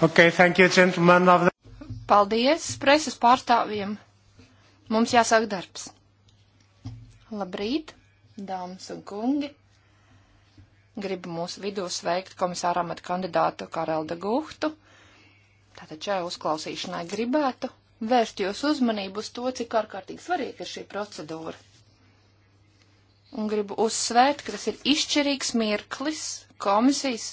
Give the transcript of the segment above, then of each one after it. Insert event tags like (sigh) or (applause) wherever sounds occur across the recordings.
Okay, thank you, gentlemen of the... Paldies preses pārstāvjiem. Mums jāsāk darbs. Labrīt, dāmas un kungi. Gribu mūsu vidū sveikt komisāra amata kandidātu Karelda Guhtu. Tātad šajā uzklausīšanai gribētu vērst jūs uzmanību uz to, cik ārkārtīgi svarīga ir šī procedūra. Un gribu uzsvērt, ka tas ir izšķirīgs mirklis komisijas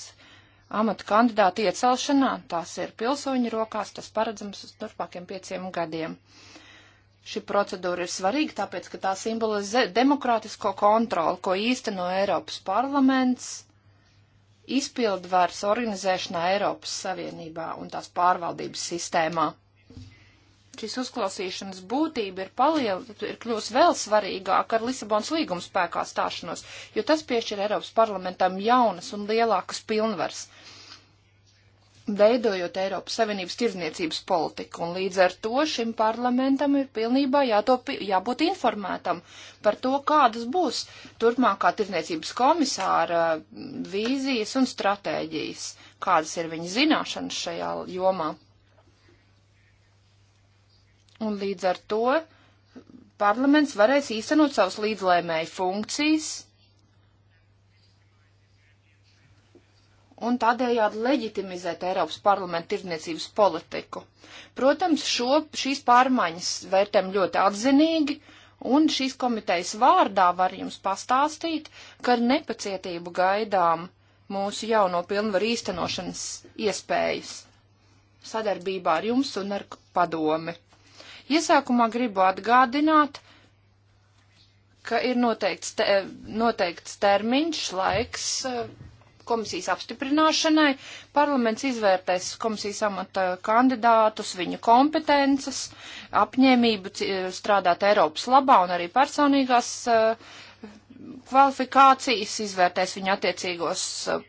amatu kandidātu iecelšanā, tās ir pilsoņu rokās, tas paredzams uz turpākiem pieciem gadiem. Šī procedūra ir svarīga, tāpēc, ka tā simbolizē demokrātisko kontroli, ko īsteno Eiropas parlaments izpildvars organizēšanā Eiropas Savienībā un tās pārvaldības sistēmā šīs uzklausīšanas būtība ir, paliel, ir kļūst vēl svarīgāka ar Lisabonas līgumu spēkā stāšanos, jo tas piešķir Eiropas parlamentam jaunas un lielākas pilnvars, veidojot Eiropas Savienības tirzniecības politiku, un līdz ar to šim parlamentam ir pilnībā jātop, jābūt informētam par to, kādas būs turpmākā tirzniecības komisāra vīzijas un stratēģijas, kādas ir viņa zināšanas šajā jomā. Un līdz ar to parlaments varēs īstenot savus līdzlēmēju funkcijas un tādējādi leģitimizēt Eiropas parlamenta tirdzniecības politiku. Protams, šo, šīs pārmaiņas vērtēm ļoti atzinīgi, un šīs komitejas vārdā var jums pastāstīt, ka ar nepacietību gaidām mūsu jauno pilnvaru īstenošanas iespējas sadarbībā ar jums un ar padomi. Iesākumā gribu atgādināt, ka ir noteikts, te, noteikts termiņš, laiks eh, komisijas apstiprināšanai. Parlaments izvērtēs komisijas amata kandidātus, viņu kompetences, apņēmību eh, strādāt Eiropas labā un arī personīgās eh, kvalifikācijas, izvērtēs viņu attiecīgos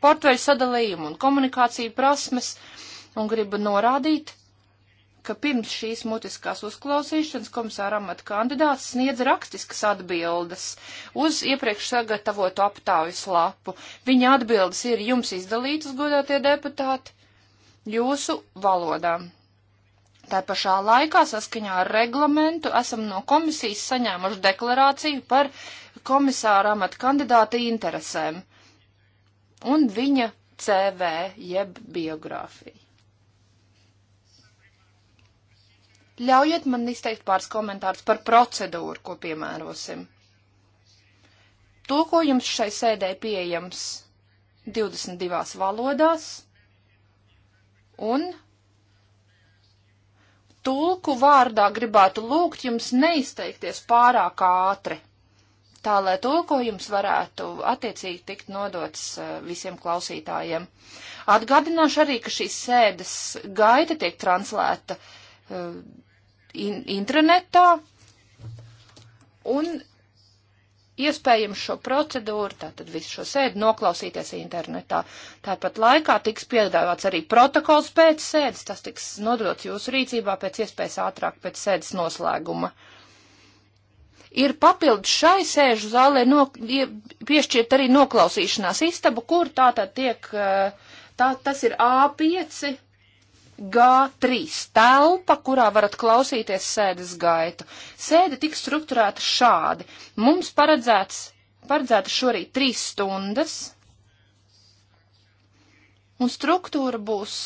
portveļu sadalījumu un komunikāciju prasmes. Un gribu norādīt, ka pirms šīs mutiskās uzklausīšanas komisāra amata kandidāts sniedz rakstiskas atbildes uz iepriekš sagatavotu aptaujas lapu. Viņa atbildes ir jums izdalītas, godātie deputāti, jūsu valodā. Tā pašā laikā saskaņā ar reglamentu esam no komisijas saņēmuši deklarāciju par komisāra amata kandidāta interesēm un viņa CV jeb biogrāfiju. Ļaujiet man izteikt pāris komentārus par procedūru, ko piemērosim. Tulkojums šai sēdē pieejams 22 valodās un tulku vārdā gribētu lūgt jums neizteikties pārāk ātri, tā lai tulkojums varētu attiecīgi tikt nodots eh, visiem klausītājiem. Atgādināšu arī, ka šīs sēdes gaita tiek translēta eh, in intranetā un iespējams šo procedūru, tātad visu šo sēdi noklausīties internetā. Tāpat laikā tiks piedāvāts arī protokols pēc sēdes, tas tiks nodots jūsu rīcībā pēc iespējas ātrāk pēc sēdes noslēguma. Ir papildus šai sēžu zālē no, piešķirt arī noklausīšanās istabu, kur tātad tiek, tā, tas ir A5 G3 telpa, kurā varat klausīties sēdes gaitu. Sēde tiks strukturēta šādi. Mums paredzēts, paredzēta šorīt trīs stundas, un struktūra būs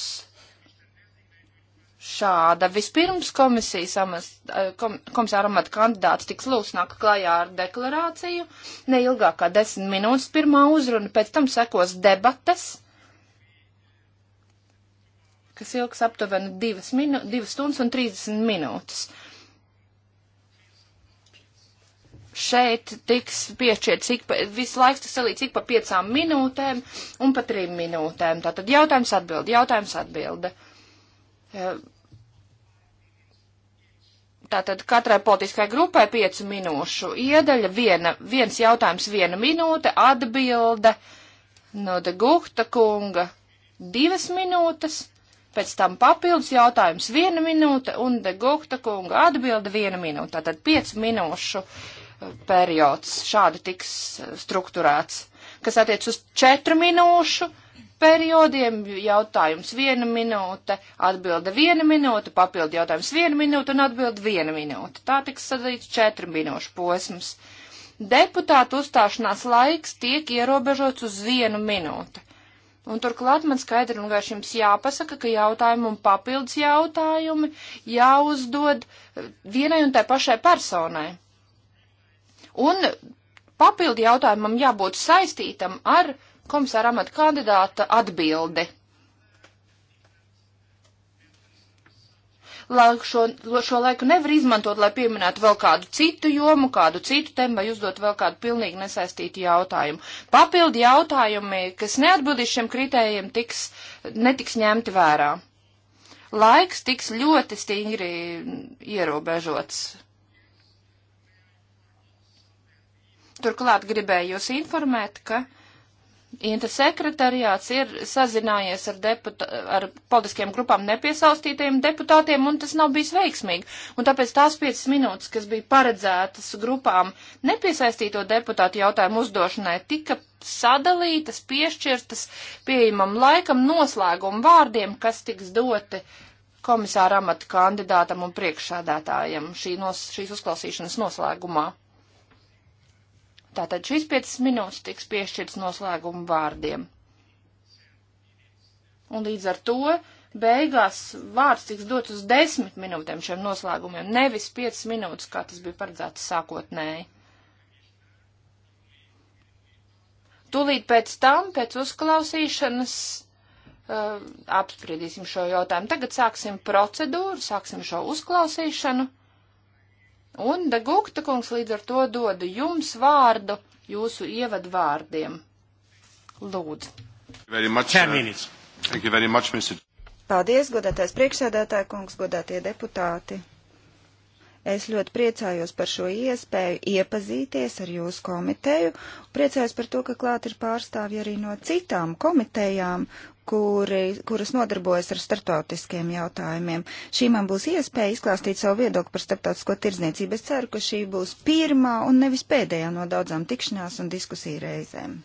šāda. Vispirms komisijas amas, eh, kom, komisāra amata kandidāts tiks lūs nāk klajā ar deklarāciju, neilgākā desmit minūtes pirmā uzruna, pēc tam sekos debates kas ilgs aptuveni 2, minu, 2 stundas un 30 minūtes. Šeit tiks piešķirts ik pa, visu laiku tas salīdz ik pa 5 minūtēm un pa 3 minūtēm. Tātad jautājums atbildi, jautājums atbildi. Tātad katrai politiskai grupai 5 minūšu iedaļa, viena, viens jautājums, viena minūte, atbilde no Degukta kunga 2 minūtes, pēc tam papildus jautājums viena minūte un de Gukta kunga atbilda viena minūte. Tātad piecu minūšu uh, periods šādi tiks uh, strukturēts, kas attiec uz četru minūšu periodiem, jautājums viena minūte, atbilda viena minūte, papildu jautājums viena minūte un atbilda viena minūte. Tā tiks sadalīts četru minūšu posms. Deputātu uzstāšanās laiks tiek ierobežots uz vienu minūti. Un turklāt man skaidri un vienkārši jums jāpasaka, ka jautājumi un papildus jautājumi jāuzdod vienai un tai pašai personai. Un papildu jautājumam jābūt saistītam ar komisāra amata kandidāta atbildi. laiku šo, šo laiku nevar izmantot, lai pieminētu vēl kādu citu jomu, kādu citu tēmu vai uzdot vēl kādu pilnīgi nesaistītu jautājumu. Papildi jautājumi, kas neatbildīs šiem kritējiem, tiks, netiks ņemti vērā. Laiks tiks ļoti stingri ierobežots. Turklāt gribēju jūs informēt, ka Inta sekretariāts ir sazinājies ar, deputa, ar politiskiem grupām nepiesaustītajiem deputātiem, un tas nav bijis veiksmīgi. Un tāpēc tās piecas minūtes, kas bija paredzētas grupām nepiesaistīto deputātu jautājumu uzdošanai, tika sadalītas, piešķirtas pieejamam laikam noslēgumu vārdiem, kas tiks doti komisāra amata kandidātam un priekšsādātājam šī nos, šīs uzklausīšanas noslēgumā. Tātad šīs piecas minūtes tiks piešķirts noslēguma vārdiem. Un līdz ar to beigās vārds tiks dots uz desmit minūtēm šiem noslēgumiem, nevis piecas minūtes, kā tas bija paredzēts sākotnēji. Tūlīt pēc tam, pēc uzklausīšanas, uh, apspriedīsim šo jautājumu. Tagad sāksim procedūru, sāksim šo uzklausīšanu. Un Degukta kungs līdz ar to dodu jums vārdu jūsu ievadvārdiem. Lūdzu. Much, uh, much, Mr. Paldies, godātais priekšsēdētāja kungs, godātie deputāti. Es ļoti priecājos par šo iespēju iepazīties ar jūsu komiteju. Priecājos par to, ka klāt ir pārstāvji arī no citām komitejām, kuri, kuras nodarbojas ar startautiskiem jautājumiem. Šī man būs iespēja izklāstīt savu viedokli par starptautisko tirdzniecību. Es ceru, ka šī būs pirmā un nevis pēdējā no daudzām tikšanās un diskusiju reizēm.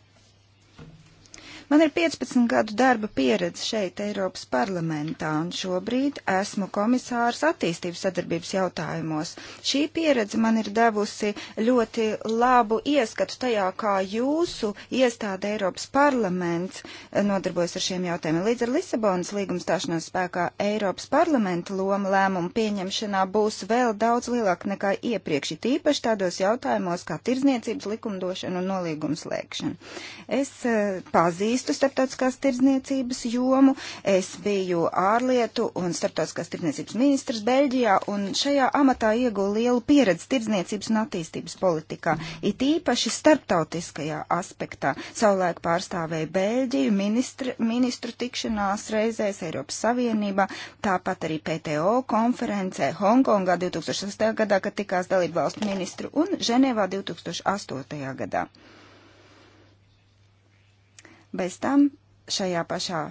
Man ir 15 gadu darba pieredze šeit, Eiropas parlamentā, un šobrīd esmu komisārs attīstības sadarbības jautājumos. Šī pieredze man ir devusi ļoti labu ieskatu tajā, kā jūsu iestāde Eiropas parlaments eh, nodarbojas ar šiem jautājumiem. Līdz ar Lisabonas līguma stāšanās spēkā Eiropas parlamenta loma lēmumu pieņemšanā būs vēl daudz lielāka nekā iepriekš, it īpaši tādos jautājumos kā tirdzniecības likumdošana un nolīgums lēkšana. Es uh, pazīstu pazīstu starptautiskās tirdzniecības jomu. Es biju ārlietu un starptautiskās tirdzniecības ministrs Beļģijā un šajā amatā ieguvu lielu pieredzi tirdzniecības un attīstības politikā, it īpaši starptautiskajā aspektā. Savulaik pārstāvēja Beļģiju ministru, ministru tikšanās reizēs Eiropas Savienībā, tāpat arī PTO konferencē Hongkongā 2008. gadā, kad tikās dalību valstu ministru un Ženēvā 2008. gadā. Bez tam šajā pašā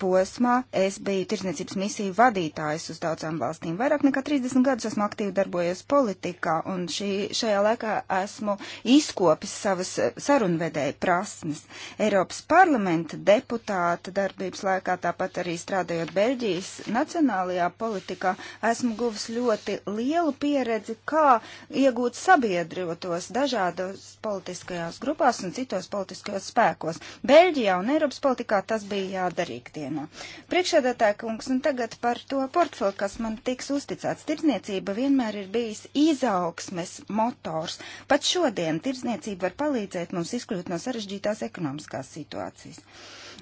posmā es biju tirsniecības misiju vadītājs uz daudzām valstīm. Vairāk nekā 30 gadus esmu aktīvi darbojies politikā, un šī, šajā laikā esmu izkopis savas eh, sarunvedēju prasmes. Eiropas parlamenta deputāta darbības laikā, tāpat arī strādājot Beļģijas nacionālajā politikā, esmu guvis ļoti lielu pieredzi, kā iegūt sabiedrotos dažādos politiskajās grupās un citos politiskajos spēkos. Beļģijā un Eiropas politikā tas bija jādarīgdien sistēmā. Priekšēdētāja kungs, un tagad par to portfeli, kas man tiks uzticēts. Tirzniecība vienmēr ir bijis izaugsmes motors. Pat šodien tirzniecība var palīdzēt mums izkļūt no sarežģītās ekonomiskās situācijas.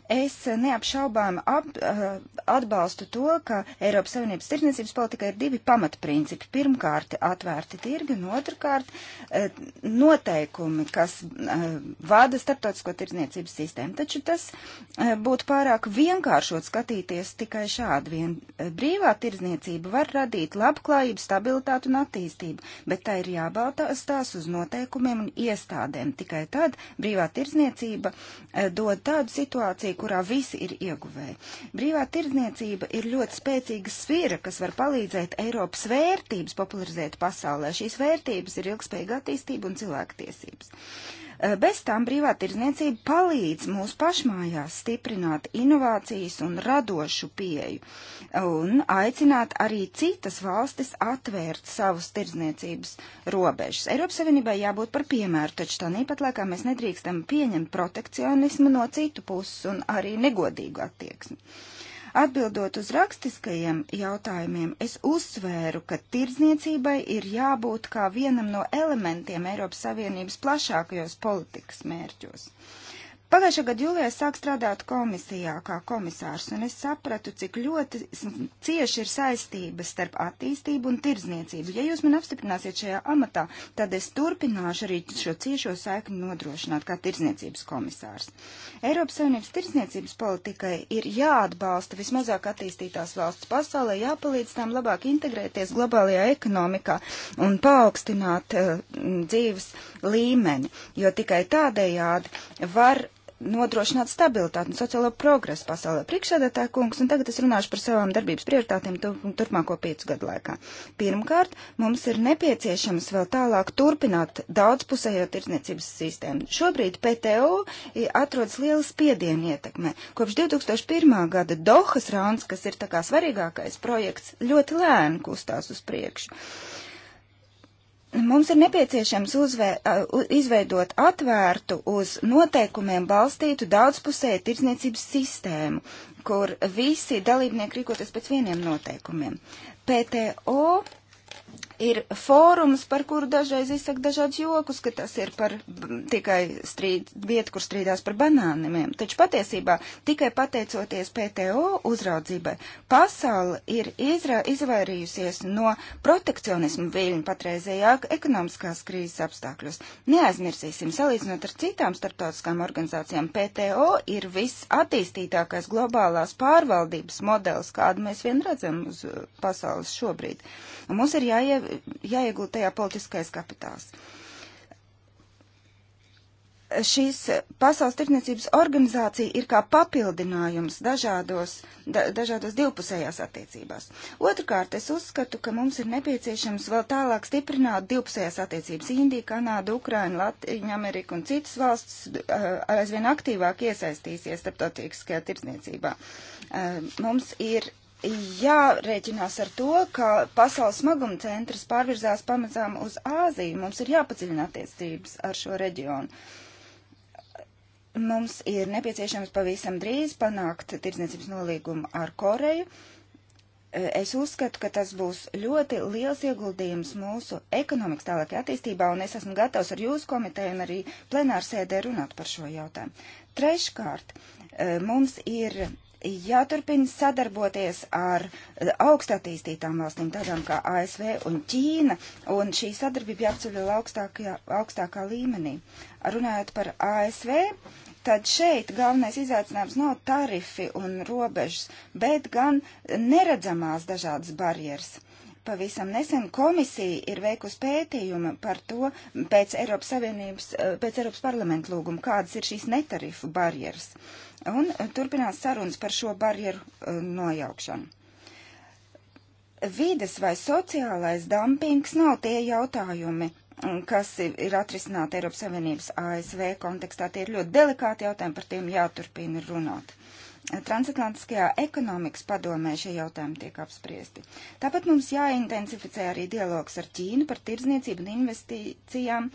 Es neapšaubām ap, eh, atbalstu to, ka Eiropas Savienības tirdzniecības politikā ir divi pamatprincipi. Pirmkārt, atvērti tirgi, un otrkārt, eh, noteikumi, kas eh, vada starptautisko tirdzniecības sistēmu. Taču tas būtu pārāk vienkāršot skatīties tikai šādi vien. Brīvā tirdzniecība var radīt labklājību, stabilitātu un attīstību, bet tā ir jābalstās uz noteikumiem un iestādēm. Tikai tad brīvā tirdzniecība dod tādu situāciju, kurā visi ir ieguvēji. Brīvā tirdzniecība ir ļoti spēcīga svira, kas var palīdzēt Eiropas vērtības popularizēt pasaulē. Šīs vērtības ir ilgspējīga attīstība un cilvēktiesības. Eh, bez tām brīvā tirzniecība palīdz mūsu pašmājās stiprināt inovācijas un radošu pieju un aicināt arī citas valstis atvērt savus tirzniecības robežas. Eiropas Savienībai jābūt par piemēru, taču tā nīpat laikā mēs nedrīkstam pieņemt protekcionismu no citu puses un arī negodīgu attieksmi. Uh, Atbildot uz rakstiskajiem jautājumiem, es uzsvēru, ka tirdzniecībai ir jābūt kā vienam no elementiem Eiropas Savienības plašākajos politikas mērķos. Uh, Pagājušā gada jūlijā sāk strādāt komisijā kā komisārs, un es sapratu, cik ļoti cieši ir saistības starp attīstību un tirzniecību. Ja jūs man apstiprināsiet šajā amatā, tad es turpināšu arī šo ciešo saikni nodrošināt kā tirzniecības komisārs. Eiropas Savienības tirzniecības politikai ir jāatbalsta vismazāk attīstītās valsts pasaulē, jāpalīdz tām labāk integrēties globālajā ekonomikā un paaugstināt uh, dzīves līmeni, jo tikai tādējādi var nodrošināt stabilitāti un sociālo progresu pasaulē. Priekšsēdētā kungs, un tagad es runāšu par savām darbības prioritātēm tu, turpmāko piecu gadu laikā. Pirmkārt, mums ir nepieciešams vēl tālāk turpināt daudzpusējo tirdzniecības sistēmu. Šobrīd PTO atrodas liela spiediena ietekme. Kopš 2001. gada Dohas rauns, kas ir tā kā svarīgākais projekts, ļoti lēni kustās uz priekšu. Uh, Mums ir nepieciešams uzvē, izveidot atvērtu uz noteikumiem balstītu daudzpusēju tirdzniecības sistēmu, kur visi dalībnieki rīkoties pēc vieniem noteikumiem. PTO ir fórums, par kuru dažreiz izsaka dažādus jokus, ka tas ir par tikai strīd, vietu, kur strīdās par banāniem. Taču patiesībā tikai pateicoties PTO uzraudzībai, pasauli ir izra, izvairījusies no protekcionismu viļņu patreizējā ekonomiskās krīzes apstākļos. Neaizmirsīsim, salīdzinot ar citām starptautiskām organizācijām, PTO ir viss attīstītākais globālās pārvaldības modelis, kādu mēs vien redzam uz uh, pasaules šobrīd. Un mums ir jā jāie, jāiegūt tajā politiskais kapitāls. Šīs pasaules tirdzniecības organizācija ir kā papildinājums dažādos, da, dažādos divpusējās attiecībās. Otrkārt, es uzskatu, ka mums ir nepieciešams vēl tālāk stiprināt divpusējās attiecības. Indija, Kanāda, Ukraina, Latvija, Amerika un citas valsts eh, aizvien aktīvāk iesaistīsies starptautiskajā tirdzniecībā. Eh, mums ir jārēķinās ar to, ka pasaules smaguma centrs pārvirzās pamazām uz Āziju. Mums ir jāpadziļina attiecības ar šo reģionu. Mums ir nepieciešams pavisam drīz panākt tirdzniecības nolīgumu ar Koreju. E, es uzskatu, ka tas būs ļoti liels ieguldījums mūsu ekonomikas tālākajā attīstībā, un es esmu gatavs ar jūsu komiteju un arī plenārsēdē runāt par šo jautājumu. Treškārt, e, mums ir jāturpina sadarboties ar eh, augstatīstītām valstīm, tādām kā ASV un Ķīna, un šī sadarbība jāapceļ augstākā līmenī. Runājot par ASV, tad šeit galvenais izaicinājums nav tarifi un robežas, bet gan neredzamās dažādas barjeras. Pavisam nesen komisija ir veikusi pētījumu par to pēc Eiropas Savienības, eh, pēc Eiropas parlamenta lūguma, kādas ir šīs netarifu barjeras. Un eh, turpinās sarunas par šo barjeru eh, nojaukšanu. Vides vai sociālais dumpings nav tie jautājumi, mm, kas ir atrisināti Eiropas Savienības ASV kontekstā. Tie ir ļoti delikāti jautājumi, par tiem jāturpina runāt. Transatlantiskajā ekonomikas padomē šie jautājumi tiek apspriesti. Tāpat mums jāintensificē arī dialogs ar Ķīnu par tirdzniecību un investīcijām,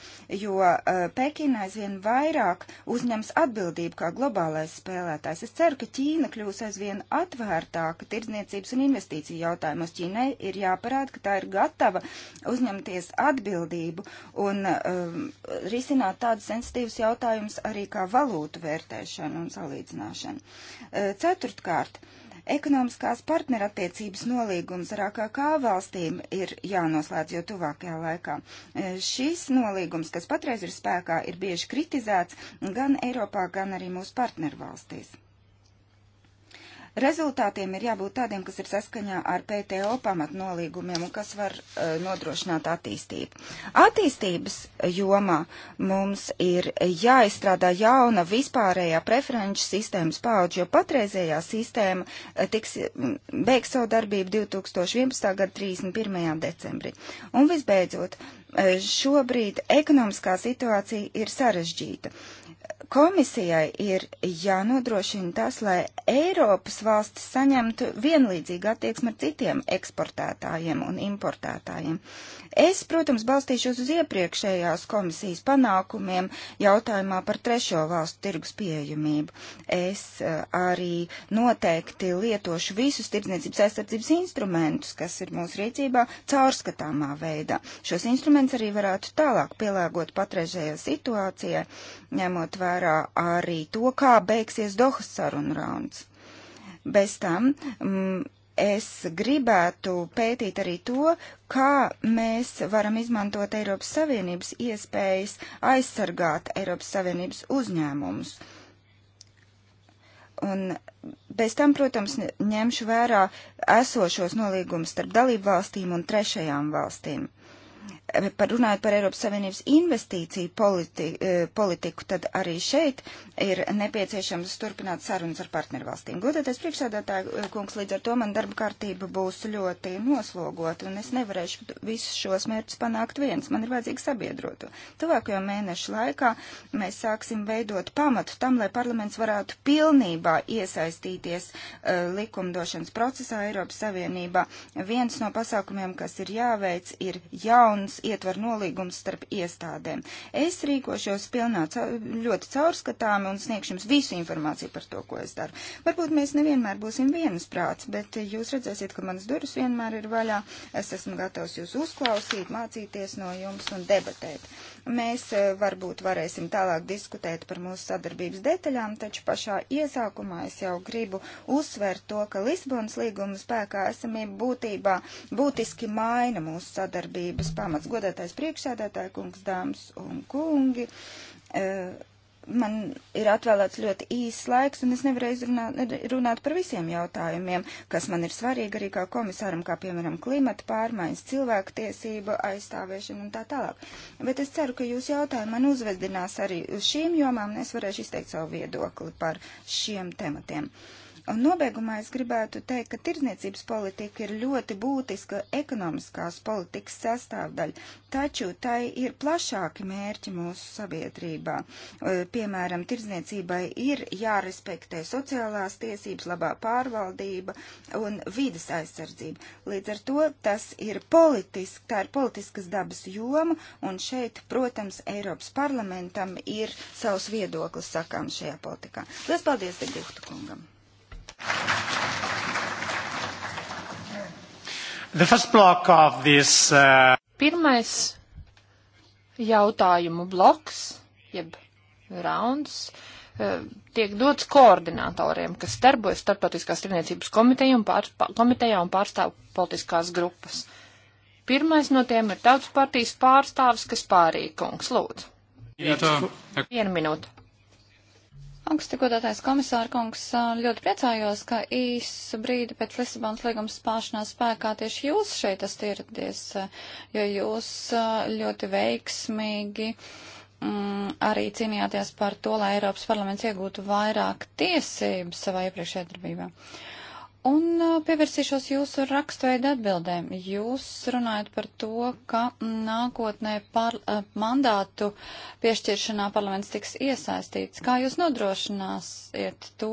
jo uh, eh, Pekina aizvien vairāk uzņems atbildību kā globālais spēlētājs. Es ceru, ka Ķīna kļūs aizvien atvērtāka tirdzniecības un investīciju jautājumos. Ķīnai ir jāparāda, ka tā ir gatava uzņemties atbildību un um, uh, risināt tādus sensitīvus jautājumus arī kā valūtu vērtēšanu un salīdzināšanu. Uh, Ceturtkārt, ekonomiskās partnerattiecības nolīgums ar AKK valstīm ir jānoslēdz jau tuvākajā laikā. E, šis nolīgums, kas patreiz ir spēkā, ir bieži kritizēts gan Eiropā, gan arī mūsu partnervalstīs. Rezultātiem ir jābūt tādiem, kas ir saskaņā ar PTO pamatnolīgumiem un kas var uh, nodrošināt attīstību. Attīstības jomā mums ir jāizstrādā jauna vispārējā preferenču sistēmas paudžu, jo patreizējā sistēma uh, tiks beigs savu darbību 2011. gada 31. decembrī. Un visbeidzot, uh, šobrīd ekonomiskā situācija ir sarežģīta. Uh, Komisijai ir jānodrošina tas, lai Eiropas valstis saņemtu vienlīdzīgu attieksmi ar citiem eksportētājiem un importētājiem. Es, protams, balstīšos uz iepriekšējās komisijas panākumiem jautājumā par trešo valstu tirgus pieejamību. Es eh, arī noteikti lietošu visus tirdzniecības aizsardzības instrumentus, kas ir mūsu rīcībā, caurskatāmā veidā. Šos instrumentus arī varētu tālāk pielāgot patreizējai situācijai, ņemot jāņemot vērā arī to, kā beigsies Dohas sarunu rauns. Bez tam mm, es gribētu pētīt arī to, kā mēs varam izmantot Eiropas Savienības iespējas aizsargāt Eiropas Savienības uzņēmumus. Un bez tam, protams, ņemšu vērā esošos nolīgumus starp dalību valstīm un trešajām valstīm. Par runājot par Eiropas Savienības investīciju politi, e, politiku, tad arī šeit ir nepieciešams turpināt sarunas ar partnervalstīm. Godātais priekšsēdētāji, e, kungs, līdz ar to man darba kārtība būs ļoti noslogota, un es nevarēšu visus šos mērķus panākt viens. Man ir vajadzīgi sabiedrotu. Tuvākajo mēnešu laikā mēs sāksim veidot pamatu tam, lai parlaments varētu pilnībā iesaistīties uh, likumdošanas procesā Eiropas Savienībā. Viens no pasākumiem, kas ir jāveic, ir jauns nolīgums, ietver nolīgums starp iestādēm. Es rīkošos pilnā ļoti caurskatāmi un sniegšu jums visu informāciju par to, ko es daru. Varbūt mēs nevienmēr būsim vienas prāts, bet jūs redzēsiet, ka manas durvis vienmēr ir vaļā. Es esmu gatavs jūs uzklausīt, mācīties no jums un debatēt. Mēs eh, varbūt varēsim tālāk diskutēt par mūsu sadarbības detaļām, taču pašā iesākumā es jau gribu uzsvērt to, ka Lisbonas līguma spēkā esamība būtībā būtiski maina mūsu sadarbības pamats. Godātais priekšsēdētāja kungs, dāmas un kungi. Uh, man ir atvēlēts ļoti īss laiks, un es nevarēju izrunāt, runāt par visiem jautājumiem, kas man ir svarīgi arī kā komisāram, kā piemēram klimata pārmaiņas, cilvēku tiesību aizstāvēšana un tā tālāk. Bet es ceru, ka jūs jautājumi man uzvedinās arī uz šīm jomām, un es varēšu izteikt savu viedokli par šiem tematiem. Un nobeigumā es gribētu teikt, ka tirdzniecības politika ir ļoti būtiska ekonomiskās politikas sastāvdaļa, taču tai ir plašāki mērķi mūsu sabiedrībā piemēram, tirdzniecībai ir jārespektē sociālās tiesības, labā pārvaldība un vidas aizsardzība. Līdz ar to tas ir politiski, tā ir politiskas dabas joma, un šeit, protams, Eiropas parlamentam ir savs viedoklis sakām šajā politikā. Lielas paldies, Degūta kungam! The first block of this, uh... Pirmais jautājumu bloks, jeb rauns e, tiek dots koordinatoriem, kas darbojas starptautiskās tirniecības komiteja un, pār, komitejā un pārstāv politiskās grupas. Pirmais no tiem ir tautas partijas pārstāvis, kas pārīja kungs. Lūdzu. Vienu minūtu. Augstsakotātais komisāra kungs, ļoti priecājos, ka īsu brīdi pēc Lisabonas līguma spāšanās spēkā tieši jūs šeit esat ieradies, jo jūs ļoti veiksmīgi uh, mm, arī cīnījāties par to, lai Eiropas parlaments iegūtu vairāk tiesību savā iepriekšējā darbībā. Un uh, pievērsīšos jūsu rakstveidu atbildēm. Jūs runājat par to, ka nākotnē par, uh, mandātu piešķiršanā parlaments tiks iesaistīts. Kā jūs nodrošināsiet to,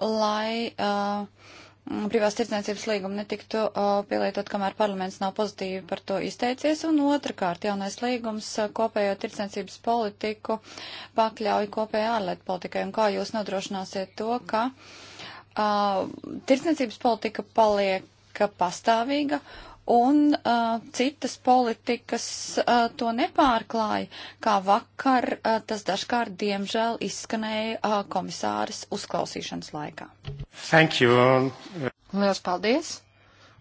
lai uh, Mm, privās tirdzniecības līguma netiktu pielietot, kamēr parlaments nav pozitīvi par to izteicies. Un otrkārt, jaunais līgums kopējo tirdzniecības politiku pakļauj kopējā ārlietu politikai. Un kā jūs nodrošināsiet to, ka uh, tirdzniecības politika paliek pastāvīga un uh, citas politikas uh, to nepārklāja, kā vakar uh, tas dažkārt, diemžēl, izskanēja uh, komisāras uzklausīšanas laikā. Thank you. Lielas paldies.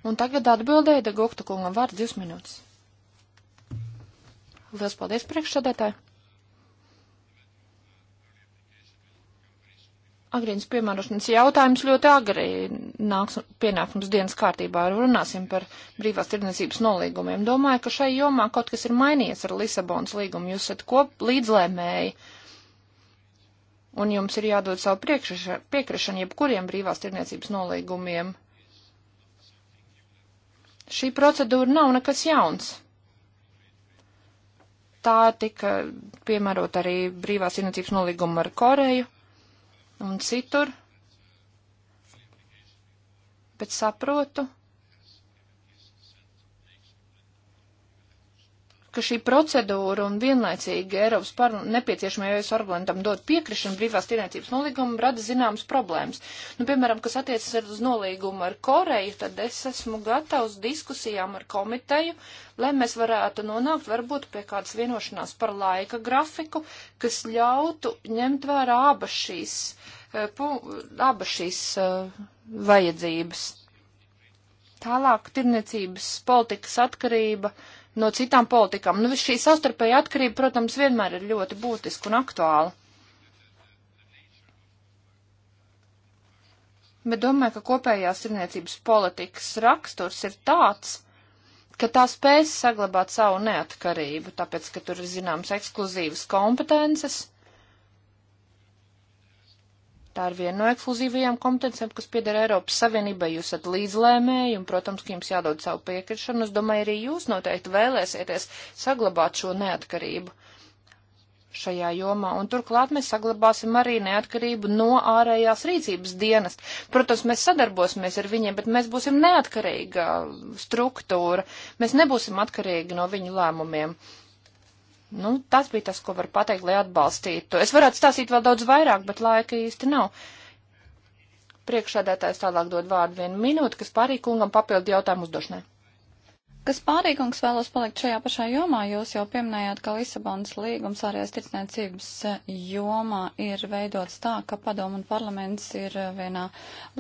Un tagad atbildēja Dagokta kungam vārds divas minūtes. Lielas paldies priekšsādētāji. agrīnas piemērošanas jautājums ļoti agri nāks pienāk mums dienas kārtībā. Runāsim par brīvās tirdzniecības nolīgumiem. Domāju, ka šai jomā kaut kas ir mainījies ar Lisabonas līgumu. Jūs esat kop līdzlēmēji. Un jums ir jādod savu piekrišanu jebkuriem brīvās tirdzniecības nolīgumiem. Šī procedūra nav nekas jauns tā tika piemērot arī brīvās tirdzniecības nolīguma ar Koreju un citur, bet saprotu, ka šī procedūra un vienlaicīgi Eiropas par nepieciešamajos argumentam dot piekrišanu brīvās tirniecības nolīgumam rada zināmas problēmas. Nu, piemēram, kas attiecas uz nolīgumu ar Koreju, tad es esmu gatavs diskusijām ar komiteju, lai mēs varētu nonākt varbūt pie kādas vienošanās par laika grafiku, kas ļautu ņemt vērā abas šīs, eh, abas šīs eh, vajadzības. Tālāk tirniecības politikas atkarība no citām politikām. Nu, šī savstarpēja atkarība, protams, vienmēr ir ļoti būtiska un aktuāla. Bet domāju, ka kopējās tirniecības politikas raksturs ir tāds, ka tā spēs saglabāt savu neatkarību, tāpēc, ka tur ir zināmas ekskluzīvas kompetences Tā ir viena no ekskluzīvajām kompetencijām, kas pieder Eiropas Savienībai. Jūs esat līdzlēmēji, un, protams, ka jums jādod savu piekrišanu. Es domāju, arī jūs noteikti vēlēsieties saglabāt šo neatkarību šajā jomā, un turklāt mēs saglabāsim arī neatkarību no ārējās rīcības dienas. Protams, mēs sadarbosimies ar viņiem, bet mēs būsim neatkarīga struktūra, mēs nebūsim atkarīgi no viņu lēmumiem. Nu, tas bija tas, ko var pateikt, lai atbalstītu. Es varētu stāstīt vēl daudz vairāk, bet laika īsti nav. Priekšsēdētājs tālāk dod vārdu vienu minūti, kas pārīkungam papildu jautājumu uzdošanai. Kas pārīkums vēlos palikt šajā pašā jomā, jūs jau pieminējāt, ka Lisabonas līgums ārējās tirdzniecības jomā ir veidots tā, ka padomu un parlaments ir vienā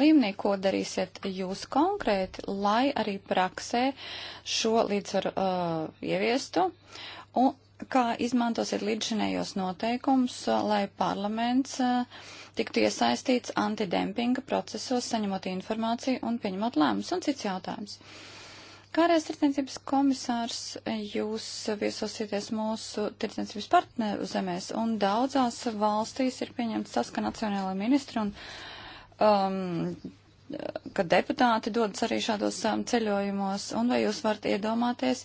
līmenī, ko darīsiet jūs konkrēti, lai arī praksē šo līdzsvaru uh, ieviestu. Un kā izmantosiet līdzšinējos noteikums, uh, lai parlaments uh, tiktu iesaistīts antidempinga procesos, saņemot informāciju un pieņemot lēmumus. Un cits jautājums. Kāreiz tirdzniecības komisārs jūs viesosieties mūsu tirdzniecības partneru zemēs, un daudzās valstīs ir pieņemts tas, ka nacionālai ministri un um, ka deputāti dodas arī šādos um, ceļojumos, un vai jūs varat iedomāties,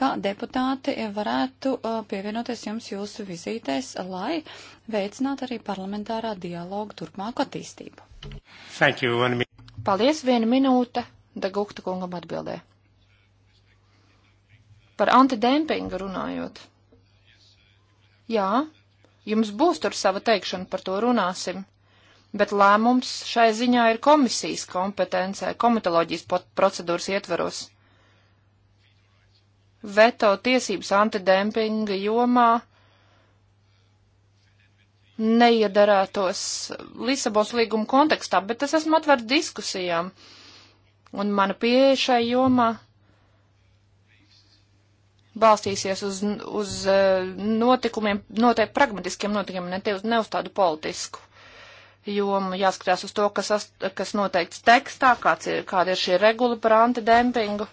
kā deputāti varētu uh, pievienoties jums jūsu vizītēs, lai veicinātu arī parlamentārā dialogu turpmāku attīstību? Thank you, one... Paldies, viena minūte, Dagukta kungam atbildē. Par antidempingu runājot. Jā, jums būs tur sava teikšana, par to runāsim bet lēmums šai ziņā ir komisijas kompetencē, komitoloģijas procedūras ietvaros. Veto tiesības antidempinga jomā neiedarētos Lisabons līguma kontekstā, bet es esmu atvērts diskusijām, un mana pieeja šai jomā balstīsies uz, uz eh, notikumiem, noteikti pragmatiskiem notikumiem, ne, uz, ne uz tādu politisku jomu, jāskatās uz to, kas, ast, kas noteikts tekstā, kāds ir, kāda ir šī regula par antidempingu.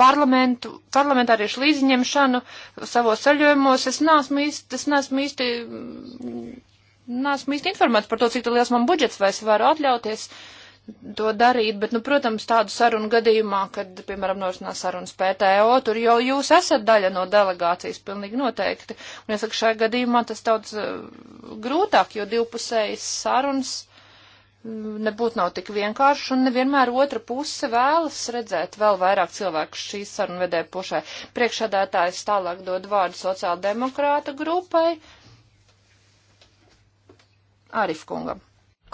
Parlamentu, parlamentāriešu līdziņemšanu savos ceļojumos es neesmu īsti, es neesmu īsti, neesmu īsti informēts par to, cik liels man budžets vai es varu atļauties uh, to darīt, bet, nu, protams, tādu sarunu gadījumā, kad, piemēram, norisinās sarunas PTO, tur jau jūs esat daļa no delegācijas, pilnīgi noteikti. Un, es saku, šajā gadījumā tas daudz eh, grūtāk, jo divpusējas sarunas mm, nebūtu nav tik vienkārši, un nevienmēr otra puse vēlas redzēt vēl vairāk cilvēku šīs sarunvedē pušai. Priekšādātājs tālāk dod vārdu sociāldemokrāta grupai. Arif kungam.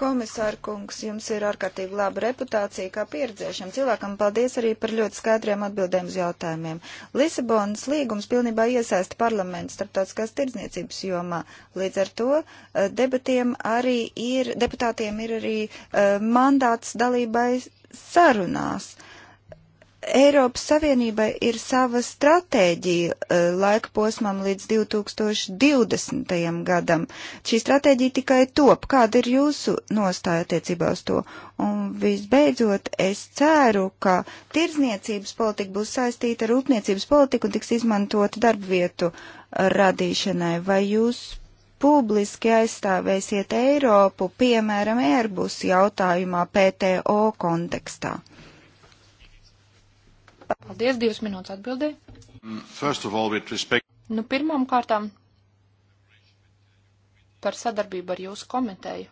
Komisāra kungs, jums ir ārkārtīgi laba reputācija kā pieredzējušam cilvēkam. Paldies arī par ļoti skaidriem atbildēm uz jautājumiem. Lisabonas līgums pilnībā iesaista parlamentu starptautiskās tirdzniecības jomā. Līdz ar to eh, debatiem arī ir, deputātiem ir arī uh, mandāts dalībai sarunās. Uh, Eiropas Savienībai ir sava stratēģija eh, laika posmam līdz 2020. gadam. Šī stratēģija tikai top. Kāda ir jūsu nostāja attiecībā uz to? Un visbeidzot, es ceru, ka tirzniecības politika būs saistīta ar rūpniecības politiku un tiks izmantota darba vietu radīšanai. Vai jūs publiski aizstāvēsiet Eiropu, piemēram, Airbus jautājumā PTO kontekstā? Paldies, divas minūtes atbildē. Mm, respect... Nu, pirmām kārtām par sadarbību ar jūsu komiteju.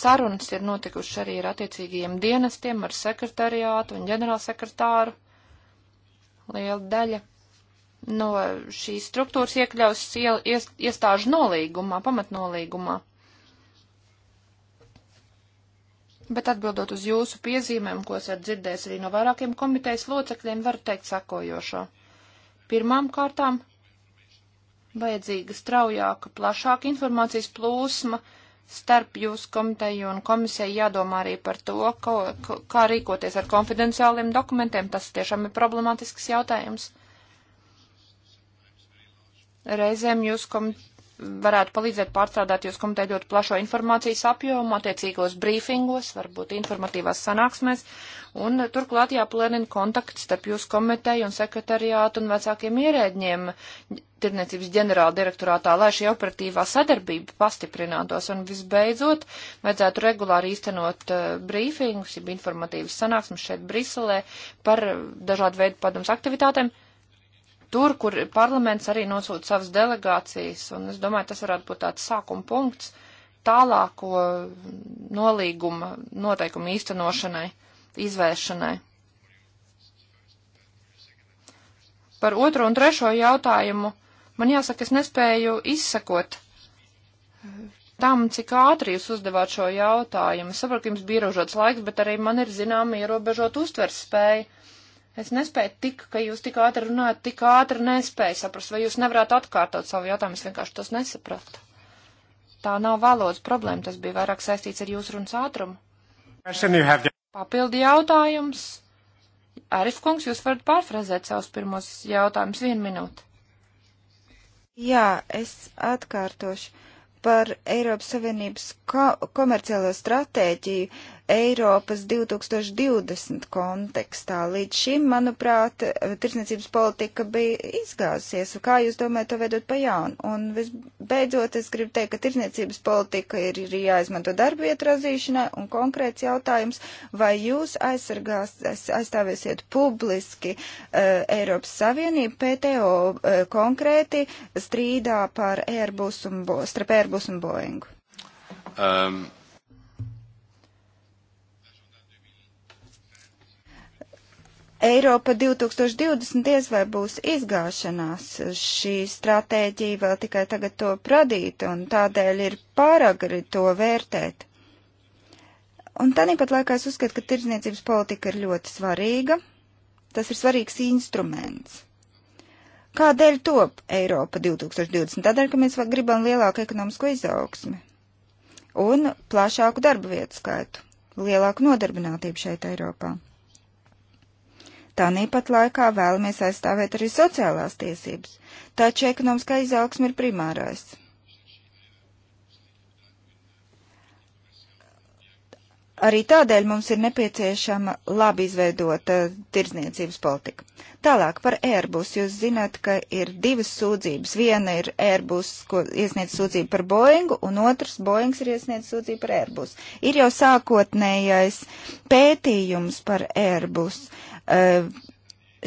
Sarunas ir notikušas arī ar attiecīgajiem dienestiem, ar sekretariātu un ģenerālsekretāru. Liela daļa no šīs struktūras iekļaus iestāžu nolīgumā, pamatnolīgumā. Bet atbildot uz jūsu piezīmēm, ko esat dzirdējis arī no vairākiem komitejas locekļiem, var teikt sakojošo. Pirmām kārtām vajadzīga straujāka, plašāka informācijas plūsma starp jūsu komiteju un komisiju jādomā arī par to, ko, ko, kā rīkoties ar konfidenciāliem dokumentiem. Tas tiešām ir problemātisks jautājums. Reizēm jūs komiteju varētu palīdzēt pārstrādāt jūs komitē ļoti plašo informācijas apjomu, attiecīgos brīfingos, varbūt informatīvās sanāksmēs, un turklāt jāplēnina kontakts starp jūs komiteju un sekretariātu un vecākiem ierēģiem tirniecības ģenerāla direktorātā, lai šī operatīvā sadarbība pastiprinātos, un visbeidzot, vajadzētu regulāri īstenot uh, brīfingus, jeb informatīvas sanāksmes šeit Briselē par eh, dažādu veidu padoms aktivitātēm, tur, kur parlaments arī nosūta savas delegācijas, un es domāju, tas varētu būt tāds sākuma punkts tālāko nolīguma noteikumu īstenošanai, izvēršanai. Par otro un trešo jautājumu man jāsaka, es nespēju izsakot tam, cik ātri jūs uzdevāt šo jautājumu. Es saprotu, ka jums bija ierobežots laiks, bet arī man ir zināma ierobežota uztvers spēja Es nespēju tik, ka jūs tik ātri runājat, tik ātri nespēju saprast, vai jūs nevarētu atkārtot savu jautājumu, es vienkārši tos nesapratu. Tā nav valodas problēma, tas bija vairāk saistīts ar jūsu runas ātrumu. Papildi jautājums. Arif kungs, jūs varat pārfrazēt savus pirmos jautājumus vienu minūti. Jā, es atkārtošu par Eiropas Savienības ko komerciālo stratēģiju. Uh, Eiropas 2020 kontekstā. Līdz šim, manuprāt, tirsniecības politika bija izgāzusies. Kā jūs domājat to veidot pa jaunu? Un visbeidzot, es gribu teikt, ka tirsniecības politika ir, ir jāizmanto darbvietu razīšanai un konkrēts jautājums, vai jūs aizsargās, aizstāvēsiet publiski uh, Eiropas Savienību PTO uh, konkrēti strīdā par Airbus un, Bo starp Airbus un Boeingu. Um. Eiropa 2020 diez vai būs izgāšanās. Šī stratēģija vēl tikai tagad to pradīta un tādēļ ir pāragri to vērtēt. Un tāpat laikā es uzskatu, ka tirdzniecības politika ir ļoti svarīga. Tas ir svarīgs instruments. Kādēļ top Eiropa 2020? Tādēļ, ka mēs gribam lielāku ekonomisko izaugsmi un plašāku darba vietu skaitu, lielāku nodarbinātību šeit Eiropā. Tāpat laikā vēlamies aizstāvēt arī sociālās tiesības, taču ekonomiskā izaugsme ir primārais. Arī tādēļ mums ir nepieciešama labi izveidota uh, tirdzniecības politika. Tālāk par Airbus. Jūs zināt, ka ir divas sūdzības. Viena ir Airbus, ko iesniedz sūdzību par Boeingu, un otrs Boeings ir iesniedz sūdzību par Airbus. Ir jau sākotnējais pētījums par Airbus. Uh, Eh,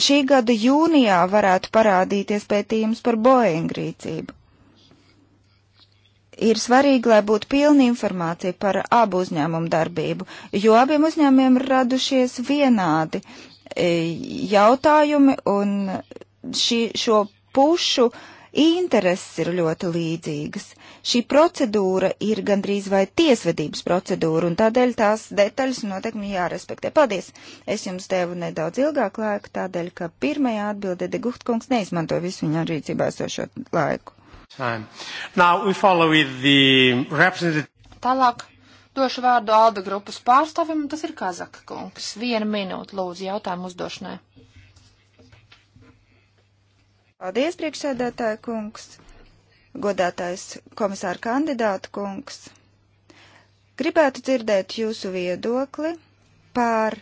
šī gada jūnijā varētu parādīties pētījums par Boeing rīcību. Ir svarīgi, lai būtu pilna informācija par abu uzņēmumu darbību, jo abiem uzņēmumiem ir radušies vienādi eh, jautājumi un šī, šo pušu uh, Intereses ir ļoti līdzīgas. Šī procedūra ir gandrīz vai tiesvedības procedūra, un tādēļ tās detaļas noteikti jārespektē. Paldies! Es jums devu nedaudz ilgāk laika, tādēļ, ka pirmajā atbildē Deguhtkungs neizmanto visu viņa rīcībā esošo laiku. Representative... Tālāk došu vārdu Alda grupas pārstāvim, un tas ir Kazaka kungs. Vienu minūtu lūdzu jautājumu uzdošanai. Paldies, priekšsēdētāja kungs, godātais komisāra kandidāta kungs. Gribētu dzirdēt jūsu viedokli par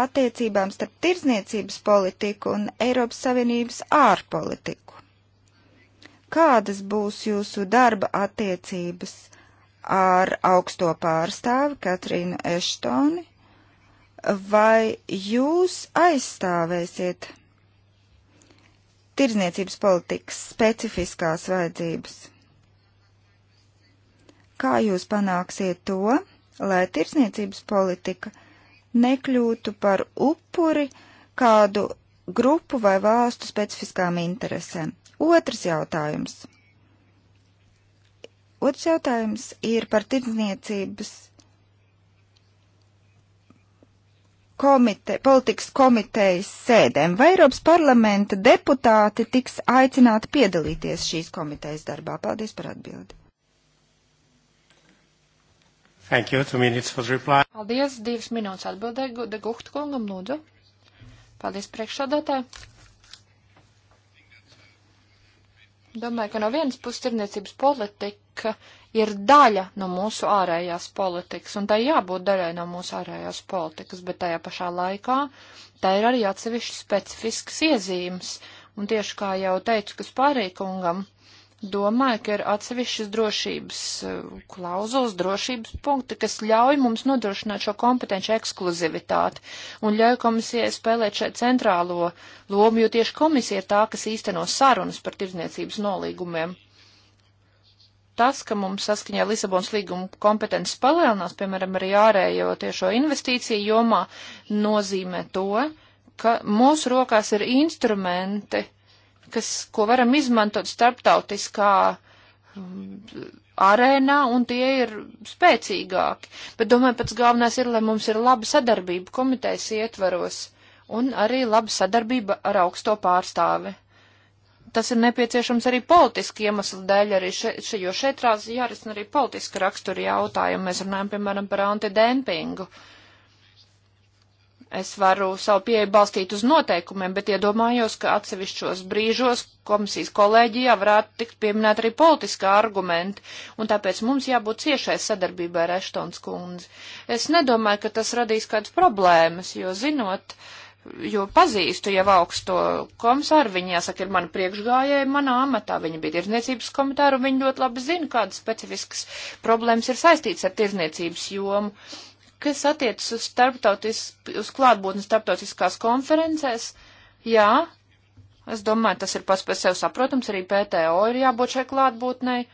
attiecībām starp tirdzniecības politiku un Eiropas Savienības ārpolitiku. Kādas būs jūsu darba attiecības ar augsto pārstāvi Katrīnu Eštoni? Vai jūs aizstāvēsiet tirzniecības politikas specifiskās vajadzības. Kā jūs panāksiet to, lai tirzniecības politika nekļūtu par upuri kādu grupu vai valstu specifiskām interesēm? Otrs jautājums. Otrs jautājums ir par tirdzniecības komite, politikas komitejas sēdēm, vai Eiropas parlamenta deputāti tiks aicināti piedalīties šīs komitejas darbā? Paldies par atbildi. Thank you, two minutes for reply. Paldies, divas minūtes atbildē, de Guhta kungam lūdzu. Paldies priekšādātāji. Domāju, ka no vienas puses tirniecības politika ir daļa no mūsu ārējās politikas, un tai jābūt daļai no mūsu ārējās politikas, bet tajā pašā laikā tā ir arī atsevišķi specifisks iezīmes, un tieši kā jau teicu, kas pārīkungam, domāju, ka ir atsevišķas drošības eh, klauzulas, drošības punkti, kas ļauj mums nodrošināt šo kompetenci ekskluzivitāti un ļauj komisijai spēlēt šeit centrālo lomu, jo tieši komisija ir tā, kas īsteno sarunas par tirdzniecības nolīgumiem tas, ka mums saskaņā Lisabonas līguma kompetences palielinās, piemēram, arī ārējo tiešo investīciju jomā, nozīmē to, ka mūsu rokās ir instrumenti, kas, ko varam izmantot starptautiskā mm, arēnā, un tie ir spēcīgāki. Bet, domāju, pats galvenais ir, lai mums ir laba sadarbība komitejas ietvaros, un arī laba sadarbība ar augsto pārstāvi tas ir nepieciešams arī politiski iemeslu dēļ, arī še, še, jo šeit jārisina arī politiska rakstura jautājumi. Mēs runājam, piemēram, par antidempingu. Es varu savu pieeju balstīt uz noteikumiem, bet iedomājos, ka atsevišķos brīžos komisijas kolēģijā varētu tikt pieminēt arī politiskā argumenta, un tāpēc mums jābūt ciešai sadarbībai ar Eštons kundzi. Es nedomāju, ka tas radīs kādas problēmas, jo zinot, uh, jo pazīstu jau augsto komisāru, viņa jāsaka, ir mani priekšgājēja manā amatā, viņa bija tirzniecības komitāra, un viņa ļoti labi zina, kādas specifiskas problēmas ir saistītas ar tirzniecības jomu. Kas attiecas uz, starptautis, uz klātbūtni starptautiskās konferencēs, jā, es domāju, tas ir pats par sevi saprotams, arī PTO ir jābūt šai klātbūtnei.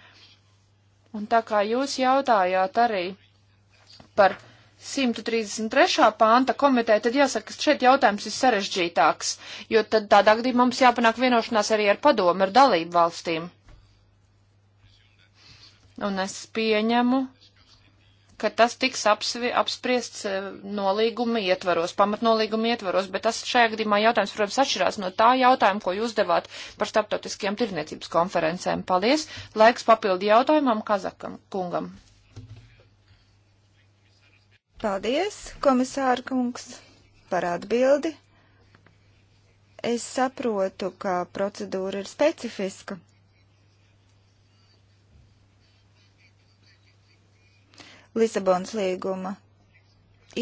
Un tā kā jūs jautājāt arī par 133. pānta komiteja, tad jāsaka, ka šeit jautājums ir sarežģītāks, jo tad tādā gadījumā mums jāpanāk vienošanās arī ar padomu, ar dalību valstīm. Un es pieņemu, ka tas tiks apsvi, apspriests eh, nolīguma ietvaros, pamatnolīguma ietvaros, bet tas šajā gadījumā jautājums, protams, atšķirās no tā jautājuma, ko jūs devāt par starptautiskajām tirniecības konferencēm. Paldies! Laiks papildi jautājumam Kazakam kungam. Paldies, komisāra kungs, par atbildi. Es saprotu, ka procedūra ir specifiska. Lisabonas līguma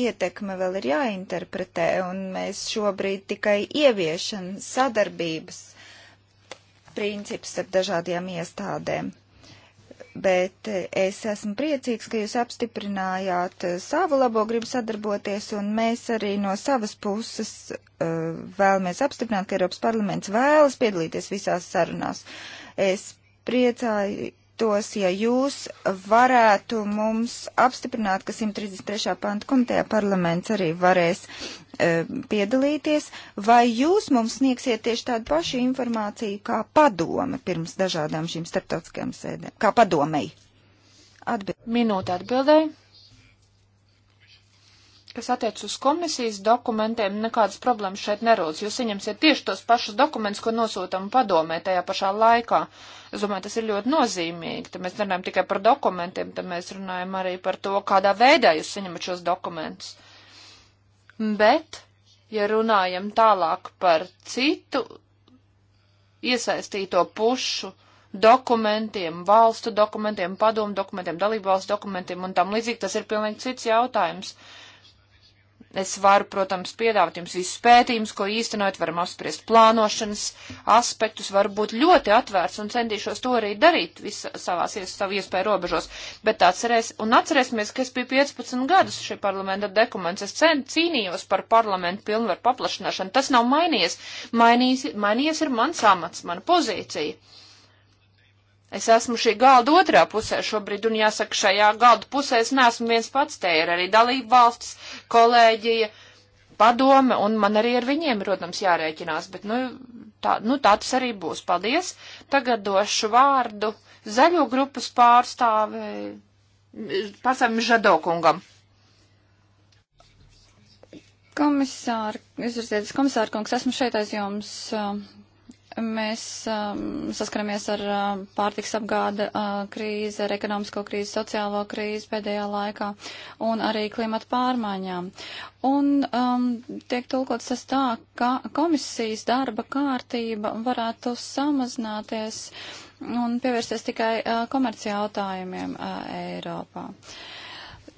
ietekme vēl ir jāinterpretē, un mēs šobrīd tikai ieviešam sadarbības principus ar dažādiem iestādēm bet eh, es esmu priecīgs, ka jūs apstiprinājāt eh, savu labo gribu sadarboties, un mēs arī no savas puses uh, vēlamies apstiprināt, ka Eiropas parlaments vēlas piedalīties visās sarunās. Es priecāju, pateiktos, ja jūs varētu mums apstiprināt, ka 133. panta komitejā parlaments arī varēs e, piedalīties, vai jūs mums sniegsiet tieši tādu pašu informāciju kā padome pirms dažādām šīm starptautiskajām sēdēm, kā padomei? Atbild. Minūte atbildēji. Kas attiec uz komisijas dokumentiem, nekādas problēmas šeit nerodas. Jūs saņemsiet tieši tos pašus dokumentus, ko nosūtam padomē tajā pašā laikā. Es domāju, tas ir ļoti nozīmīgi. Te mēs runājam tikai par dokumentiem, te mēs runājam arī par to, kādā veidā jūs saņemat šos dokumentus. Bet, ja runājam tālāk par citu iesaistīto pušu dokumentiem, valstu dokumentiem, padomu dokumentiem, dalībvalstu dokumentiem un tam līdzīgi, tas ir pilnīgi cits jautājums. Uh, Es varu, protams, piedāvāt jums visus pētījumus, ko īstenot, varam apspriest plānošanas aspektus, varu būt ļoti atvērts un centīšos to arī darīt visā savās savu iespēju robežos. Bet atcerēs, un atcerēsimies, ka es biju 15 gadus šī parlamenta dokuments. Es cen, cīnījos par parlamentu pilnvaru paplašināšanu. Tas nav mainījies. Mainījies, mainījies ir mans amats, mana pozīcija. Es esmu šī galda otrā pusē šobrīd, un jāsaka, šajā galda pusē es neesmu viens pats, te ir arī dalība valsts, kolēģija, padome, un man arī ar viņiem, protams, jārēķinās, bet, nu, tā, nu, tā tas arī būs. Paldies! Tagad došu vārdu zaļo grupas pārstāvei, pasam Žadokungam. Komisāra, izvirzītas komisāra kungs, esmu šeit aiz jums mēs um, saskaramies ar um, pārtiks apgāde uh, krīzi, ar ekonomisko krīzi, sociālo krīzi pēdējā laikā un arī klimata pārmaiņām. Un um, tiek tulkots tas tā, ka komisijas darba kārtība varētu samazināties un pievērsties tikai uh, komerci jautājumiem uh, Eiropā. Uh,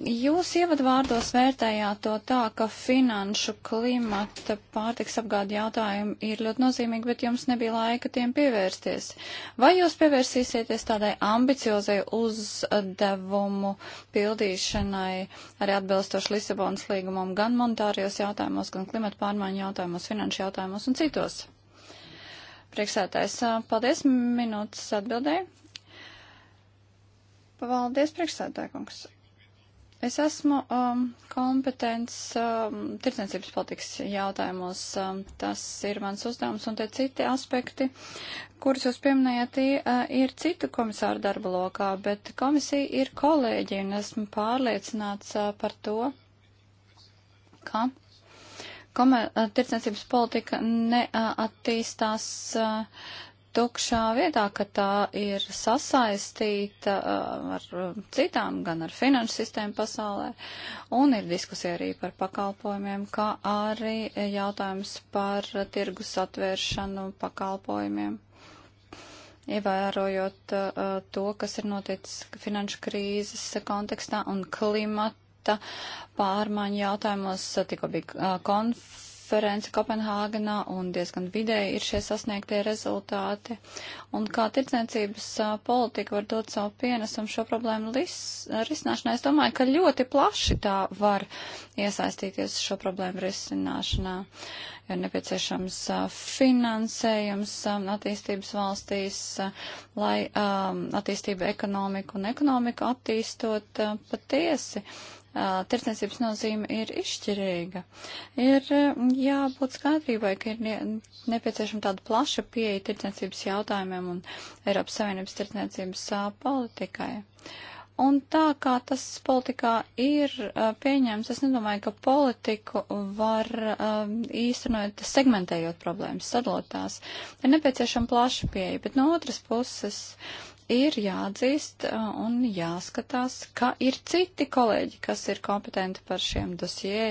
Jūs ievadvārdos vērtējāt to tā, ka finanšu klimata pārtiks apgādi jautājumi ir ļoti nozīmīgi, bet jums nebija laika tiem pievērsties. Vai jūs pievērsīsieties tādai ambiciozai uzdevumu pildīšanai arī atbilstoši Lisabonas līgumam gan monetārijos jautājumos, gan klimata pārmaiņu jautājumos, finanšu jautājumos un citos? Priekšsētājs, paldies, minūtes atbildēju. Paldies, priekšsētājkungs. Es esmu um, kompetents um, tirdzniecības politikas jautājumos. Um, tas ir mans uzdevums, un te citi aspekti, kurus jūs pieminējāt, tie, uh, ir citu komisāru darba lokā, bet komisija ir kolēģi, un esmu pārliecināts uh, par to, ka uh, tirdzniecības politika neattīstās. Uh, tukšā vietā, ka tā ir sasaistīta uh, ar uh, citām, gan ar finanšu sistēmu pasaulē, un ir diskusija arī par pakalpojumiem, kā arī jautājums par tirgus atvēršanu pakalpojumiem. Ievērojot uh, to, kas ir noticis finanšu krīzes kontekstā un klimata pārmaiņu jautājumos, tikko bija uh, konf konferenci Kopenhāgenā un diezgan vidēji ir šie sasniegtie rezultāti. Un kā tirdzniecības politika var dot savu pienesumu šo problēmu risināšanā, es domāju, ka ļoti plaši tā var iesaistīties šo problēmu risināšanā. Ir nepieciešams finansējums attīstības valstīs, lai attīstība ekonomiku un ekonomiku attīstot patiesi tirdzniecības nozīme ir izšķirīga. Ir jābūt skaidrībai, ka ir nepieciešama tāda plaša pieeja tirdzniecības jautājumiem un Eiropas Savienības tirdzniecības politikai. Un tā kā tas politikā ir pieņēmts, es nedomāju, ka politiku var um, īstenot segmentējot problēmas, sadalot tās. Ir nepieciešama plaša pieeja, bet no otras puses uh, ir jāatzīst un jāskatās, ka ir citi kolēģi, kas ir kompetenti par šiem dosjē,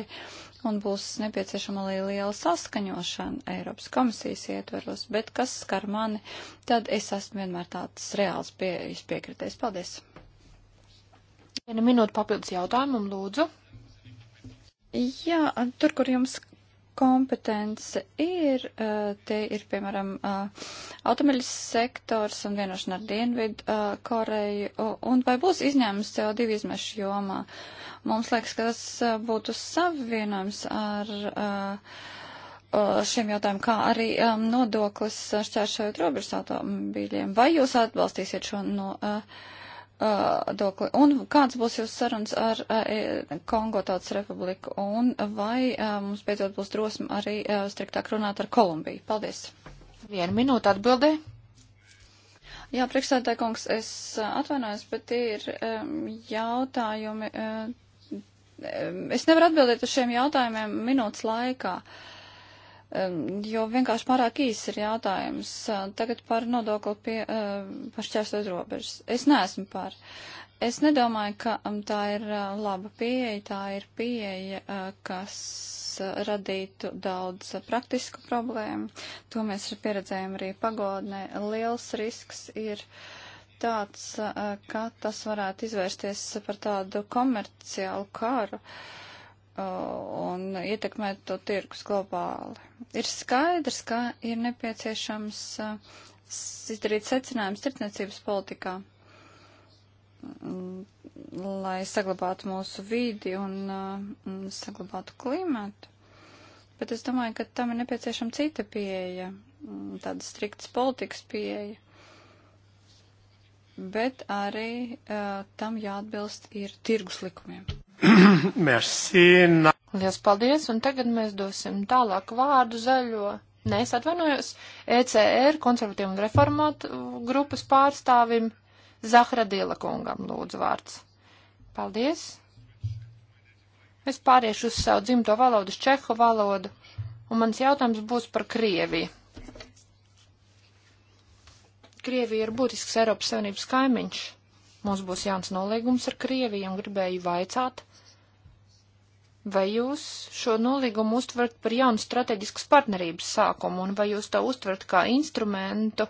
un būs nepieciešama arī liela saskaņošana Eiropas komisijas ietveros, bet kas skar mani, tad es esmu vienmēr tāds reāls pie, piekritējs. Paldies! Viena minūte papildus jautājumam, lūdzu. Jā, tur, kur jums kompetence ir, eh, tie ir, piemēram, eh, automobiļu sektors un vienošana ar Dienvidu eh, Koreju, un vai būs izņēmums CO2 izmešu jomā? Mums liekas, ka tas būtu savienojums ar šiem jautājumiem, kā arī nodoklis šķēršējot robežas automobīļiem. Vai jūs atbalstīsiet šo no? Uh, viedokli. Un kāds būs jūsu sarunas ar eh, e, Kongo Tautas Republiku? Un vai eh, mums beidzot būs drosme arī eh, striktāk runāt ar Kolumbiju? Paldies! Vienu minūtu atbildē. Jā, priekšsēdētāj kungs, es atvainojos, bet ir jautājumi. Es nevaru atbildēt uz šiem jautājumiem minūtes laikā. Uh, jo vienkārši pārāk īsi ir jautājums. Tagad par nodokli pie, par šķērsot robežas. Es neesmu par. Es nedomāju, ka tā ir eh, laba pieeja, tā ir pieeja, eh, kas eh, radītu daudz praktisku problēmu. To mēs pieredzējām arī pagodnē. Liels risks ir tāds, ka tas varētu izvērsties par tādu komerciālu kāru. Uh, Uh, un ietekmēt to tirgus globāli. Ir skaidrs, ka ir nepieciešams uh, izdarīt secinājums tirdzniecības politikā, mm, lai saglabātu mūsu vidi uh, un saglabātu klimatu. Bet es domāju, ka tam ir nepieciešama cita pieeja, mm, tāda striktas politikas pieeja. Bet arī uh, tam jāatbilst ir tirgus likumiem. (clears throat) Merci. Lielas paldies, un tagad mēs dosim tālāk vārdu zaļo. Nē, es atvainojos, ECR, konservatīvu un reformātu grupas pārstāvim Zahradila kungam lūdzu vārds. Paldies. Es pāriešu uz savu dzimto valodu, čehu valodu, un mans jautājums būs par Krieviju. Krievija ir būtisks Eiropas Savienības kaimiņš. Mums būs jauns nolīgums ar Krieviju un gribēju vaicāt, Vai jūs šo nolīgumu uztvert par jaunu strateģiskas partnerības sākumu, un vai jūs to uztvert kā instrumentu,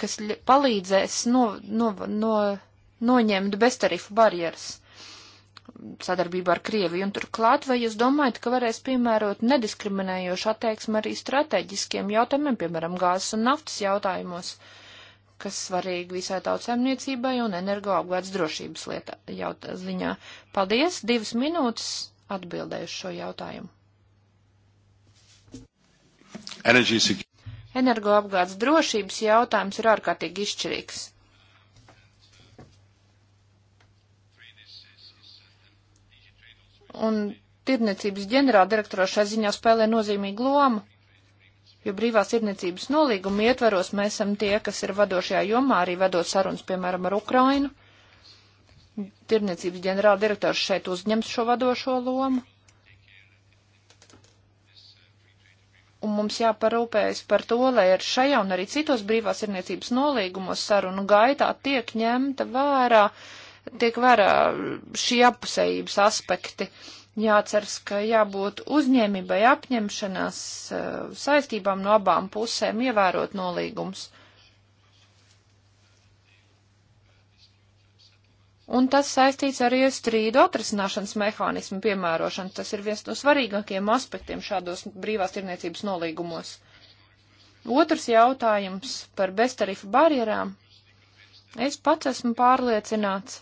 kas palīdzēs no, no, no, noņemt beztarifu barjeras sadarbībā ar Krieviju, un turklāt, vai jūs domājat, ka varēs piemērot nediskriminējošu attieksmi arī strateģiskiem jautājumiem, piemēram, gāzes un naftas jautājumos? Uh, kas svarīgi visai tautsēmniecībai un energoapgādes drošības lietā jautā, ziņā. Paldies, divas minūtes atbildējuši šo jautājumu. Energoapgādes drošības jautājums ir ārkārtīgi izšķirīgs. Un tirniecības ģenerāldirektorā šai ziņā spēlē nozīmīgu lomu. Jo brīvās irniecības nolīguma ietveros mēs esam tie, kas ir vadošajā jomā, arī vedot sarunas, piemēram, ar Ukrainu. Tirniecības ģenerāldirektors šeit uzņems šo vadošo lomu. un mums jāparūpējas par to, lai ar šajā un arī citos brīvās irniecības nolīgumos sarunu gaitā tiek ņemta vērā, tiek vērā šī apusējības aspekti. Uh, Jāceras, ka jābūt uzņēmībai apņemšanās eh, saistībām no abām pusēm ievērot nolīgums. Un tas saistīts arī ar strīdu atrisināšanas mehānismu piemērošanu. Tas ir viens no svarīgākajiem aspektiem šādos brīvās tirniecības nolīgumos. Otrs jautājums par beztarifu barjerām. Es pats esmu pārliecināts,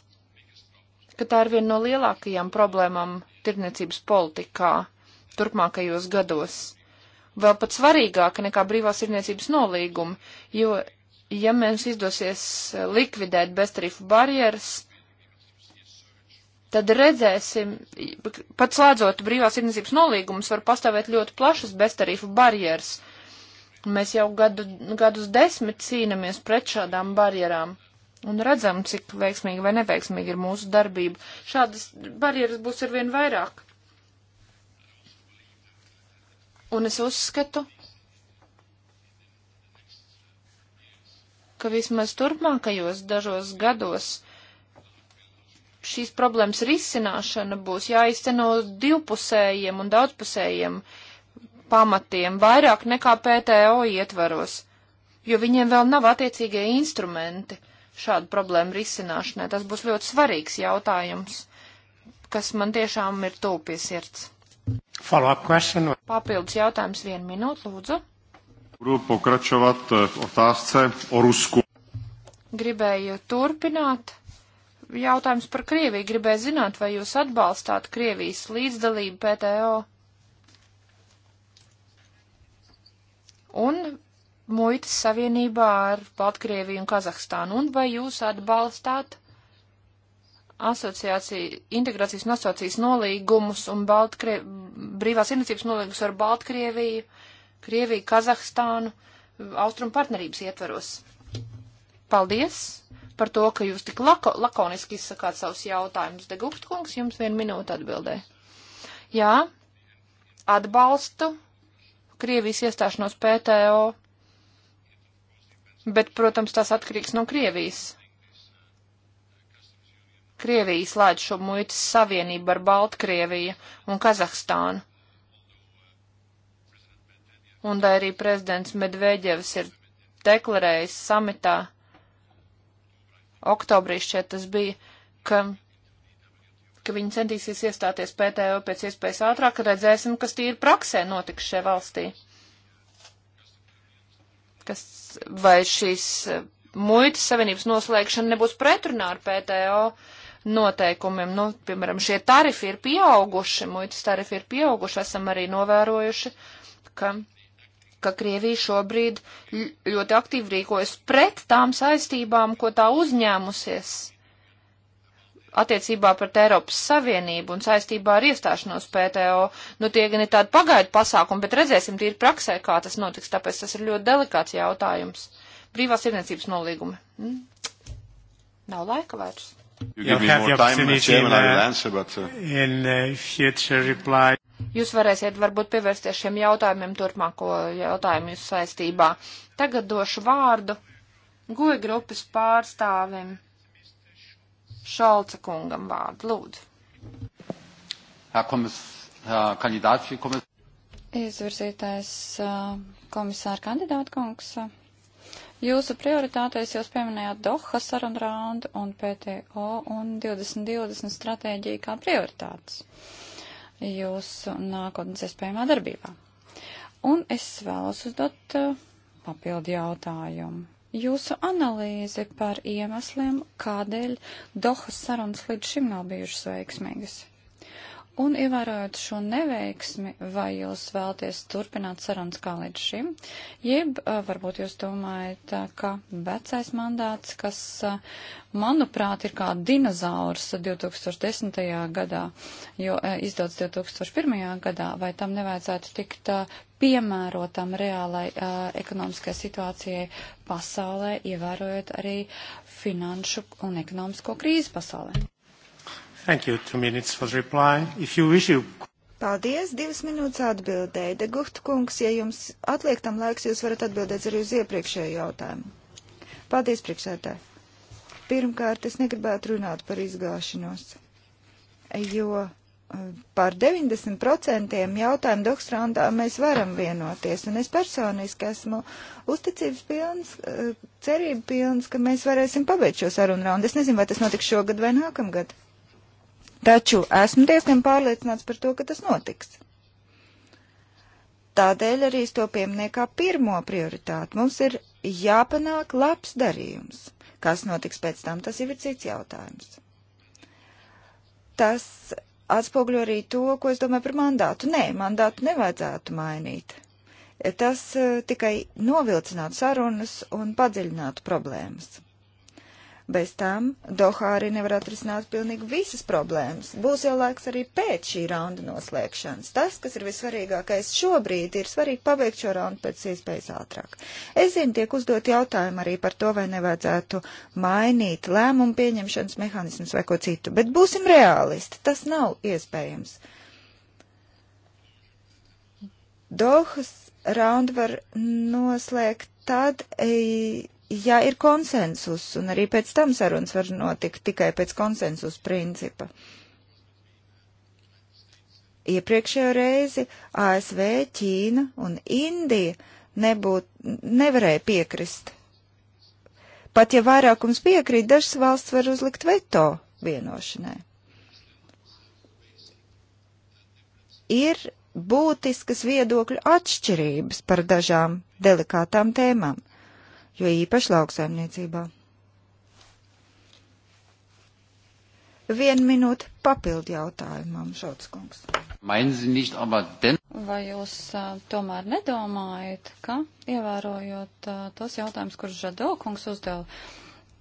ka tā ir viena no lielākajām problēmām tirniecības politikā turpmākajos gados. Vēl pat svarīgāka nekā brīvās tirniecības nolīgumi, jo, ja mums izdosies eh, likvidēt beztarifu barjeras, tad redzēsim, pat slēdzot brīvās tirniecības nolīgumus, var pastāvēt ļoti plašas beztarifu barjeras. Mēs jau gadu, gadus desmit cīnamies pret šādām barjerām. Un redzam, cik veiksmīgi vai neveiksmīgi ir mūsu darbība. Šādas barjeras būs arvien vairāk. Un es uzskatu, ka vismaz turpmākajos dažos gados šīs problēmas risināšana būs jāizceno divpusējiem un daudzpusējiem pamatiem, vairāk nekā PTO ietvaros, jo viņiem vēl nav attiecīgie instrumenti šādu problēmu risināšanai. Tas būs ļoti svarīgs jautājums, kas man tiešām ir tūpie sirds. Papildus jautājums vienu minūtu, lūdzu. Budu pokračovat eh, v otázce o Rusku. Gribēju turpināt. Jautājums par Krieviju. Gribēju zināt, vai jūs atbalstāt Krievijas līdzdalību PTO? Un muitas savienībā ar Baltkrieviju un Kazahstānu, un vai jūs atbalstāt asociāciju, integrācijas un asociācijas nolīgumus un Baltkriev, brīvās iniciatīvas nolīgumus ar Baltkrieviju, Krieviju, Kazahstānu, Austrum partnerības ietveros. Paldies par to, ka jūs tik lako, lakoniski izsakāt savus jautājumus. Deguktkungs, jums vienu minūtu atbildē. Jā, atbalstu Krievijas iestāšanos PTO bet, protams, tas atkarīgs no Krievijas. Krievija slēdz šo muitas savienību ar Baltkrieviju un Kazahstānu. Un tā arī prezidents Medveģevs ir deklarējis samitā, oktobrī šķiet tas bija, ka, ka viņi centīsies iestāties PTO pēc iespējas ātrāk, ka redzēsim, kas tī ir praksē notiks šajā valstī kas, vai šīs eh, muitas savienības noslēgšana nebūs pretrunā ar PTO noteikumiem. Nu, piemēram, šie tarifi ir pieauguši, muitas tarifi ir pieauguši, esam arī novērojuši, ka ka Krievija šobrīd ļoti aktīvi rīkojas pret tām saistībām, ko tā uzņēmusies attiecībā pret Eiropas Savienību un saistībā ar iestāšanos PTO. Nu, tie gan ir tādi pagaidu pasākumi, bet redzēsim tīri praksē, kā tas notiks, tāpēc tas ir ļoti delikāts jautājums. Brīvās tirdzniecības nolīgumi. Mm. Nav laika vairs. Uh, uh, uh, jūs varēsiet varbūt pievērsties šiem jautājumiem turpmāko jautājumu jūs saistībā. Tagad došu vārdu goja grupas pārstāvim. Šalca kungam vārdu. Lūdzu. Herr komis, herr Kandidat, komis. Izvirzītais eh, komisāra kandidāta kungs. Jūsu prioritātēs jūs pieminējāt Doha sarunu raundu un PTO un 2020 stratēģiju kā prioritātes jūsu nākotnes iespējamā darbībā. Un es vēlos uzdot eh, papildu jautājumu jūsu analīzi par iemesliem, kādēļ Dohas sarunas līdz šim nav bijušas veiksmīgas. Un ievērojot šo neveiksmi, vai jūs vēlties turpināt sarunas kā līdz šim, jeb varbūt jūs domājat, ka vecais mandāts, kas, manuprāt, ir kā dinozaurs 2010. gadā, jo izdots 2001. gadā, vai tam nevajadzētu tikt piemērotam reālai uh, ekonomiskai situācijai pasaulē, ievērojot arī finanšu un ekonomisko krīzi pasaulē. Thank you. Two minutes for reply. If you wish you. Paldies, divas minūtes atbildēja. De Guhta kungs, ja jums atliek tam laiks, jūs varat atbildēt arī uz iepriekšējo jautājumu. Paldies, priekšsētāji. Pirmkārt, es negribētu runāt par izgāšanos, jo par 90% jautājumu doktorantā mēs varam vienoties. Un es personiski esmu uzticības pilns, eh, cerība pilns, ka mēs varēsim pabeigt šo sarunu raundu. Es nezinu, vai tas notiks šogad vai nākamgad. Taču esmu diezgan pārliecināts par to, ka tas notiks. Tādēļ arī es to pieminēju kā pirmo prioritāti. Mums ir jāpanāk labs darījums. Kas notiks pēc tam, tas jau ir cits jautājums. Tas atspoguļo arī to, ko es domāju par mandātu. Nē, mandātu nevajadzētu mainīt. Tas uh, tikai novilcinātu sarunas un padziļinātu problēmas. Bez tam Dohā arī nevar atrisināt pilnīgi visas problēmas. Būs jau laiks arī pēc šī raunda noslēgšanas. Tas, kas ir vissvarīgākais šobrīd, ir svarīgi pabeigt šo raundu pēc iespējas ātrāk. Es zinu, tiek uzdot jautājumi arī par to, vai nevajadzētu mainīt lēmumu pieņemšanas mehānismus vai ko citu, bet būsim realisti, tas nav iespējams. Dohas raundu var noslēgt tad, ej, ja ir konsensus, un arī pēc tam sarunas var notikt tikai pēc konsensus principa. Iepriekšējo reizi ASV, Ķīna un Indija nebūt, nevarēja piekrist. Pat ja vairākums piekrīt, dažas valsts var uzlikt veto vienošanai. Ir būtiskas viedokļu atšķirības par dažām delikātām tēmām jo īpaši lauksaimniecībā. Vienu minūti papildu jautājumam, Šautskungs. Vai jūs uh, tomēr nedomājat, ka ievērojot uh, tos jautājumus, kurus Žadokungs uzdeva,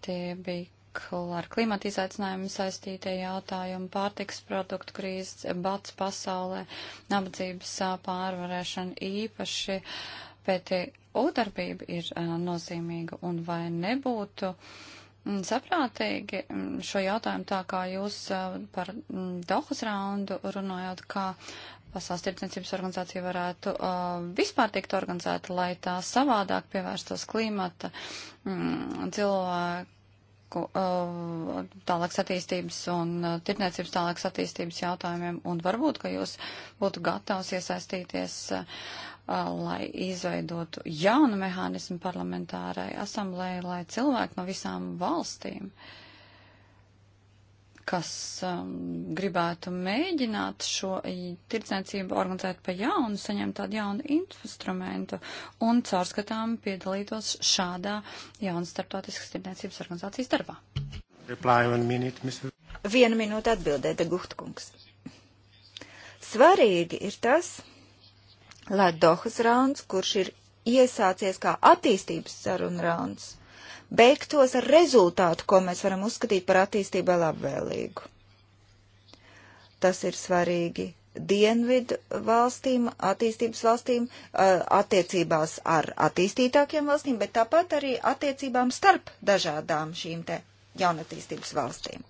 tie bija ar klimata izaicinājumiem saistītie jautājumi, pārtiks produktu krīzes, bats pasaulē, nabadzības pārvarēšana īpaši pēti Odarbība ir eh, nozīmīga un vai nebūtu mm, saprātīgi mm, šo jautājumu tā kā jūs eh, par mm, Dohas raundu runājot, kā Pasaules tirdzniecības organizācija varētu uh, vispār tikt organizēta, lai tā savādāk pievērstos klimata mm, cilvēku uh, tālākas attīstības un uh, tirdzniecības tālākas attīstības jautājumiem, un varbūt, ka jūs būtu gatavs iesaistīties uh, lai izveidotu jaunu mehānismu parlamentārai asamblēji, lai cilvēki no visām valstīm, kas um, gribētu mēģināt šo tirdzniecību organizēt pa jaunu, saņemt tādu jaunu instrumentu un caurskatām piedalītos šādā jaunas starptautiskas tirdzniecības organizācijas darbā. Vienu minūti atbildēja Guhtkungs. Svarīgi ir tas, Ladohas rauns, kurš ir iesācies kā attīstības saruna rauns, beigtos ar rezultātu, ko mēs varam uzskatīt par attīstībai labvēlīgu. Tas ir svarīgi dienvidu valstīm, attīstības valstīm, attiecībās ar attīstītākiem valstīm, bet tāpat arī attiecībām starp dažādām šīm te jaunatīstības valstīm.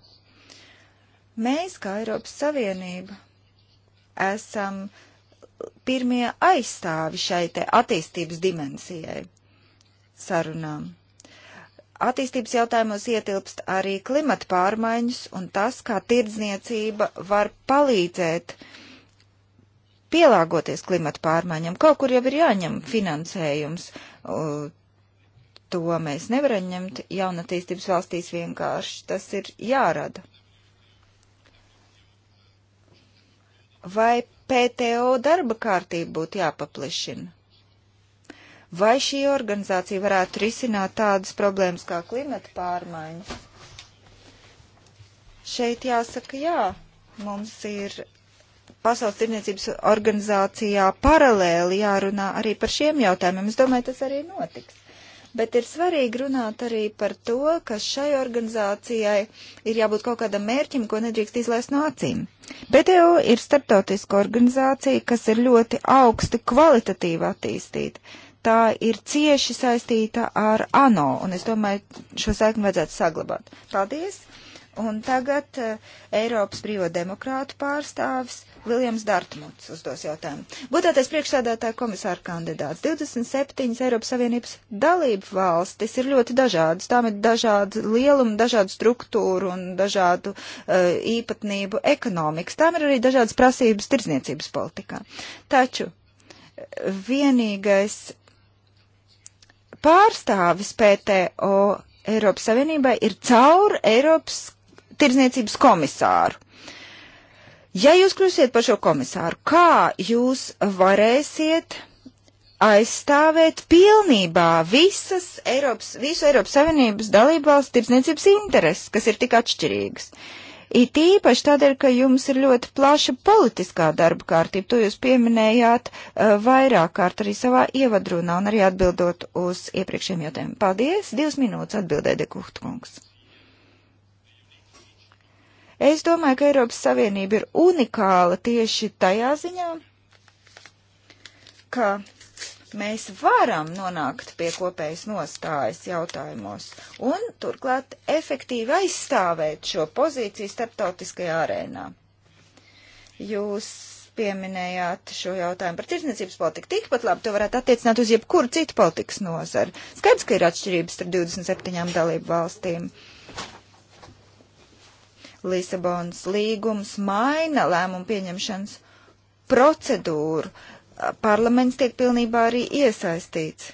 Mēs, kā Eiropas Savienība, esam uh, pirmie aizstāvi šai te attīstības dimensijai sarunām. Attīstības jautājumos ietilpst arī klimata pārmaiņas un tas, kā tirdzniecība var palīdzēt pielāgoties klimata pārmaiņām. Kaut kur jau ir jāņem finansējums. Uh, to mēs nevaram ņemt jaunatīstības valstīs vienkārši. Tas ir jārada. Vai PTO darba kārtība būtu jāpaplišina? Vai šī organizācija varētu risināt tādas problēmas kā klimata pārmaiņas? Šeit jāsaka jā. Mums ir Pasaules tirniecības organizācijā paralēli jārunā arī par šiem jautājumiem. Es domāju, tas arī notiks bet ir svarīgi runāt arī par to, ka šai organizācijai ir jābūt kaut kādam mērķim, ko nedrīkst izlaist no acīm. PTO ir starptautiska organizācija, kas ir ļoti augsti kvalitatīvi attīstīta. Tā ir cieši saistīta ar ANO, un es domāju, šo saikni vajadzētu saglabāt. Paldies! Un tagad uh, Eiropas brīvo demokrātu pārstāvis Viljams Dārtmuts uzdos jautājumu. Būtātais priekšsādātāja komisāra kandidāts. 27 Eiropas Savienības dalību valstis ir ļoti dažādas. Tām ir dažāda lieluma, dažāda struktūra un dažādu uh, īpatnību ekonomikas. Tām ir arī dažādas prasības tirdzniecības politikā. Taču eh, vienīgais pārstāvis PTO Eiropas Savienībai ir caur Eiropas tirdzniecības komisāru. Ja jūs kļūsiet par šo komisāru, kā jūs varēsiet aizstāvēt pilnībā visas Eiropas, visu Eiropas Savienības dalībvalsts tirdzniecības intereses, kas ir tik atšķirīgas? It īpaši tādēļ, ka jums ir ļoti plaša politiskā darba kārtība. To jūs pieminējāt uh, vairāk kārt arī savā ievadrunā un arī atbildot uz iepriekšējiem jautājumiem. Paldies! Divas minūtes atbildēja Dekuhtkungs. Es domāju, ka Eiropas Savienība ir unikāla tieši tajā ziņā, ka mēs varam nonākt pie kopējas nostājas jautājumos un turklāt efektīvi aizstāvēt šo pozīciju starptautiskajā arēnā. Jūs pieminējāt šo jautājumu par tirdzniecības politiku. Tikpat labi to varētu attiecināt uz jebkuru citu politikas nozaru. Skaidrs, ka ir atšķirības starp 27 dalību valstīm. Uh, Lisabonas līgums maina lēmumu pieņemšanas procedūru. Parlaments tiek pilnībā arī iesaistīts.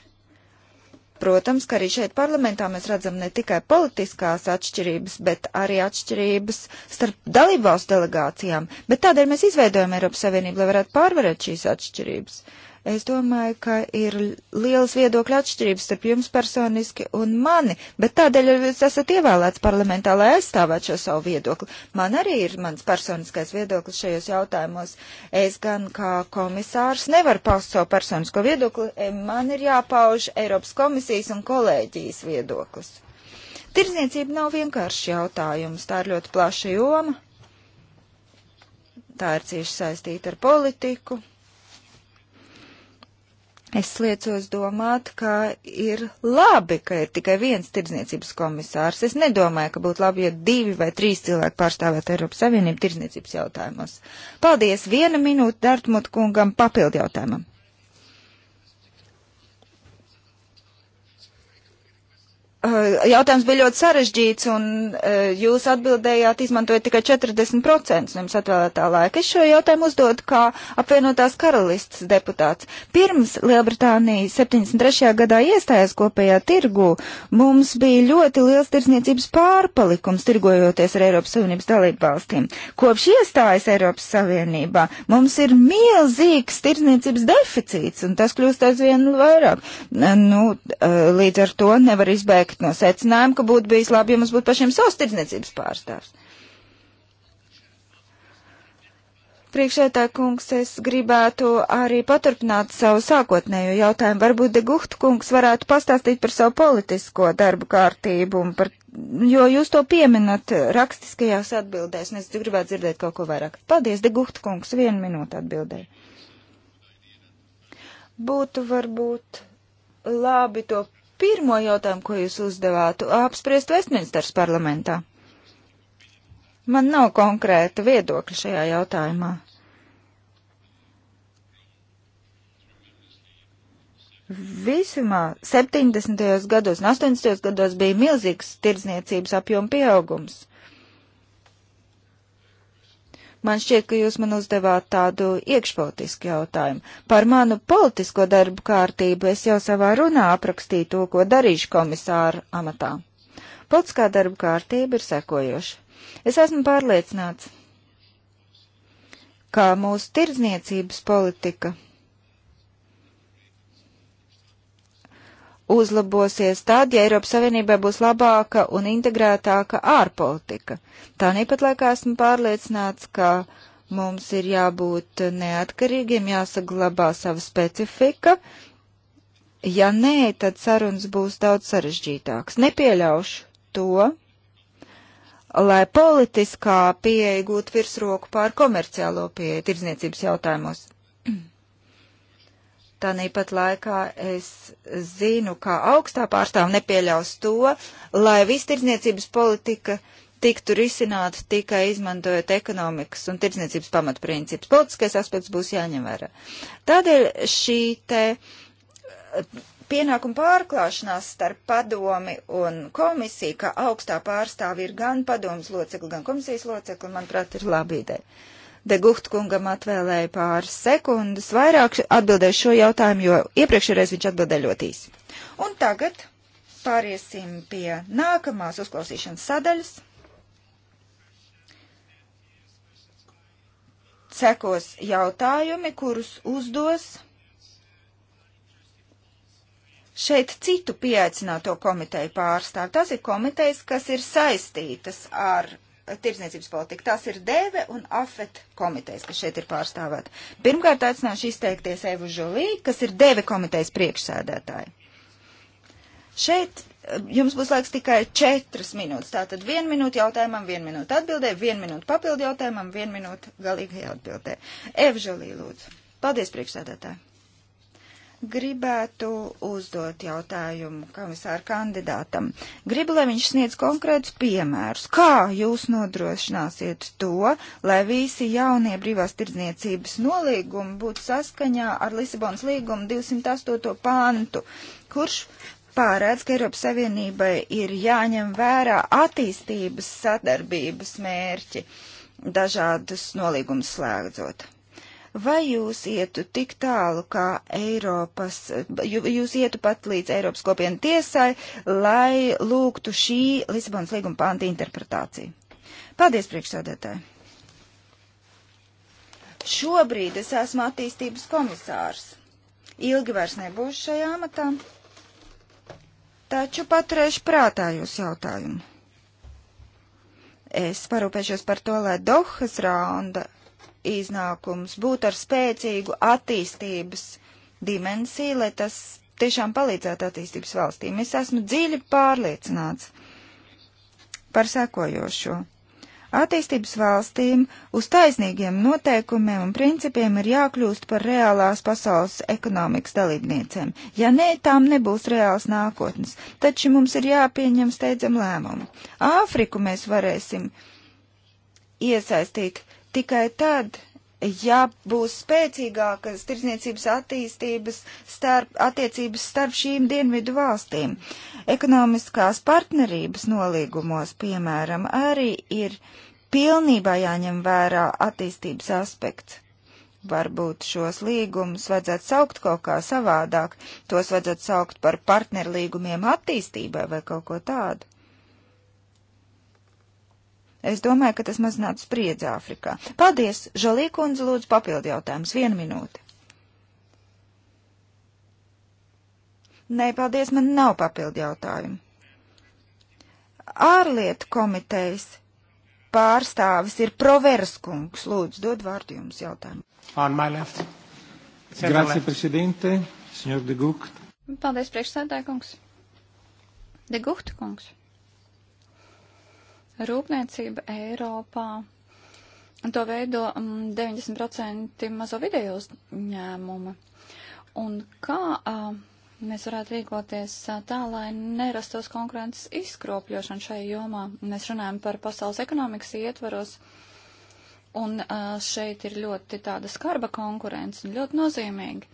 Protams, ka arī šeit parlamentā mēs redzam ne tikai politiskās atšķirības, bet arī atšķirības starp dalībvalstu delegācijām. Bet tādēļ mēs izveidojam Eiropas Savienību, lai varētu pārvarēt šīs atšķirības. Uh, Es domāju, ka ir lielas viedokļa atšķirības starp jums personiski un mani, bet tādēļ jūs esat ievēlēts parlamentā, lai aizstāvētu šo savu viedokli. Man arī ir mans personiskais viedoklis šajos jautājumos. Es gan kā komisārs nevaru paust savu personisko viedokli, e, man ir jāpauž Eiropas komisijas un kolēģijas viedoklis. Tirzniecība nav vienkāršs jautājums, tā ir ļoti plaša joma. Tā ir cieši saistīta ar politiku, Es liecos domāt, ka ir labi, ka ir tikai viens tirdzniecības komisārs. Es nedomāju, ka būtu labi, ja divi vai trīs cilvēki pārstāvētu Eiropas Savienību tirdzniecības jautājumos. Paldies! Viena minūte Dartmut kungam papildu jautājumam. Eh, jautājums bija ļoti sarežģīts, un eh, jūs atbildējāt, izmantojot tikai 40% no jums atvēlētā laika. Es šo jautājumu uzdodu kā apvienotās karalistas deputāts. Pirms Lielbritānija 73. gadā iestājās kopējā tirgu, mums bija ļoti liels tirsniecības pārpalikums, tirgojoties ar Eiropas Savienības dalību valstīm. Kopš iestājas Eiropas Savienībā mums ir milzīgs tirsniecības deficīts, un tas kļūst aizvien vairāk. Nu, eh, līdz ar to nevar izbēgt tikt no secinājuma, ka būtu bijis labi, ja mums būtu pašiem savs tirdzniecības pārstāvs. Priekšētā kungs, es gribētu arī paturpināt savu sākotnējo jautājumu. Varbūt Deguhta kungs varētu pastāstīt par savu politisko darbu kārtību, par, jo jūs to pieminat rakstiskajās atbildēs, un es gribētu dzirdēt kaut ko vairāk. Paldies, Deguhta kungs, vienu minūtu atbildēju. Būtu varbūt labi to pirmo jautājumu, ko jūs uzdevāt, apspriest Vestminsters parlamentā. Man nav konkrēta viedokļa šajā jautājumā. Visumā 70. gados un 80. gados bija milzīgs tirdzniecības apjoma pieaugums. Man šķiet, ka jūs man uzdevāt tādu iekšpolitisku jautājumu. Par manu politisko darbu kārtību es jau savā runā aprakstīju to, ko darīšu komisāru amatā. Politiskā darba kārtība ir sekojoša. Es esmu pārliecināts, ka mūsu tirdzniecības politika uzlabosies tad, ja Eiropas Savienībai būs labāka un integrētāka ārpolitika. Tā nepat laikā esmu pārliecināts, ka mums ir jābūt neatkarīgiem, jāsaglabā sava specifika. Ja nē, tad sarunas būs daudz sarežģītākas. Nepieļaušu to, lai politiskā pieeja gūtu virsroku pār komerciālo pieeju tirdzniecības jautājumos. Tāpat laikā es zinu, ka augstā pārstāv nepieļaus to, lai viss tirdzniecības politika tiktu risināta tikai izmantojot ekonomikas un tirdzniecības pamatprincipus. Politiskais aspekts būs jāņem vērā. Tādēļ šī te eh, pienākuma pārklāšanās starp padomi un komisiju, ka augstā pārstāvi ir gan padomas locekli, gan komisijas locekli, manuprāt, ir laba ideja. De Guhtkungam atvēlēja pāris sekundes vairāk atbildēju šo jautājumu, jo iepriekšējais viņš atbildēja ļoti īsi. Un tagad pāriesim pie nākamās uzklausīšanas sadaļas. sekos jautājumi, kurus uzdos šeit citu pieaicināto komiteju pārstāvi. Tas ir komitejas, kas ir saistītas ar tirdzniecības politiku. Tās ir DEVE un AFET komitejas, kas šeit ir pārstāvēta. Pirmkārt, aicināšu izteikties Evu Žolī, kas ir DEVE komitejas priekšsēdētāja. Šeit eh, jums būs laiks tikai četras minūtes. Tātad vienu minūtu jautājumam, vienu minūtu atbildē, vienu minūtu papildu jautājumam, vienu minūtu galīgai atbildē. Evu Žolī, lūdzu. Paldies, priekšsēdētāji. Gribētu uzdot jautājumu komisāru kandidātam. Gribu, lai viņš sniedz konkrētus piemērus. Kā jūs nodrošināsiet to, lai visi jaunie brīvās tirdzniecības nolīgumi būtu saskaņā ar Lisabonas līgumu 208. pāntu, kurš pārēdz, ka Eiropas Savienībai ir jāņem vērā attīstības sadarbības mērķi dažādus nolīgumus slēgdzot. Vai jūs ietu tik tālu kā Eiropas, jūs ietu pat līdz Eiropas kopienu tiesai, lai lūgtu šī Lisabonas līguma panta interpretāciju? Paldies, priekšsādētāji! Šobrīd es esmu attīstības komisārs. Ilgi vairs nebūšu šajā amatā, taču paturēšu prātā jūs jautājumu. Es parūpēšos par to, lai Dohas raunda iznākums, būt ar spēcīgu attīstības dimensiju, lai tas tiešām palīdzētu attīstības valstīm. Es esmu dziļi pārliecināts par sekojošo. Attīstības valstīm uz taisnīgiem noteikumiem un principiem ir jākļūst par reālās pasaules ekonomikas dalībniecēm. Ja nē, ne, tām nebūs reāls nākotnes, taču mums ir jāpieņem steidzam lēmumu. Āfriku mēs varēsim iesaistīt Tikai tad, ja būs spēcīgākas tirdzniecības attīstības starp, attiecības starp šīm dienvidu valstīm. Ekonomiskās partnerības nolīgumos, piemēram, arī ir pilnībā jāņem vērā attīstības aspekts. Varbūt šos līgumus vajadzētu saukt kaut kā savādāk, tos vajadzētu saukt par partnerlīgumiem attīstībai vai kaut ko tādu. Es domāju, ka tas mazinātu spriedzi Āfrikā. Paldies! Žalī kundze lūdzu papildu jautājumus. Vienu minūti. Nē, paldies, man nav papildu jautājumu. Ārlietu komitejas pārstāvis ir Proverskungs. Lūdzu, dod vārdu jums jautājumu. On my left. Grazie, presidente, signor de Gucht. Paldies, priekšsēdētājkungs. De Gucht kungs. Rūpniecība Eiropā. To veido 90% mm, mazo video uzņēmumu. Un kā uh, mēs varētu rīkoties uh, tā, lai nerastos konkurences izkropļošana šai jomā? Mēs runājam par pasaules ekonomikas ietvaros, un uh, šeit ir ļoti tāda skarba konkurence un ļoti nozīmīgi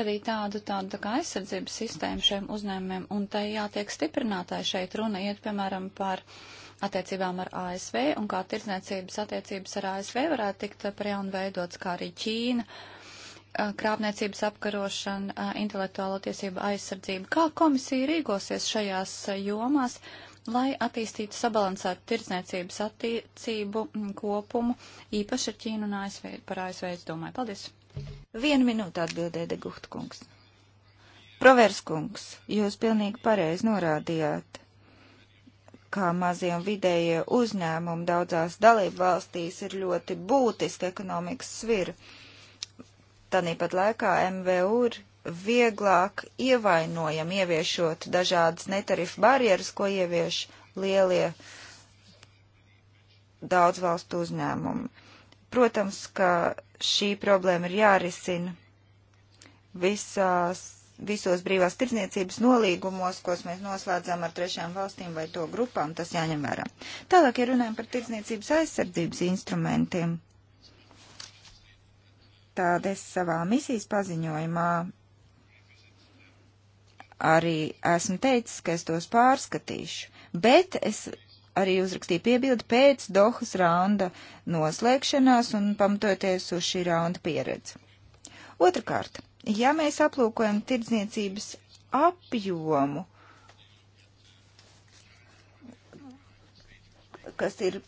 radīt tādu, tādu tā kā aizsardzības sistēmu šiem uzņēmumiem, un tai jātiek stiprinātāji šeit runa iet, piemēram, par uh, attiecībām ar ASV un kā tirdzniecības attiecības ar ASV varētu tikt preunveidots, kā arī Ķīna, krāpniecības apkarošana, intelektuālo tiesību aizsardzība. Kā komisija rīkosies šajās jomās, lai attīstītu sabalansētu tirdzniecības attiecību kopumu, īpaši ar Ķīnu un ASV, par ASV, es domāju. Paldies! Vienu minūtu atbildēja Deguhtkungs. Proverskungs, jūs pilnīgi pareizi norādījāt kā mazie un vidējie uzņēmumi daudzās dalību valstīs ir ļoti būtiski ekonomikas svira. Tāpat laikā MVU ir vieglāk ievainojam ieviešot dažādas netarifu barjeras, ko ievieš lielie daudzvalstu uzņēmumi. Protams, ka šī problēma ir jārisina visās visos brīvās tirdzniecības nolīgumos, kos mēs noslēdzām ar trešām valstīm vai to grupām, tas jāņem vērā. Tālāk, ja runājam par tirdzniecības aizsardzības instrumentiem, tad es savā misijas paziņojumā arī esmu teicis, ka es tos pārskatīšu, bet es arī uzrakstīja piebildi pēc Dohas raunda noslēgšanās un pamatoties uz šī raunda pieredzi. Otrakārt, Ja mēs aplūkojam tirdzniecības apjomu, kas ir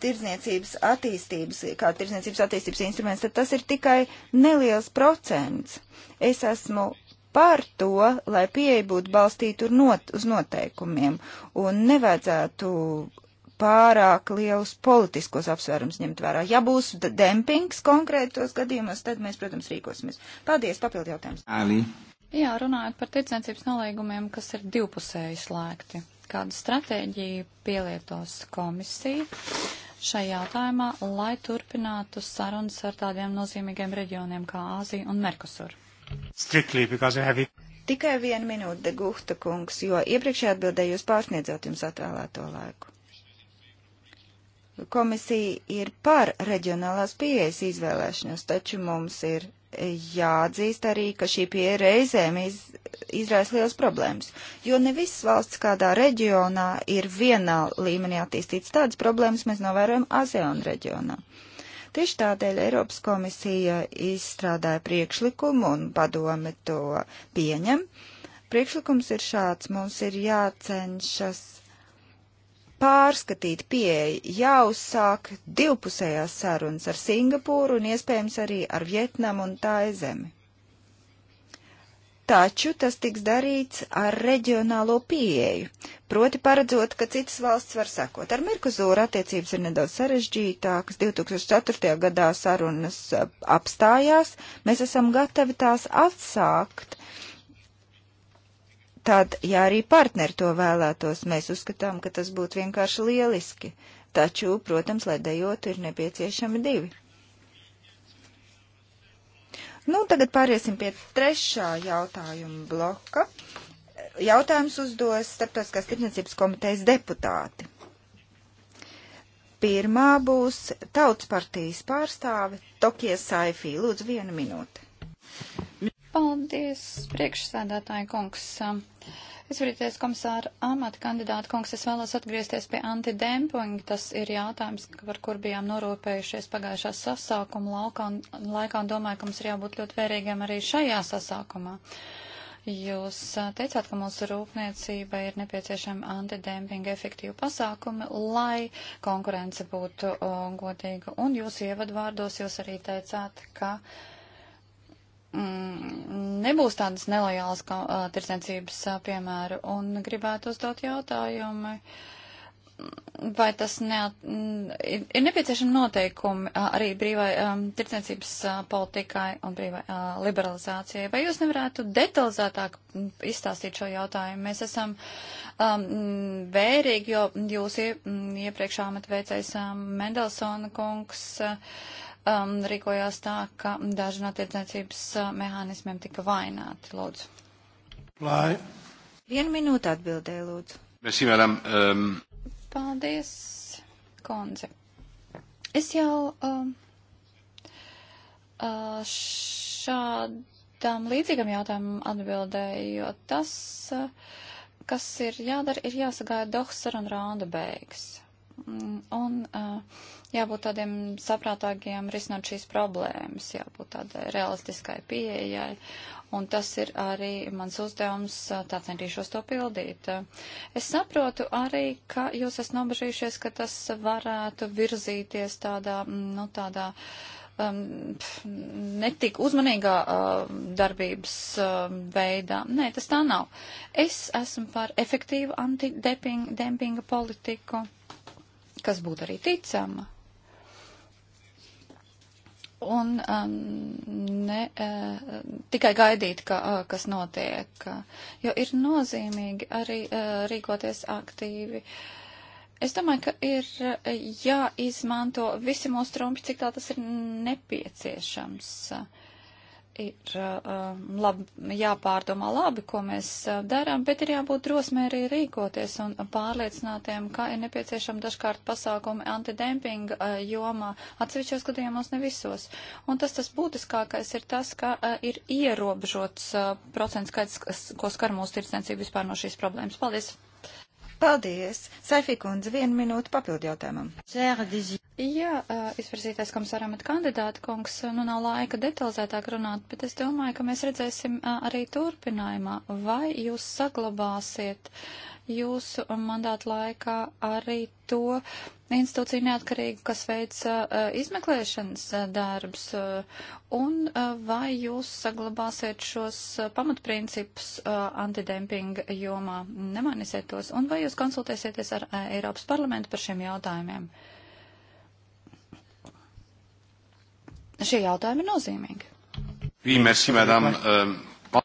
tirdzniecības attīstības, kā tirdzniecības attīstības instruments, tad tas ir tikai neliels procents. Es esmu par to, lai pieeja būtu balstīta not, uz noteikumiem un nevajadzētu pārāk lielus politiskos apsvērums ņemt vērā. Ja būs dempings konkrētos gadījumos, tad mēs, protams, rīkosimies. Paldies, papildu jautājums. Ali. Jā, runājot par tirdzniecības nolīgumiem, kas ir divpusēji slēgti. Kādu stratēģiju pielietos komisija šajā jautājumā, lai turpinātu sarunas ar tādiem nozīmīgiem reģioniem kā Āzija un Merkosur? Strictly, because I have it. Tikai vienu minūti, Guhta kungs, jo iepriekšējā atbildē jūs pārsniedzāt jums atvēlēto laiku. Komisija ir par reģionālās pieejas izvēlēšanos, taču mums ir jāatzīst arī, ka šī pieeja reizēm iz, izraisa liels problēmas, jo ne visas valsts kādā reģionā ir vienā līmenī attīstīts. Tādas problēmas mēs novērojam ASEAN reģionā. Tieši tādēļ Eiropas komisija izstrādāja priekšlikumu un padome to pieņem. Priekšlikums ir šāds. Mums ir jācenšas pārskatīt pieeja, jāuzsāk divpusējās sarunas ar Singapūru un iespējams arī ar Vietnamu un Taizemi. Taču tas tiks darīts ar reģionālo pieeju, proti paredzot, ka citas valsts var sekot. Ar Merkuzūru attiecības ir nedaudz sarežģītākas. 2004. gadā sarunas apstājās, mēs esam gatavi tās atsākt. Uh, Tad, ja arī partneri to vēlētos, mēs uzskatām, ka tas būtu vienkārši lieliski. Taču, protams, lai dejotu, ir nepieciešami divi. Nu, tagad pāriesim pie trešā jautājuma bloka. Jautājums uzdos Starptautiskās tirdzniecības komitejas deputāti. Pirmā būs Tautas partijas pārstāve Tokija Saifī. Lūdzu, vienu minūti. Paldies, priekšsēdētāji kungs. Izvirīties komisāra amata kandidāta kungs, es vēlos atgriezties pie antidempinga. Tas ir jautājums, par kur bijām norūpējušies pagājušā sasākuma laukā un, laikā un domāju, ka mums ir jābūt ļoti vērīgiem arī šajā sasākumā. Jūs teicāt, ka mūsu rūpniecība ir nepieciešama antidempinga efektīva pasākumi, lai konkurence būtu o, godīga. Un jūs ievadvārdos jūs arī teicāt, ka. Uh, Mm, nebūs tādas nelojālas tirdzniecības piemēru un gribētu uzdot jautājumu. Vai tas neat, ir, mm, ir nepieciešami noteikumi arī brīvai um, tirdzniecības uh, politikai un brīvai uh, liberalizācijai? Vai jūs nevarētu detalizētāk mm, izstāstīt šo jautājumu? Mēs esam um, vērīgi, jo jūs ie, iepriekšā met veicais um, Mendelsona kungs. Uh, um, rīkojās tā, ka daži no tirdzniecības uh, mehānismiem tika vaināti. Lūdzu. Lai. Vienu minūtu atbildēju, lūdzu. Mēs ievēram. Um... Paldies, Konze. Es jau um, uh, šādām līdzīgam jautājumam atbildēju, jo tas, uh, kas ir jādara, ir jāsagāja Dohs saruna raunda beigas. Mm, un uh, jābūt tādiem saprātāgiem risinot šīs problēmas, jābūt tādai realistiskai pieejai. Un tas ir arī mans uzdevums, tā centīšos to pildīt. Es saprotu arī, ka jūs esat nobežījušies, ka tas varētu virzīties tādā, mm, nu, tādā um, netik uzmanīgā uh, darbības uh, veidā. Nē, tas tā nav. Es esmu par efektīvu antidempinga politiku kas būtu arī ticama. Un um, ne, uh, tikai gaidīt, ka, uh, kas notiek, uh, jo ir nozīmīgi arī uh, rīkoties aktīvi. Es domāju, ka ir uh, jāizmanto visi mūsu trumpi, cik tā tas ir nepieciešams. Uh, ir uh, labi, jāpārdomā labi, ko mēs uh, darām, bet ir jābūt drosmē arī rīkoties un pārliecinātiem, ka ir nepieciešama dažkārt pasākumi antidempinga uh, jomā, atsevišķos gadījumos ne visos. Un tas tas būtiskākais ir tas, ka uh, ir ierobežots uh, procents skaits, ko skar mūsu tirdzniecība vispār no šīs problēmas. Paldies! Paldies! Saifī kundze, vienu minūtu papildu jautājumam. Jā, izvirzītais komisāram at kandidāta kungs, nu nav laika detalizētāk runāt, bet es domāju, ka mēs redzēsim arī turpinājumā, vai jūs saglabāsiet jūsu mandāta laikā arī to institūciju neatkarīgu, kas veic uh, izmeklēšanas uh, darbs, uh, un uh, vai jūs saglabāsiet šos uh, pamatprincipus uh, antidempinga jomā, nemainīsiet tos, un vai jūs konsultēsieties ar Eiropas parlamentu par šiem jautājumiem? Šie jautājumi ir nozīmīgi. Oui, merci, madame. Euh,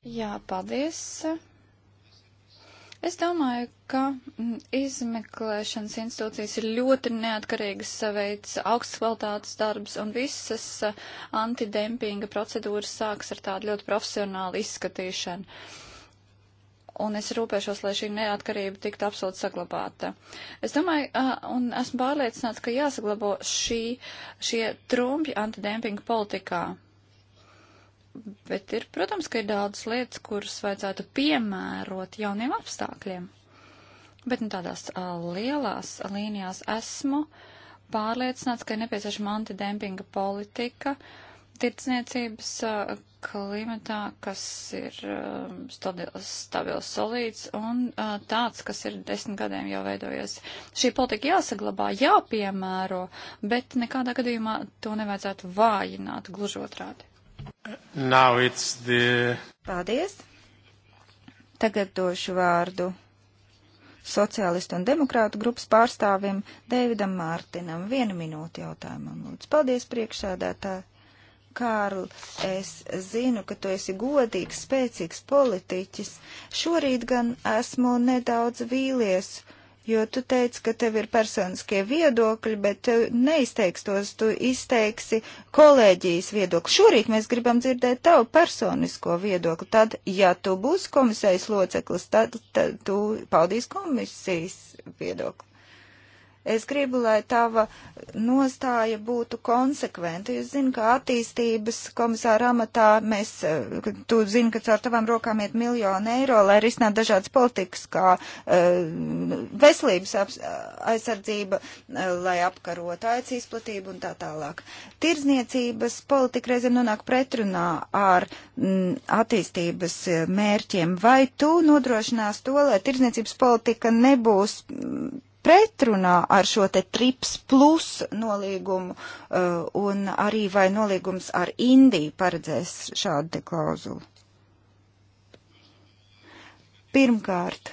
Jā, paldies. Es domāju, ka mm, izmeklēšanas institūcijas ir ļoti neatkarīgas, veic augsts kvalitātes darbs, un visas eh, antidempinga procedūras sāks ar tādu ļoti profesionālu izskatīšanu. Un es rūpēšos, lai šī neatkarība tiktu absolūti saglabāta. Es domāju, eh, un esmu pārliecināts, ka jāsaglabo šī, šie trumpi antidempinga politikā Bet ir, protams, ka ir daudz lietas, kuras vajadzētu piemērot jauniem apstākļiem. Bet nu, tādās uh, lielās līnijās esmu pārliecināts, ka ir nepieciešama antidempinga politika tirdzniecības uh, klimatā, kas ir uh, stabils, stabils solīts un uh, tāds, kas ir desmit gadiem jau veidojies. Šī politika jāsaglabā, jāpiemēro, bet nekādā gadījumā to nevajadzētu vājināt gluži otrādi. The... Paldies! Tagad došu vārdu sociālistu un demokrātu grupas pārstāvim Deividam Mārtinam. Vienu minūti jautājumam, lūdzu. Paldies, priekšsēdētāji! Kārl, es zinu, ka tu esi godīgs, spēcīgs politiķis. Šorīt gan esmu nedaudz vīlies jo tu teici, ka tev ir personiskie viedokļi, bet tu neizteiks tos, tu izteiksi kolēģijas viedokli. Šorīt mēs gribam dzirdēt tavu personisko viedokli. Tad, ja tu būsi komisijas loceklis, tad, tad tu paudīs komisijas viedokli. Es gribu, lai tava nostāja būtu konsekventa. Jūs zini, ka attīstības komisāra amatā mēs, eh, tu zini, ka caur tavām rokām iet miljonu eiro, lai risinātu dažādas politikas, kā uh, veselības aps, eh, aizsardzība, uh, lai apkarotu aic izplatību un tā tālāk. Tirzniecības politika reizēm nonāk pretrunā ar m, mm, attīstības mērķiem. Vai tu nodrošinās to, lai tirzniecības politika nebūs. M, mm, pretrunā ar šo te trips plus nolīgumu uh, un arī vai nolīgums ar Indiju paredzēs šādu te klauzulu? Pirmkārt,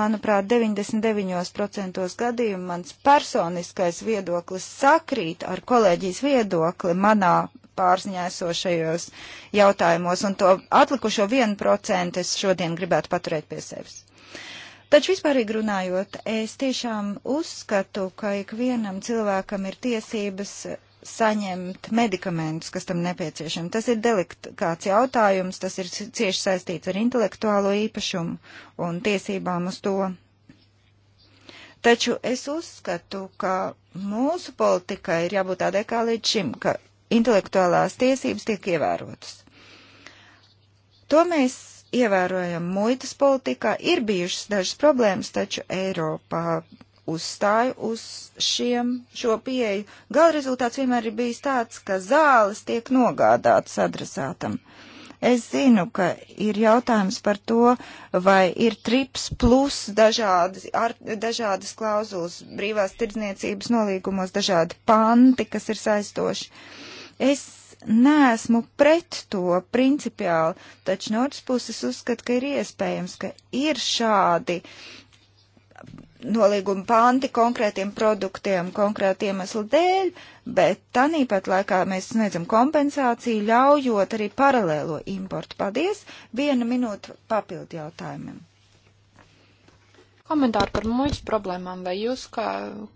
manuprāt, 99% gadījumu mans personiskais viedoklis sakrīt ar kolēģijas viedokli manā pārsņēsošajos jautājumos, un to atlikušo 1% es šodien gribētu paturēt pie sevis. Taču vispārīgi runājot, es tiešām uzskatu, ka ikvienam cilvēkam ir tiesības saņemt medikamentus, kas tam nepieciešami. Tas ir delikāts jautājums, tas ir cieši saistīts ar intelektuālo īpašumu un tiesībām uz to. Taču es uzskatu, ka mūsu politika ir jābūt tādai kā līdz šim, ka intelektuālās tiesības tiek ievērotas. To mēs ievērojama muitas politikā. Ir bijušas dažas problēmas, taču Eiropā uzstāju uz šiem, šo pieeju. Gala rezultāts vienmēr ir bijis tāds, ka zāles tiek nogādātas adresātam. Es zinu, ka ir jautājums par to, vai ir trips plus dažādas, ar, dažādas klauzulas brīvās tirdzniecības nolīgumos, dažādi panti, kas ir saistoši. Es neesmu pret to principiāli, taču no otras puses uzskatu, ka ir iespējams, ka ir šādi nolīguma panti konkrētiem produktiem, konkrēti iemeslu dēļ, bet tanīpat laikā mēs sniedzam kompensāciju, ļaujot arī paralēlo importu. Paldies! Viena minūte papildu jautājumiem. Komentāri par muļķu problēmām. Vai jūs, kā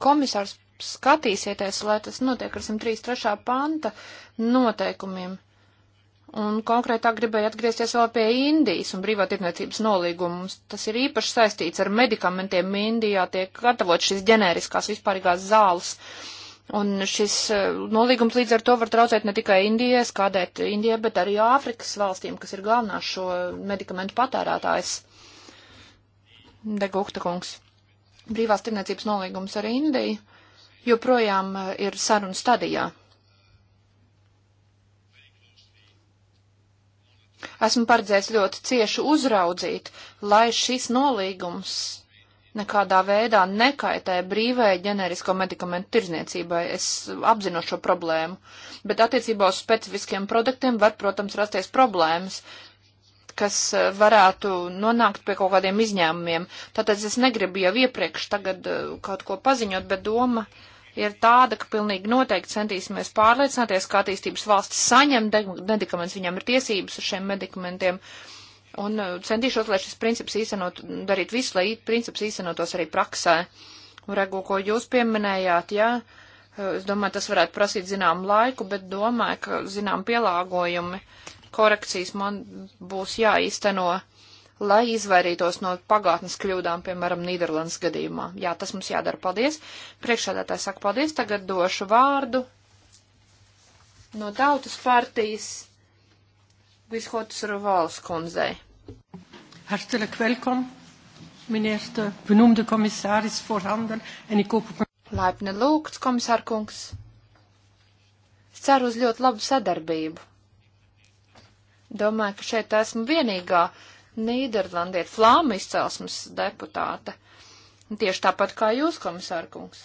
komisārs, skatīsieties, lai tas notiek ar 103. panta noteikumiem. Un konkrētāk gribēju atgriezties vēl pie Indijas un brīvā tirniecības nolīguma. Tas ir īpaši saistīts ar medikamentiem. Indijā tiek gatavot šis ģenēriskās vispārīgās zāles. Un šis eh, nolīgums līdz ar to var traucēt ne tikai Indijai, skādēt Indijai, bet arī Āfrikas valstīm, kas ir galvenā šo medikamentu patērētājs. Degukta kungs. Brīvās tirniecības nolīgums ar Indiju joprojām eh, ir sarunu stadijā. Esmu paredzējis ļoti cieši uzraudzīt, lai šis nolīgums nekādā veidā nekaitē brīvai ģenerisko medikamentu tirzniecībai. Es apzinu šo problēmu, bet attiecībā uz specifiskiem produktiem var, protams, rasties problēmas, kas eh, varētu nonākt pie kaut kādiem izņēmumiem. Tātad es negribu jau iepriekš tagad eh, kaut ko paziņot, bet doma. Uh, ir tāda, ka pilnīgi noteikti centīsimies pārliecināties, ka attīstības valstis saņem medikamentus, viņam ir tiesības uz šiem medikamentiem. Un uh, centīšos, lai šis princips īstenot, darīt visu, lai princips īstenotos arī praksē. Regu, ko jūs pieminējāt, jā, uh, es domāju, tas varētu prasīt zinām laiku, bet domāju, ka zinām pielāgojumi, korekcijas man būs jāīsteno. Uh, lai izvairītos no pagātnes kļūdām, piemēram, Nīderlandes gadījumā. Jā, tas mums jādara. Paldies. Priekšādātājs saka paldies. Tagad došu vārdu no tautas partijas Vishotas Rovāls kundzei. Hartelijk welkom, meneer de benoemde commissaris voor handel en ik hoop op... Laipni lūgts, komisārkungs. Es ceru uz ļoti labu sadarbību. Domāju, ka šeit esmu vienīgā uh, Nīderlandiet, flāma izcelsmes deputāte. Tieši tāpat kā jūs, komisārkungs.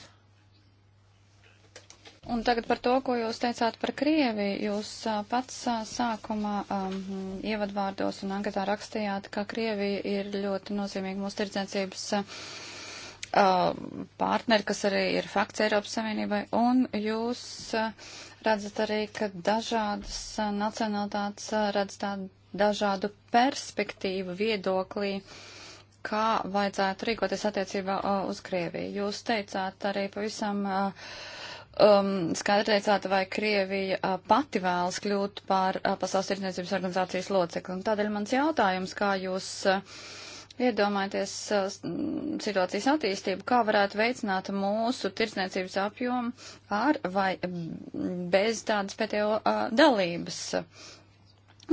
Un tagad par to, ko jūs teicāt par Krieviju. Jūs pats sākumā um, ievadvārdos un angatā rakstījāt, ka Krievija ir ļoti nozīmīga mūsu tirdzniecības uh, partneri, kas arī ir fakts Eiropas Savienībai. Un jūs uh, redzat arī, ka dažādas uh, nacionalitātes uh, redz tādu dažādu perspektīvu viedoklī, kā vajadzētu rīkoties attiecībā uz Krieviju. Jūs teicāt arī pavisam um, skaidri teicāt, vai Krievija uh, pati vēlas kļūt par uh, Pasaules tirdzniecības organizācijas locekli. Un tādēļ mans jautājums, kā jūs uh, Iedomājieties situācijas attīstību, kā varētu veicināt mūsu tirdzniecības apjomu ar vai bez tādas pēdējo dalības.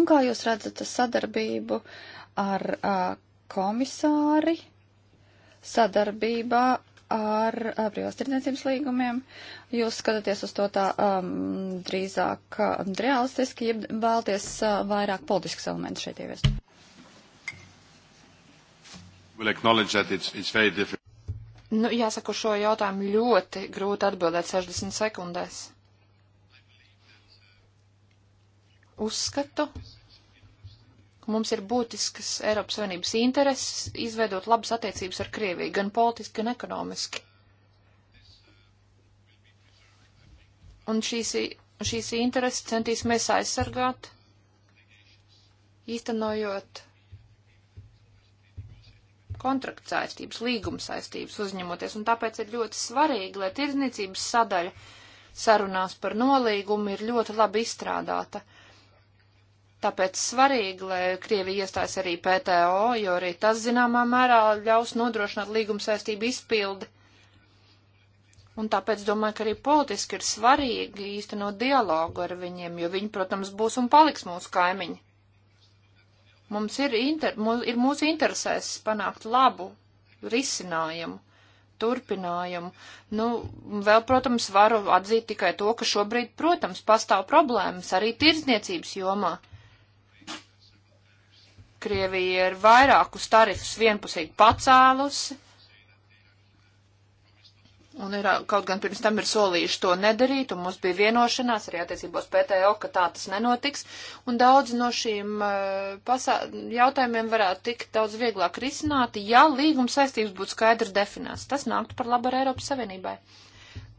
Un kā jūs redzat sadarbību ar a, komisāri, sadarbībā ar brīvās tirdzniecības līgumiem. Jūs skatāties uz to tā um, drīzāk um, realistiski, ja vēlties uh, vairāk politisks elements šeit ieviest. It's, it's nu, jāsaka, šo jautājumu ļoti grūti atbildēt 60 sekundēs. uzskatu, ka mums ir būtiskas Eiropas Savienības intereses izveidot labas attiecības ar Krieviju, gan politiski, gan ekonomiski. Un šīs, šīs intereses centīsimies aizsargāt, īstenojot kontrakta saistības, līguma saistības uzņemoties, un tāpēc ir ļoti svarīgi, lai tirdzniecības sadaļa sarunās par nolīgumu ir ļoti labi izstrādāta Tāpēc svarīgi, lai Krievija iestājas arī PTO, jo arī tas zināmā mērā ļaus nodrošināt līguma saistību izpildi. Un tāpēc domāju, ka arī politiski ir svarīgi īstenot dialogu ar viņiem, jo viņi, protams, būs un paliks mūsu kaimiņi. Mums ir, inter, mūs, ir mūsu interesēs panākt labu risinājumu, turpinājumu. Nu, vēl, protams, varu atzīt tikai to, ka šobrīd, protams, pastāv problēmas arī tirdzniecības jomā. Krievija ir vairākus tarifus vienpusīgi pacēlusi. Un ir, kaut gan pirms tam ir solījuši to nedarīt, un mums bija vienošanās arī attiecībos PTO, ka tā tas nenotiks. Un daudz no šīm pasā... jautājumiem varētu tikt daudz vieglāk risināti, ja līguma saistības būtu skaidri definēts. Tas nāktu par labu ar Eiropas Savienībai.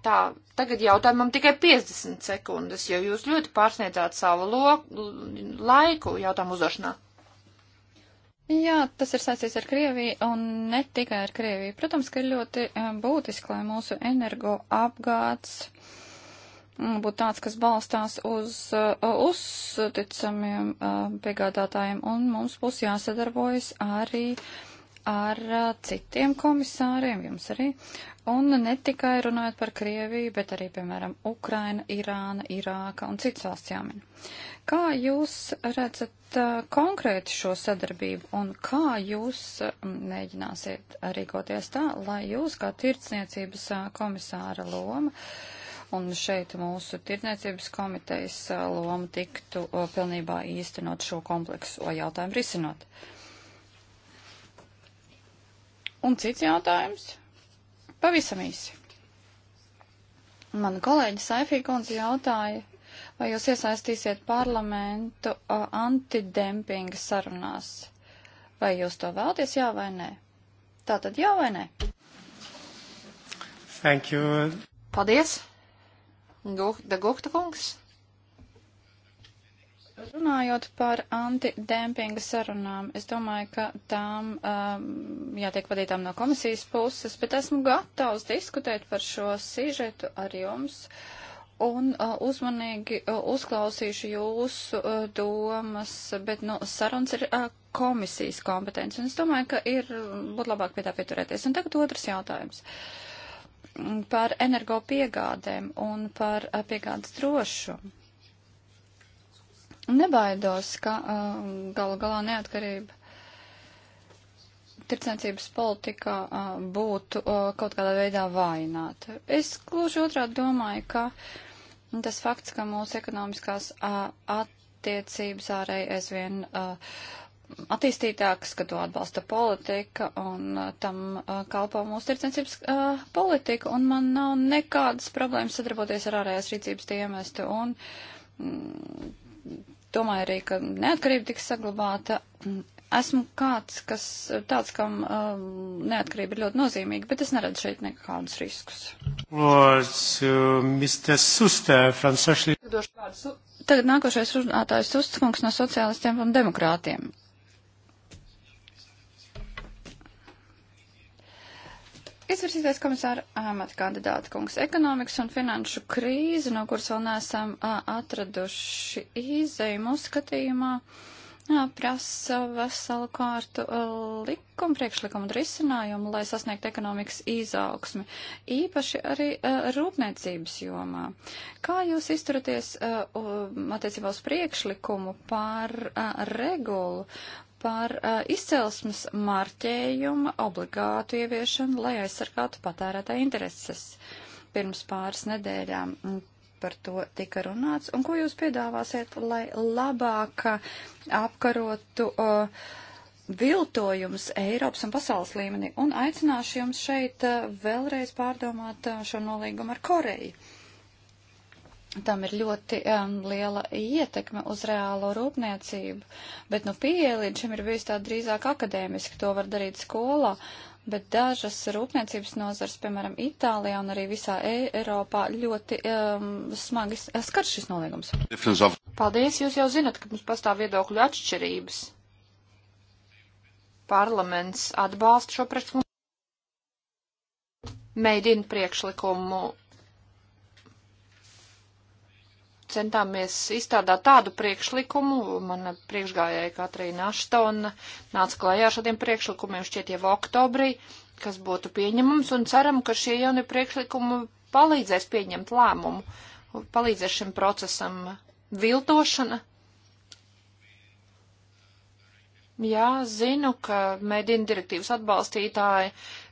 Tā, tagad jautājumam tikai 50 sekundes, jo jūs ļoti pārsniedzāt savu lo... laiku jautājumu uzdošanā. Jā, tas ir saistīts ar Krieviju un ne tikai ar Krieviju. Protams, ka ir ļoti eh, būtiski, lai mūsu energoapgāds mm, būtu tāds, kas balstās uz eh, uzticamiem eh, piegādātājiem, un mums būs jāsadarbojas arī. Uh, ar citiem komisāriem, jums arī, un ne tikai runājot par Krieviju, bet arī, piemēram, Ukraina, Irāna, Irāka un cits valsts jāmin. Kā jūs redzat konkrēti šo sadarbību un kā jūs mēģināsiet rīkoties tā, lai jūs kā tirdzniecības komisāra loma un šeit mūsu tirdzniecības komitejas loma tiktu pilnībā īstenot šo kompleksu jautājumu risinot? Uh, Un cits jautājums. Pavisam īsi. Mana kolēģa Saifī kundze jautāja, vai jūs iesaistīsiet parlamentu uh, antidempinga sarunās? Vai jūs to vēlties, jā vai nē? Tā tad jā vai nē? Thank you. Paldies. Gukta kungs. Runājot par antidempinga sarunām, es domāju, ka tām um, jātiek vadītām no komisijas puses, bet esmu gatavs diskutēt par šo sižetu ar jums un uh, uzmanīgi uh, uzklausīšu jūsu uh, domas, bet nu, sarunas ir uh, komisijas kompetence, un es domāju, ka ir būtu labāk pie tā pieturēties. Un tagad otrs jautājums par energo piegādēm un par uh, piegādes drošumu Nebaidos, ka uh, galu galā neatkarība tirdzniecības politikā uh, būtu uh, kaut kādā veidā vājināta. Es gluži otrādi domāju, ka tas fakts, ka mūsu ekonomiskās uh, attiecības ārēji aizvien uh, attīstītākas, ka to atbalsta politika un uh, tam uh, kalpo mūsu tirdzniecības uh, politika, un man nav nekādas problēmas sadarboties ar ārējās rīcības dienestu un mm, domāju arī, ka neatkarība tiks saglabāta. Mm, Esmu kāds, kas tāds, kam um, neatkarība ir ļoti nozīmīga, bet es neredzu šeit nekādus riskus. Words, uh, Suster, Social... Tagad nākošais runātājs Sustskungs no sociālistiem un demokrātiem. Izvirzītais komisāra amata kandidāta kungs ekonomikas un finanšu krīze, no kuras vēl neesam a, atraduši izēju mūsu skatījumā, a, prasa veselu kārtu a, likumu, priekšlikumu un risinājumu, lai sasniegtu ekonomikas izaugsmi, īpaši arī a, rūpniecības jomā. Kā jūs izturaties a, a, attiecībā uz priekšlikumu par a, regulu par uh, izcelsmes marķējuma obligātu ieviešanu, lai aizsargātu patērētāja intereses. Pirms pāris nedēļām mm, par to tika runāts. Un ko jūs piedāvāsiet, lai labāk apkarotu uh, eh, viltojums Eiropas un pasaules līmenī? Un aicināšu jums šeit uh, vēlreiz pārdomāt uh, šo nolīgumu ar Koreju tam ir ļoti um, liela ietekme uz reālo rūpniecību, bet nu pieeja līdz šim ir bijusi tā drīzāk akadēmiski, to var darīt skolā, bet dažas rūpniecības nozars, piemēram, Itālijā un arī visā e Eiropā, ļoti um, smagi skar šis nolīgums. Paldies, jūs jau zinat, ka mums pastāv viedokļu atšķirības. Parlaments atbalsta šo priekšlikumu. Meidina priekšlikumu centāmies izstrādāt tādu priekšlikumu, mana priekšgājēja Katrīna Aštona nāca klajā ar šādiem priekšlikumiem šķiet jau oktobrī, kas būtu pieņemums, un ceram, ka šie jaunie priekšlikumi palīdzēs pieņemt lēmumu, palīdzēs šim procesam viltošana. Jā, zinu, ka mediju direktīvas atbalstītāji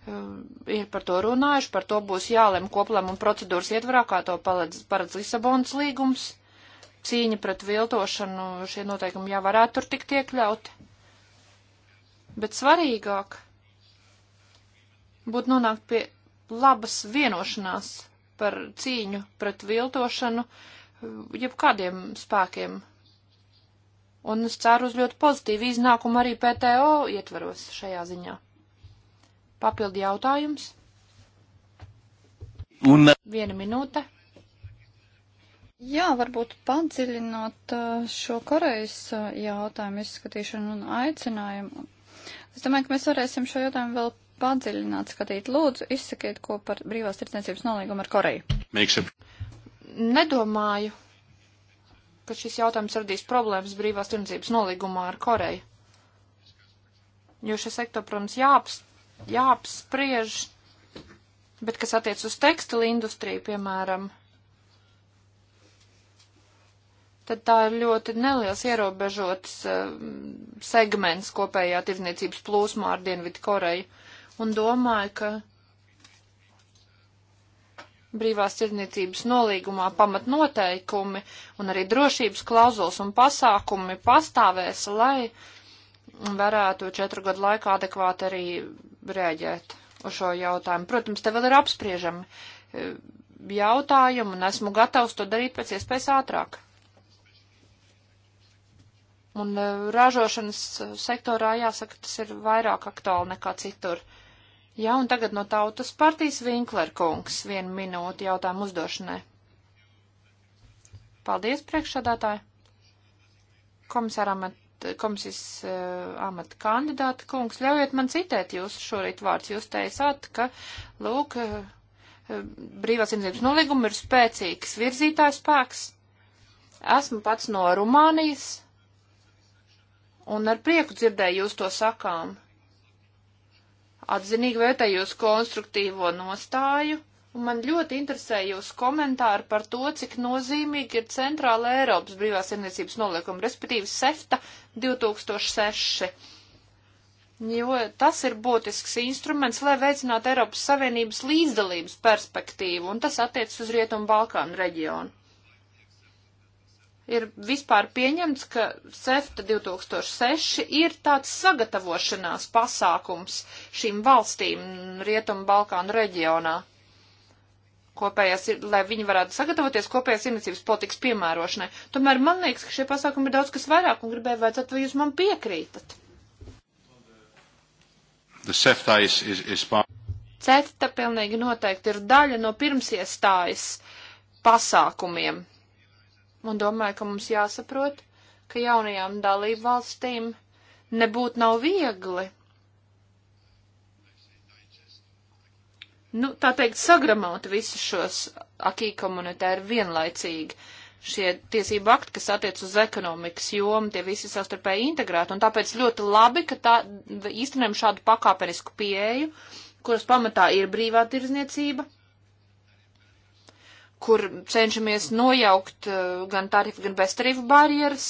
Eh, ir par to runājuši, par to būs jālem koplēmuma procedūras ietvarā, kā to paredz Lisabonas līgums. Cīņa pret viltošanu, šie noteikumi jau varētu tur tikt iekļauti. Bet svarīgāk būtu nonākt pie labas vienošanās par cīņu pret viltošanu eh, jebkādiem spēkiem. Un es ceru uz ļoti pozitīvu iznākumu arī PTO ietvaros šajā ziņā. Papildi jautājums. Un... Uh, Viena minūte. Jā, varbūt padziļinot uh, šo Korejas uh, jautājumu izskatīšanu un aicinājumu. Es domāju, ka mēs varēsim šo jautājumu vēl padziļināt skatīt. Lūdzu, izsakiet, ko par brīvās tirdzniecības nolīgumu ar Koreju. Miksim. Nedomāju, ka šis jautājums radīs problēmas brīvās tirdzniecības nolīgumā ar Koreju. Jo šis sektor, protams, jāapst jāapspriež, bet kas attiec uz tekstilu industriju, piemēram, tad tā ir ļoti neliels ierobežots uh, segments kopējā tirzniecības plūsmā ar Dienvidu Koreju. Un domāju, ka brīvās tirzniecības nolīgumā pamatnoteikumi un arī drošības klauzulas un pasākumi pastāvēs, lai varētu četru gadu laikā adekvāti arī rēģēt uz šo jautājumu. Protams, te vēl ir apspriežami e, jautājumi, un esmu gatavs to darīt pēc iespējas ātrāk. Un e, ražošanas sektorā, jāsaka, tas ir vairāk aktuāli nekā citur. Jā, un tagad no tautas partijas Vinklerkungs vienu minūti jautājumu uzdošanai. Paldies, priekšsādātāji! Komisāram komisijas uh, amata kandidāta kungs, ļaujiet man citēt jūsu šorīt vārds. Jūs teicāt, ka, lūk, uh, brīvās iniciatīvas nolīguma ir spēcīgs virzītājs spēks. Esmu pats no Rumānijas un ar prieku dzirdēju jūs to sakām. Atzinīgi vērtēju jūsu konstruktīvo nostāju Un man ļoti interesē jūsu komentāri par to, cik nozīmīgi ir Centrāla Eiropas brīvās saimniecības noliekuma, respektīvi SEFTA 2006. Jo tas ir būtisks instruments, lai veicinātu Eiropas Savienības līdzdalības perspektīvu, un tas attiec uz Rietumu Balkānu reģionu. Ir vispār pieņemts, ka SEFTA 2006 ir tāds sagatavošanās pasākums šīm valstīm Rietumu Balkānu reģionā kopējās, lai viņi varētu sagatavoties kopējās iniciatīvas politikas piemērošanai. Tomēr man liekas, ka šie pasākumi ir daudz kas vairāk un gribēju vajadzētu, vai jūs man piekrītat. CEFTA, is, is, is... CEFTA pilnīgi noteikti ir daļa no pirmsiestājas pasākumiem. Un domāju, ka mums jāsaprot, ka jaunajām dalību valstīm nebūtu nav viegli nu, tā teikt, sagramot visus šos akī komunitēru vienlaicīgi. Šie tiesību akti, kas attiec uz ekonomikas jomu, tie visi savstarpēji integrēti, un tāpēc ļoti labi, ka tā īstenojam šādu pakāpenisku pieeju, kuras pamatā ir brīvā tirzniecība, kur cenšamies nojaukt uh, gan tarifu, gan beztarifu barjeras.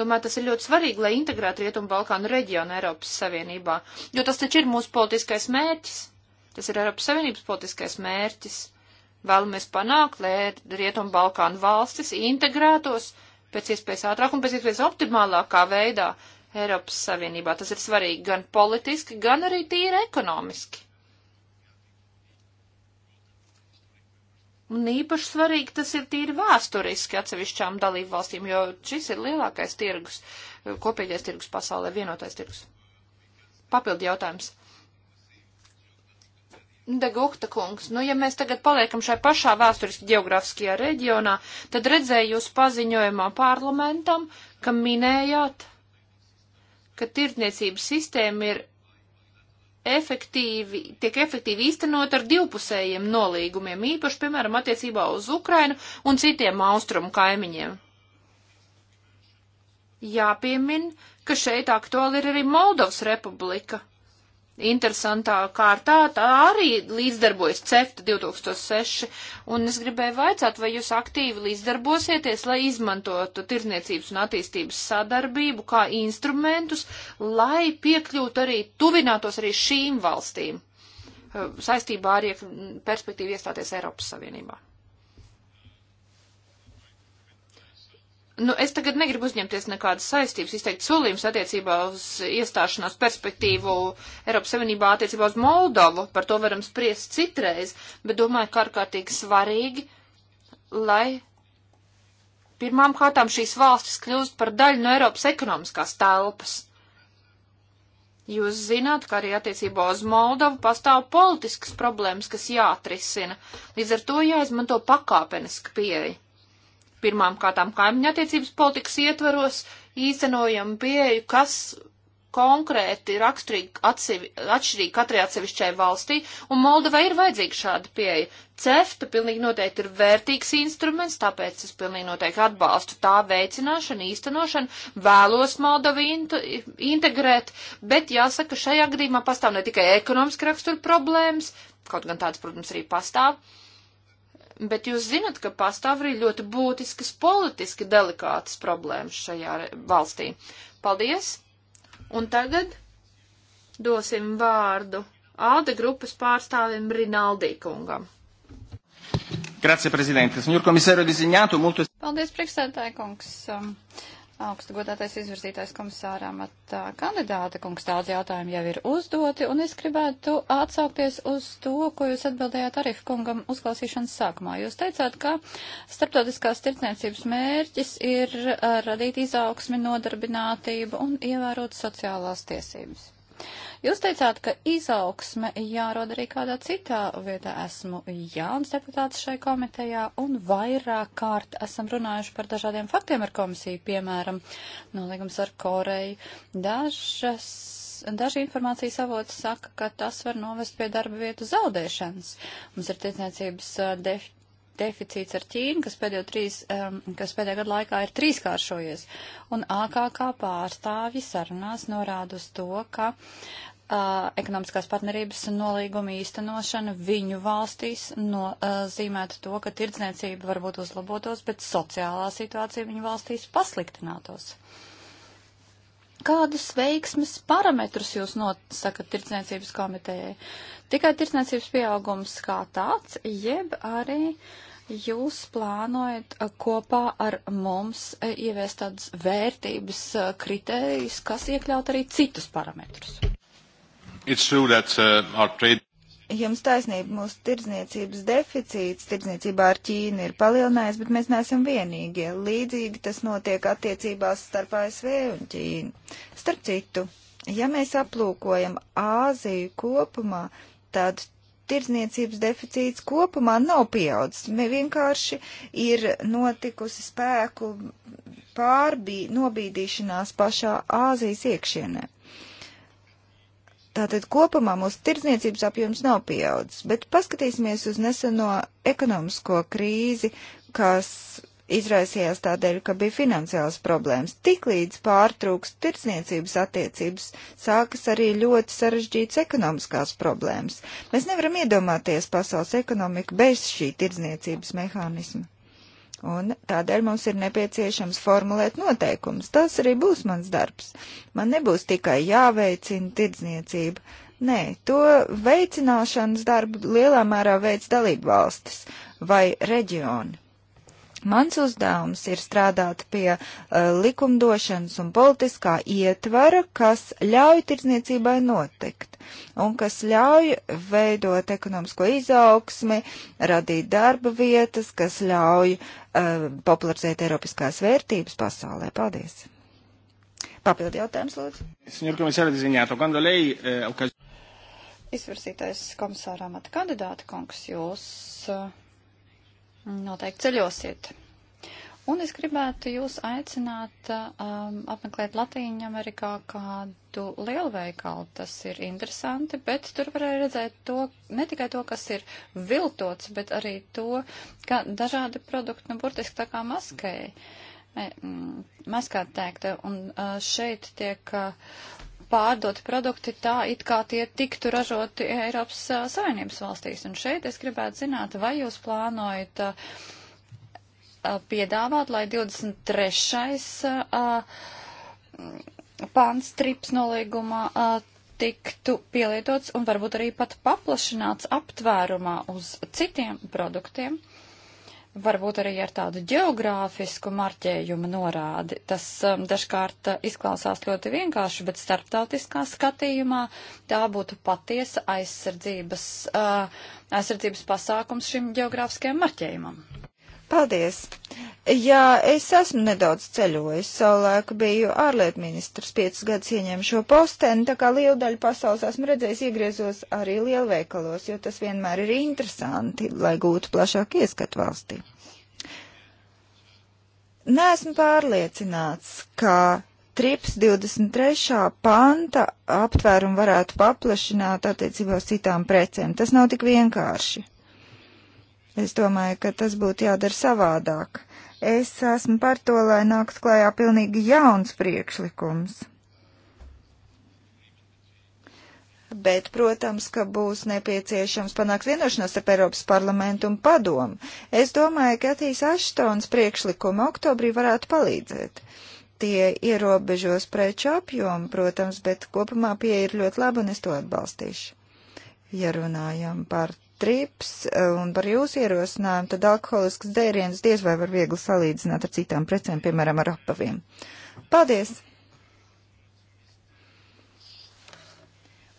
Domāju, tas ir ļoti svarīgi, lai integrētu Rietumu Balkānu reģionu Eiropas Savienībā, jo tas taču ir mūsu politiskais mērķis Tas ir Eiropas Savienības politiskais mērķis. Vēlamies panākt, lai Rietumu Balkānu valstis integrētos pēc iespējas ātrāk un pēc iespējas optimālākā veidā Eiropas Savienībā. Tas ir svarīgi gan politiski, gan arī tīri ekonomiski. Un īpaši svarīgi tas ir tīri vēsturiski atsevišķām dalību valstīm, jo šis ir lielākais tirgus, kopīgais tirgus pasaulē, vienotais tirgus. Papildu jautājums. Degukta kungs, nu ja mēs tagad paliekam šai pašā vēsturiski geogrāfiskajā reģionā, tad redzēju jūs paziņojumā parlamentam, ka minējāt, ka tirdzniecības sistēma ir efektīvi, tiek efektīvi īstenot ar divpusējiem nolīgumiem, īpaši, piemēram, attiecībā uz Ukrainu un citiem austrumu kaimiņiem. Jāpiemin, ka šeit aktuāli ir arī Moldovas republika interesantā kārtā, tā arī līdzdarbojas CEFTA 2006, un es gribēju vaicāt, vai jūs aktīvi līdzdarbosieties, lai izmantotu tirzniecības un attīstības sadarbību kā instrumentus, lai piekļūtu arī, tuvinātos arī šīm valstīm eh, saistībā ar perspektīvu iestāties Eiropas Savienībā. Nu, es tagad negribu uzņemties nekādas saistības, izteikt solījumus attiecībā uz iestāšanās perspektīvu Eiropas Savienībā attiecībā uz Moldovu. Par to varam spriest citreiz, bet domāju, ka ārkārtīgi svarīgi, lai pirmām kārtām šīs valstis kļūst par daļu no Eiropas ekonomiskās telpas. Jūs zināt, ka arī attiecībā uz Moldovu pastāv politiskas problēmas, kas jāatrisina. Līdz ar to jāizmanto pakāpeniska pieeja. Pirmām kārtām kaimiņa attiecības politikas ietveros īstenojam pieeju, kas konkrēti raksturīgi atsevi, atšķirīgi katrai atsevišķai valstī, un Moldovai ir vajadzīga šāda pieeja. CEFTA pilnīgi noteikti ir vērtīgs instruments, tāpēc es pilnīgi noteikti atbalstu tā veicināšanu, īstenošanu, vēlos Moldovi integrēt, bet jāsaka, šajā gadījumā pastāv ne tikai ekonomiski rakstura problēmas, kaut gan tāds, protams, arī pastāv, Bet jūs zinat, ka pastāv arī ļoti būtiskas politiski delikātas problēmas šajā valstī. Paldies! Un tagad dosim vārdu Alde grupas pārstāvim Rinaldī kungam. Grazie, prezidente. Signor komisāro disignato, multu... Paldies, priekšsēdētāji kungs. Um, augstu godātais izvirzītais komisārām at kandidāta kungs daudz jautājumu jau ir uzdoti, un es gribētu atsaukties uz to, ko jūs atbildējāt Arif kungam uzklausīšanas sākumā. Jūs teicāt, ka starptautiskās tirdzniecības mērķis ir uh, radīt izaugsmi, nodarbinātību un ievērot sociālās tiesības. Jūs teicāt, ka izaugsme jārod arī kādā citā vietā. Esmu jauns deputāts šai komitejā un vairāk kārt esam runājuši par dažādiem faktiem ar komisiju, piemēram, nolīgums ar Koreju. Dažas, daži informācijas avoti saka, ka tas var novest pie darba vietu zaudēšanas. Mums ir tiesniecības eh, defekts deficīts ar Ķīnu, kas pēdējo trīs, um, kas pēdējā gada laikā ir trīskāršojies. Un AKK pārstāvji sarunās norāda uz to, ka uh, ekonomiskās partnerības nolīguma īstenošana viņu valstīs nozīmētu uh, to, ka tirdzniecība varbūt uzlabotos, bet sociālā situācija viņu valstīs pasliktinātos. Kādus veiksmes parametrus jūs nosakat tirdzniecības komitejai? Tikai tirdzniecības pieaugums kā tāds, jeb arī Jūs plānojat eh, kopā ar mums eh, ieviest tādas vērtības eh, kritērijas, kas iekļaut arī citus parametrus. That, uh, trade... Jums taisnība, mūsu tirdzniecības deficīts tirdzniecībā ar Ķīnu ir palielinājies, bet mēs neesam vienīgie. Līdzīgi tas notiek attiecībās starp ASV un Ķīnu. Starp citu, ja mēs aplūkojam Āziju kopumā, tad tirdzniecības deficīts kopumā nav pieaudzis. Mēs vienkārši ir notikusi spēku pārbī, nobīdīšanās pašā Āzijas iekšienē. Tātad kopumā mūsu tirdzniecības apjoms nav pieaudzis, bet paskatīsimies uz neseno ekonomisko krīzi, kas izraisījās tādēļ, ka bija finansiāls problēmas. Tiklīdz pārtrūkst tirdzniecības attiecības, sākas arī ļoti sarežģītas ekonomiskās problēmas. Mēs nevaram iedomāties pasaules ekonomiku bez šī tirdzniecības mehānisma. Un tādēļ mums ir nepieciešams formulēt noteikumus. Tas arī būs mans darbs. Man nebūs tikai jāveicina tirdzniecība, Nē, to veicināšanas darbu lielā mērā veids dalību valstis vai reģioni. Mans uzdevums ir strādāt pie uh, likumdošanas un politiskā ietvara, kas ļauj tirdzniecībai notikt un kas ļauj veidot ekonomisko izaugsmi, radīt darba vietas, kas ļauj uh, popularizēt Eiropiskās vērtības pasaulē. Paldies! Papildi jautājums, lūdzu. Izvirzītais komisārā mata kandidāta kungs, jūs. Uh noteikti ceļosiet. Un es gribētu jūs aicināt um, apmeklēt Latīņu Amerikā kādu lielveikalu. Tas ir interesanti, bet tur varēja redzēt to, ne tikai to, kas ir viltots, bet arī to, ka dažādi produkti, nu, burtiski tā kā maskēji, eh, mm, maskāt teikt. Un uh, šeit tiek uh, pārdot produkti tā, it kā tie tiktu ražoti Eiropas uh, Savienības valstīs. Un šeit es gribētu zināt, vai jūs plānojat uh, piedāvāt, lai 23. Uh, pāns trips nolīgumā tiktu pielietots un varbūt arī pat paplašināts aptvērumā uz citiem produktiem varbūt arī ar tādu geogrāfisku marķējumu norādi. Tas um, dažkārt uh, izklausās ļoti vienkārši, bet starptautiskā skatījumā tā būtu patiesa aizsardzības, uh, aizsardzības pasākums šim geogrāfiskajam marķējumam. Paldies! Jā, es esmu nedaudz ceļojis. Savulaik biju ārlietu ministrs, piecus gadus ieņēmu šo posteni, tā kā lielu daļu pasaules esmu redzējis, iegriezos arī lielveikalos, jo tas vienmēr ir interesanti, lai gūtu plašāku ieskatu valstī. Nesmu pārliecināts, ka trips 23. panta aptvērumu varētu paplašināt attiecībā uz citām precēm. Tas nav tik vienkārši. Es domāju, ka tas būtu jādara savādāk. Es esmu par to, lai nākt klājā pilnīgi jauns priekšlikums. Bet, protams, ka būs nepieciešams panākt vienošanos ar Eiropas parlamentu un padomu. Es domāju, ka Atīs Aštons priekšlikuma oktobrī varētu palīdzēt. Tie ierobežos preču apjomu, protams, bet kopumā pieeja ir ļoti laba un es to atbalstīšu. Ja runājam par trips eh, un par jūsu ierosinājumu, tad alkoholisks dēriens diez vai var viegli salīdzināt ar citām precēm, piemēram, ar apaviem. Paldies!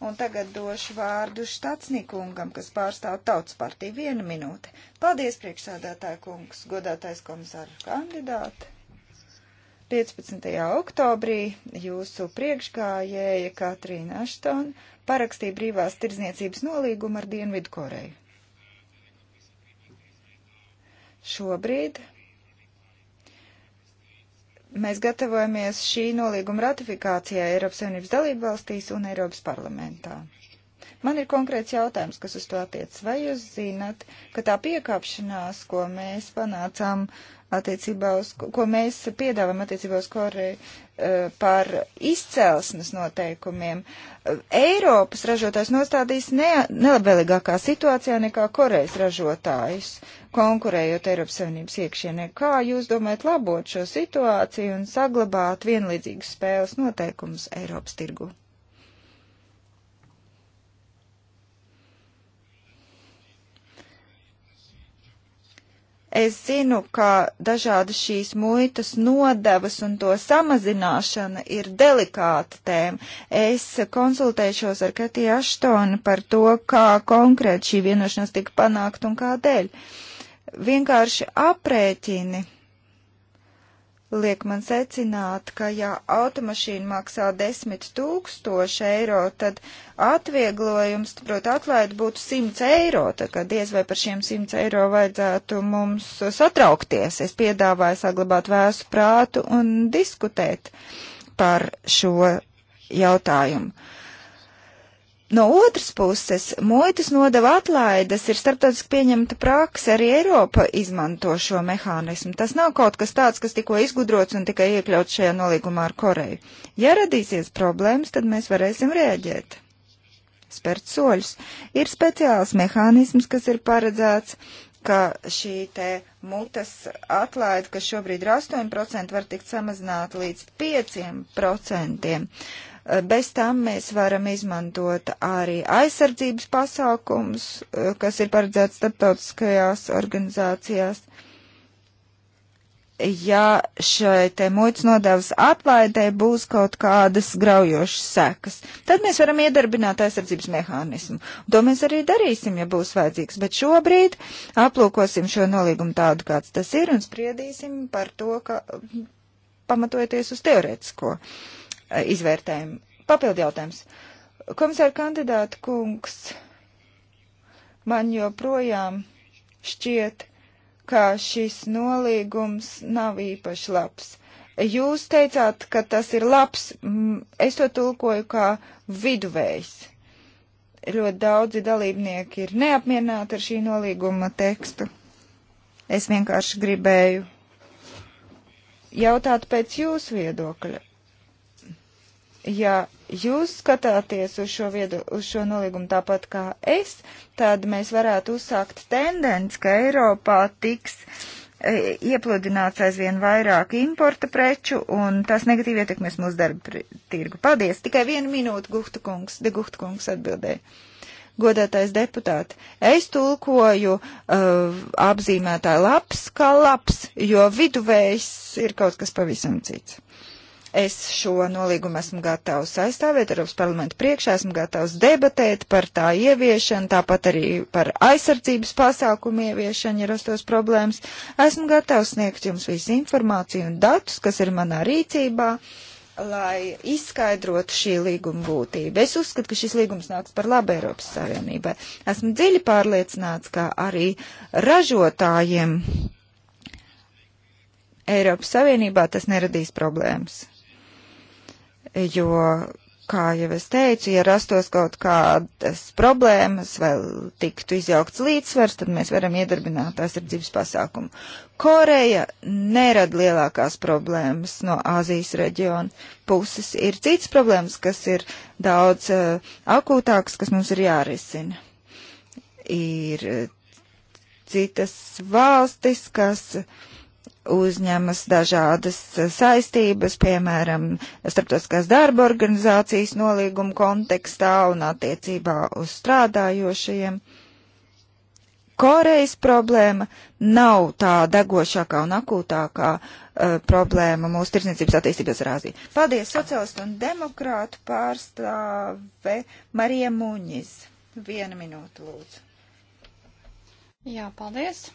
Un tagad došu vārdu štatsnīkungam, kas pārstāv tautas partiju vienu minūti. Paldies, priekšsādātāja kungs, godātais komisāru kandidāti! 15. oktobrī jūsu priekšgājēja Katrīna Aštona parakstīja brīvās tirdzniecības nolīgumu ar Dienvidu Koreju. Šobrīd mēs gatavojamies šī nolīguma ratifikācijai Eiropas Savienības dalību valstīs un Eiropas parlamentā. Man ir konkrēts jautājums, kas uz to attiec. Vai jūs zinat, ka tā piekāpšanās, ko mēs panācām uh, attiecībā uz, ko mēs piedāvājam attiecībā uz Koreju eh, par izcelsmes noteikumiem. Eiropas ražotājs nostādīs ne, nelabvēlīgākā situācijā nekā Korejas ražotājs, konkurējot Eiropas Savienības iekšienē. Kā jūs domājat labot šo situāciju un saglabāt vienlīdzīgus spēles noteikumus Eiropas tirgu? Es zinu, ka dažādas šīs muitas nodevas un to samazināšana ir delikāta tēma. Es konsultēšos ar Katiju Aštonu par to, kā konkrēti šī vienošanās tika panākt un kādēļ. Vienkārši aprēķini liek man secināt, ka ja automašīna maksā 10 tūkstoši eiro, tad atvieglojums, proti, atlaid būtu 100 eiro, tā kā diez vai par šiem 100 eiro vajadzētu mums satraukties. Es piedāvāju saglabāt vēsu prātu un diskutēt par šo jautājumu. Uh, No otras puses, muitas nodeva atlaides ir starptautiski pieņemta praksa, arī Eiropa izmanto šo mehānismu. Tas nav kaut kas tāds, kas tikko izgudrots un tikai iekļauts šajā nolīgumā ar Koreju. Ja radīsies problēmas, tad mēs varēsim rēģēt. Spērt soļus. Ir speciāls mehānisms, kas ir paredzēts, ka šī te mutes atlaide, kas šobrīd ir 8%, var tikt samazināta līdz 5%. Bez tam mēs varam izmantot arī aizsardzības pasākums, eh, kas ir paredzēts starptautiskajās organizācijās ja šai te muitas nodevas atlaidē būs kaut kādas graujošas sekas. Tad mēs varam iedarbināt aizsardzības mehānismu. To mēs arī darīsim, ja būs vajadzīgs. Bet šobrīd aplūkosim šo nolīgumu tādu, kāds tas ir, un spriedīsim par to, ka pamatojoties uz teorētisko. Uh, izvērtējumu. Papildu jautājums. Komisāra kandidāta kungs, man joprojām šķiet, ka šis nolīgums nav īpaši labs. Jūs teicāt, ka tas ir labs, es to tulkoju kā viduvējs. Ļoti daudzi dalībnieki ir neapmierināti ar šī nolīguma tekstu. Es vienkārši gribēju jautāt pēc jūsu viedokļa Ja jūs skatāties uz šo, viedu, uz šo nolīgumu tāpat kā es, tad mēs varētu uzsākt tendenci, ka Eiropā tiks e, iepludināts aizvien vairāk importa preču, un tas negatīvi ietekmēs mūsu darba tirgu. Paldies! Tikai vienu minūtu Guhta kungs, de Guhta kungs atbildēja. Godātais deputāti, es tulkoju uh, apzīmētāju labs kā labs, jo viduvējs ir kaut kas pavisam cits. Es šo nolīgumu esmu gatavs aizstāvēt Eiropas parlamentu priekšā, esmu gatavs debatēt par tā ieviešanu, tāpat arī par aizsardzības pasākumu ieviešanu, ja rastos problēmas. Esmu gatavs sniegt jums visu informāciju un datus, kas ir manā rīcībā lai izskaidrotu šī līguma būtību. Es uzskatu, ka šis līgums nāks par labu Eiropas Savienībai. Esmu dziļi pārliecināts, ka arī ražotājiem Eiropas Savienībā tas neradīs problēmas jo, kā jau es teicu, ja rastos kaut kādas problēmas vai tiktu izjaukts līdzsvars, tad mēs varam iedarbināt aizsardzības pasākumu. Koreja nerada lielākās problēmas no Āzijas reģiona puses. Ir cits problēmas, kas ir daudz uh, akūtāks, kas mums ir jārisina. Ir citas valstis, kas. Uh, uzņemas dažādas saistības, piemēram, starptautiskās darba organizācijas nolīguma kontekstā un attiecībā uz strādājošajiem. Korejas problēma nav tā degošākā un akūtākā uh, problēma mūsu tirsniecības attīstības ar Āziju. Paldies sociālistu un demokrātu pārstāve Marija Muņis. Viena minūte, lūdzu. Jā, paldies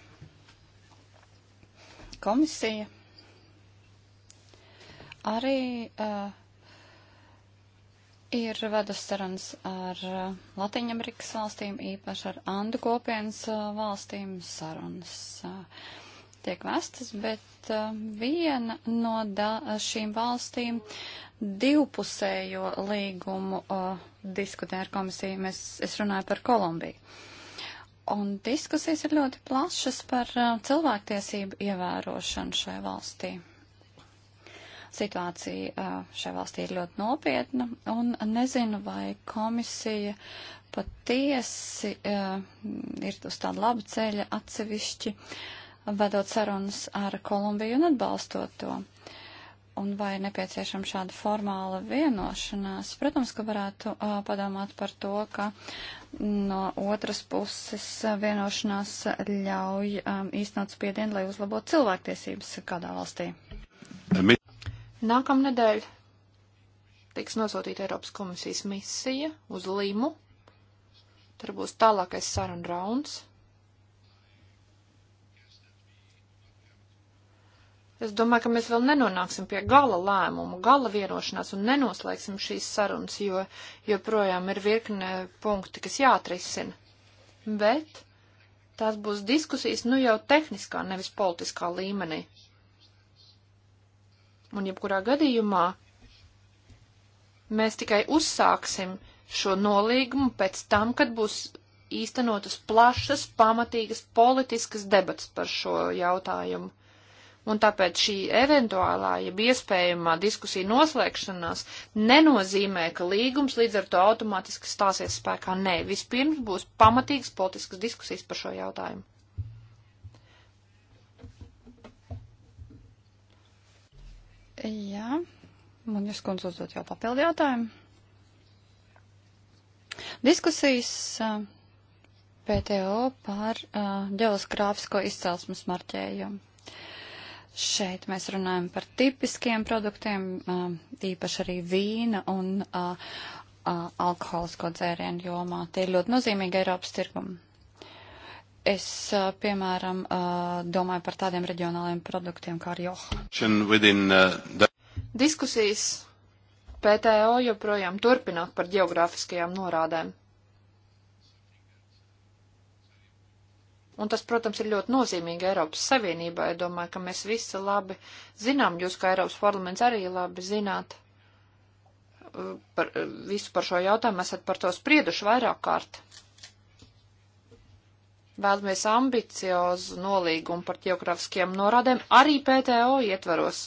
komisija arī uh, ir vedas sarunas ar uh, Latviju-Amerikas valstīm, īpaši ar Andu kopienas uh, valstīm. Sarunas uh, tiek vestas, bet uh, viena no da, šīm valstīm divpusējo līgumu uh, diskutē ar komisiju. Mēs, es runāju par Kolumbiju un diskusijas ir ļoti plašas par uh, cilvēktiesību ievērošanu šai valstī. Situācija uh, šai valstī ir ļoti nopietna, un nezinu, vai komisija patiesi uh, ir uz tāda laba ceļa atsevišķi, vedot sarunas ar Kolumbiju un atbalstot to un vai nepieciešama šāda formāla vienošanās. Protams, ka varētu uh, padomāt par to, ka no otras puses vienošanās ļauj um, īstenot spiedienu, lai uzlabotu cilvēktiesības kādā valstī. Nākamnedēļ tiks nosūtīta Eiropas komisijas misija uz Limu. Tur būs tālākais sarunu rauns Es domāju, ka mēs vēl nenonāksim pie gala lēmumu, gala vienošanās un nenoslēgsim šīs sarunas, jo joprojām ir virkne punkti, kas jāatrisina. Bet tās būs diskusijas nu jau tehniskā, nevis politiskā līmenī. Un jebkurā gadījumā mēs tikai uzsāksim šo nolīgumu pēc tam, kad būs īstenotas plašas, pamatīgas politiskas debats par šo jautājumu un tāpēc šī eventuālā, jeb iespējamā diskusija noslēgšanās nenozīmē, ka līgums līdz ar to automātiski stāsies spēkā. Nē, vispirms būs pamatīgas politiskas diskusijas par šo jautājumu. Jā, man jūs kundze uzdot jau papildu jautājumu. Diskusijas PTO par ģeoskrāfisko izcelsmes marķējumu. Šeit mēs runājam par tipiskiem produktiem, īpaši arī vīna un alkoholisko dzērienu jomā. Tie ir ļoti nozīmīgi Eiropas tirgumu. Es, piemēram, domāju par tādiem reģionāliem produktiem kā Rioja. Diskusijas PTO joprojām turpināt par geogrāfiskajām norādēm. Un tas, protams, ir ļoti nozīmīgi Eiropas Savienībā. Es domāju, ka mēs visi labi zinām, jūs kā Eiropas parlaments arī labi zināt uh, par uh, visu par šo jautājumu, esat par to sprieduši vairāk kārt. Vēlamies ambiciozu nolīgumu par geogrāfiskiem norādēm arī PTO ietvaros.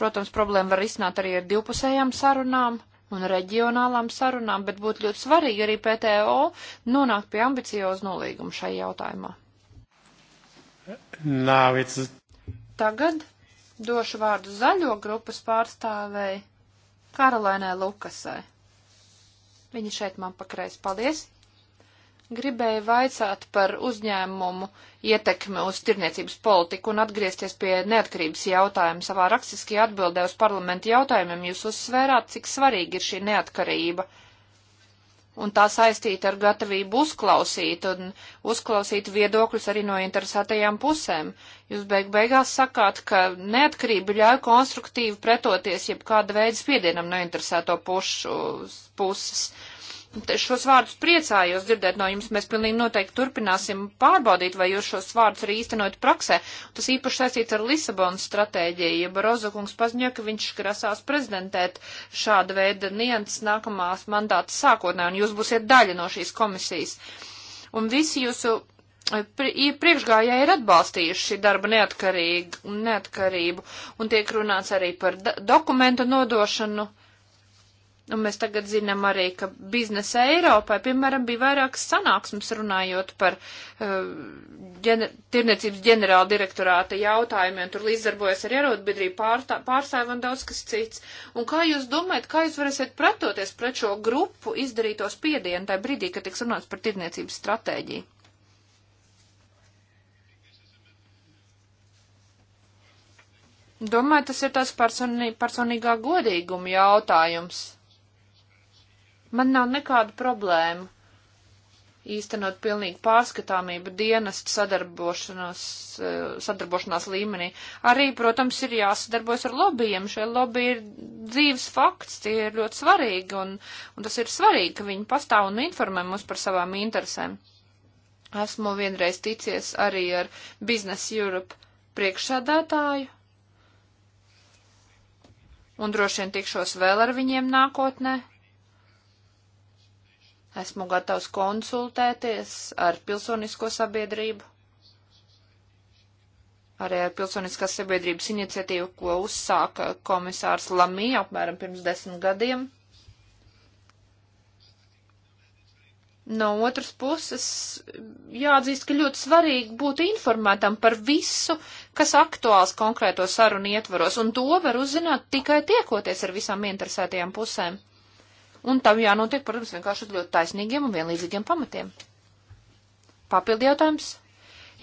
Protams, problēma var izsnāt arī ar divpusējām sarunām un reģionālām sarunām, bet būtu ļoti svarīgi arī PTO nonākt pie ambiciozu nolīgumu šai jautājumā. Tagad došu vārdu zaļo grupas pārstāvēji Karolainai Lukasai. Viņa šeit man pakreiz. Paldies! Gribēju vaicāt par uzņēmumu ietekmi uz tirniecības politiku un atgriezties pie neatkarības jautājuma. Savā rakstiskajā atbildē uz parlamentu jautājumiem jūs uzsvērāt, cik svarīgi ir šī neatkarība un tā saistīta ar gatavību uzklausīt un uzklausīt viedokļus arī no interesētajām pusēm. Jūs beig beigās sakāt, ka neatkarība ļauj konstruktīvi pretoties jebkāda veida spiedienam no interesēto pušu puses šos vārdus priecājos dzirdēt no jums. Mēs pilnīgi noteikti turpināsim pārbaudīt, vai jūs šos vārdus arī īstenot praksē. Tas īpaši saistīts ar Lisabonas stratēģiju, ja Barozokungs paziņoja, ka viņš grasās prezidentēt šāda veida nianses nākamās mandātas sākotnē, un jūs būsiet daļa no šīs komisijas. Un visi jūsu eh, priekšgājēji ir atbalstījuši darba neatkarību, un tiek runāts arī par dokumentu nodošanu. Uh, Un mēs tagad zinām arī, ka biznesa Eiropai, piemēram, bija vairākas sanāksmes runājot par uh, ģener tirniecības ģenerāla direktorāta jautājumiem, tur līdzdarbojas arī arotbiedrība pārstāvi un daudz kas cits. Un kā jūs domājat, kā jūs varēsiet pretoties pret šo grupu izdarīto spiedienu tajā brīdī, kad tiks runāts par tirniecības stratēģiju? Domāju, tas ir tas personī, personīgā godīguma jautājums. Man nav nekāda problēma īstenot pilnīgi pārskatāmību dienestu sadarbošanās, eh, sadarbošanās līmenī. Arī, protams, ir jāsadarbojas ar lobbyiem. Šie lobby ir dzīves fakts, tie ir ļoti svarīgi, un, un tas ir svarīgi, ka viņi pastāv un informē mūs par savām interesēm. Esmu vienreiz ticies arī ar Business Europe priekšsādātāju, un droši vien tikšos vēl ar viņiem nākotnē. Esmu gatavs konsultēties ar pilsonisko sabiedrību, arī ar pilsoniskās sabiedrības iniciatīvu, ko uzsāka komisārs Lamī apmēram pirms desmit gadiem. No otras puses, jāatzīst, ka ļoti svarīgi būt informētam par visu, kas aktuāls konkrēto sarunu ietvaros, un to var uzzināt tikai tiekoties ar visām interesētajām pusēm un tam jānotiek, protams, vienkārši ļoti taisnīgiem un vienlīdzīgiem pamatiem. Papildi jautājums?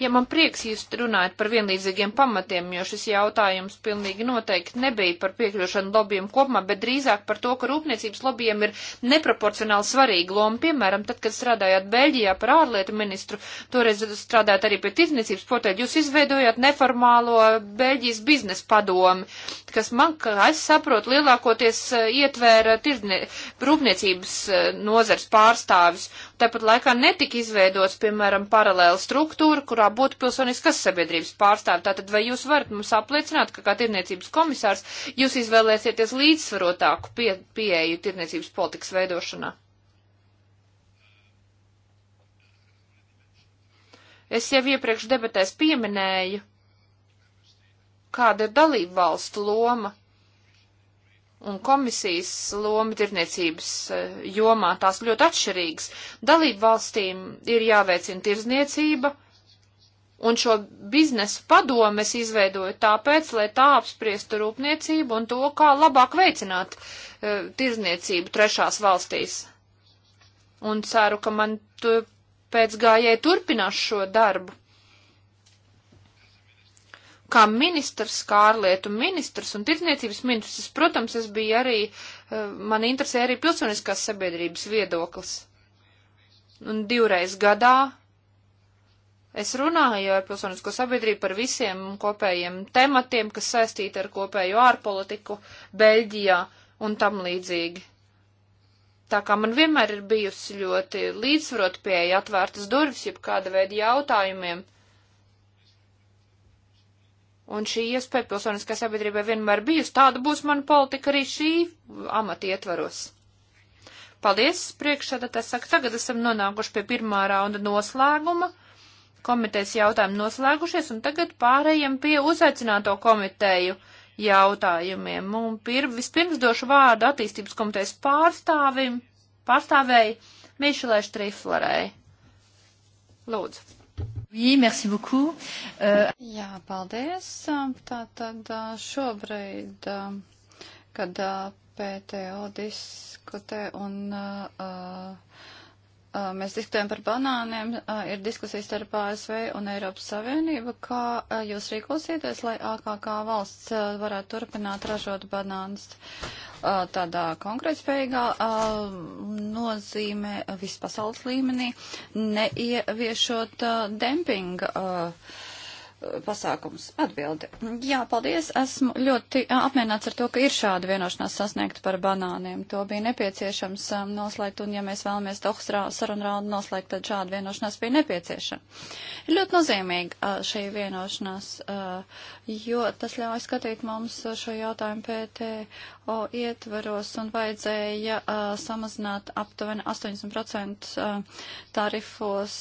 Ja man prieks jūs runājat par vienlīdzīgiem pamatiem, jo šis jautājums pilnīgi noteikti nebija par piekļūšanu lobbyiem kopumā, bet drīzāk par to, ka rūpniecības lobbyiem ir neproporcionāli svarīga loma. Piemēram, tad, kad strādājāt Beļģijā par ārlietu ministru, toreiz strādājāt arī pie tirdzniecības portēļa, jūs izveidojāt neformālo Beļģijas biznesa padomi, kas man, kā es saprotu, lielākoties eh, ietvēra tirdznie, rūpniecības eh, nozars pārstāvis. Tāpat laikā netika izveidots, piemēram, paralēla struktūra, kurā būtu pilsoniskas sabiedrības pārstāvi. Tātad vai jūs varat mums apliecināt, ka kā tirniecības komisārs jūs izvēlēsieties līdzsvarotāku pie, pieeju tirniecības politikas veidošanā? Es jau iepriekš debatēs pieminēju, kāda ir dalību valstu loma un komisijas loma tirniecības e, jomā tās ļoti atšķirīgas. Dalību valstīm ir jāveicina tirzniecība, un šo biznesu padomu es izveidoju tāpēc, lai tā apspriestu rūpniecību un to, kā labāk veicināt uh, tirzniecību trešās valstīs. Un ceru, ka man tu pēc gājēji turpinās šo darbu kā ministrs, kā ārlietu ministrs un tirdzniecības ministrs, protams, es biju arī, eh, man interesē arī pilsoniskās sabiedrības viedoklis. Un divreiz gadā es runāju ar pilsonisko sabiedrību par visiem kopējiem tematiem, kas saistīti ar kopējo ārpolitiku Beļģijā un tam līdzīgi. Tā kā man vienmēr ir bijusi ļoti līdzsvarot pieeja atvērtas durvis, jeb kāda veida jautājumiem. Un šī iespēja pilsoniskai sabiedrībai vienmēr bijusi. Tāda būs mana politika arī šī amata ietvaros. Paldies, priekšsēdētājs saka, tagad esam nonākuši pie pirmā raunda noslēguma. Komitejas jautājumi noslēgušies, un tagad pārējiem pie uzaicināto komiteju jautājumiem. Un pir, vispirms došu vārdu attīstības komitejas pārstāvim, pārstāvēji Mišelai Štriflerei. Lūdzu. Oui, merci beaucoup. Uh... Jā, paldies. Tātad šobrīd, kad PTO diskutē un uh, Uh, mēs diskutējam par banāniem, uh, ir diskusijas starp ASV un Eiropas Savienību. Kā uh, jūs rīkosieties, lai AKK valsts varētu turpināt ražot banānus tādā konkrētspējīgā nozīmē vispasaules līmenī, neieviešot dempinga? Uh, pasākums? Atbildi. Jā, paldies. Esmu ļoti apmierināts ar to, ka ir šāda vienošanās sasniegta par banāniem. To bija nepieciešams noslēgt, un ja mēs vēlamies Dohas sarunrādu noslēgt, tad šāda vienošanās bija nepieciešama. Ir ļoti nozīmīga šī vienošanās, jo tas ļauj skatīt mums šo jautājumu PTO ietvaros, un vajadzēja samazināt aptuveni 80% tarifos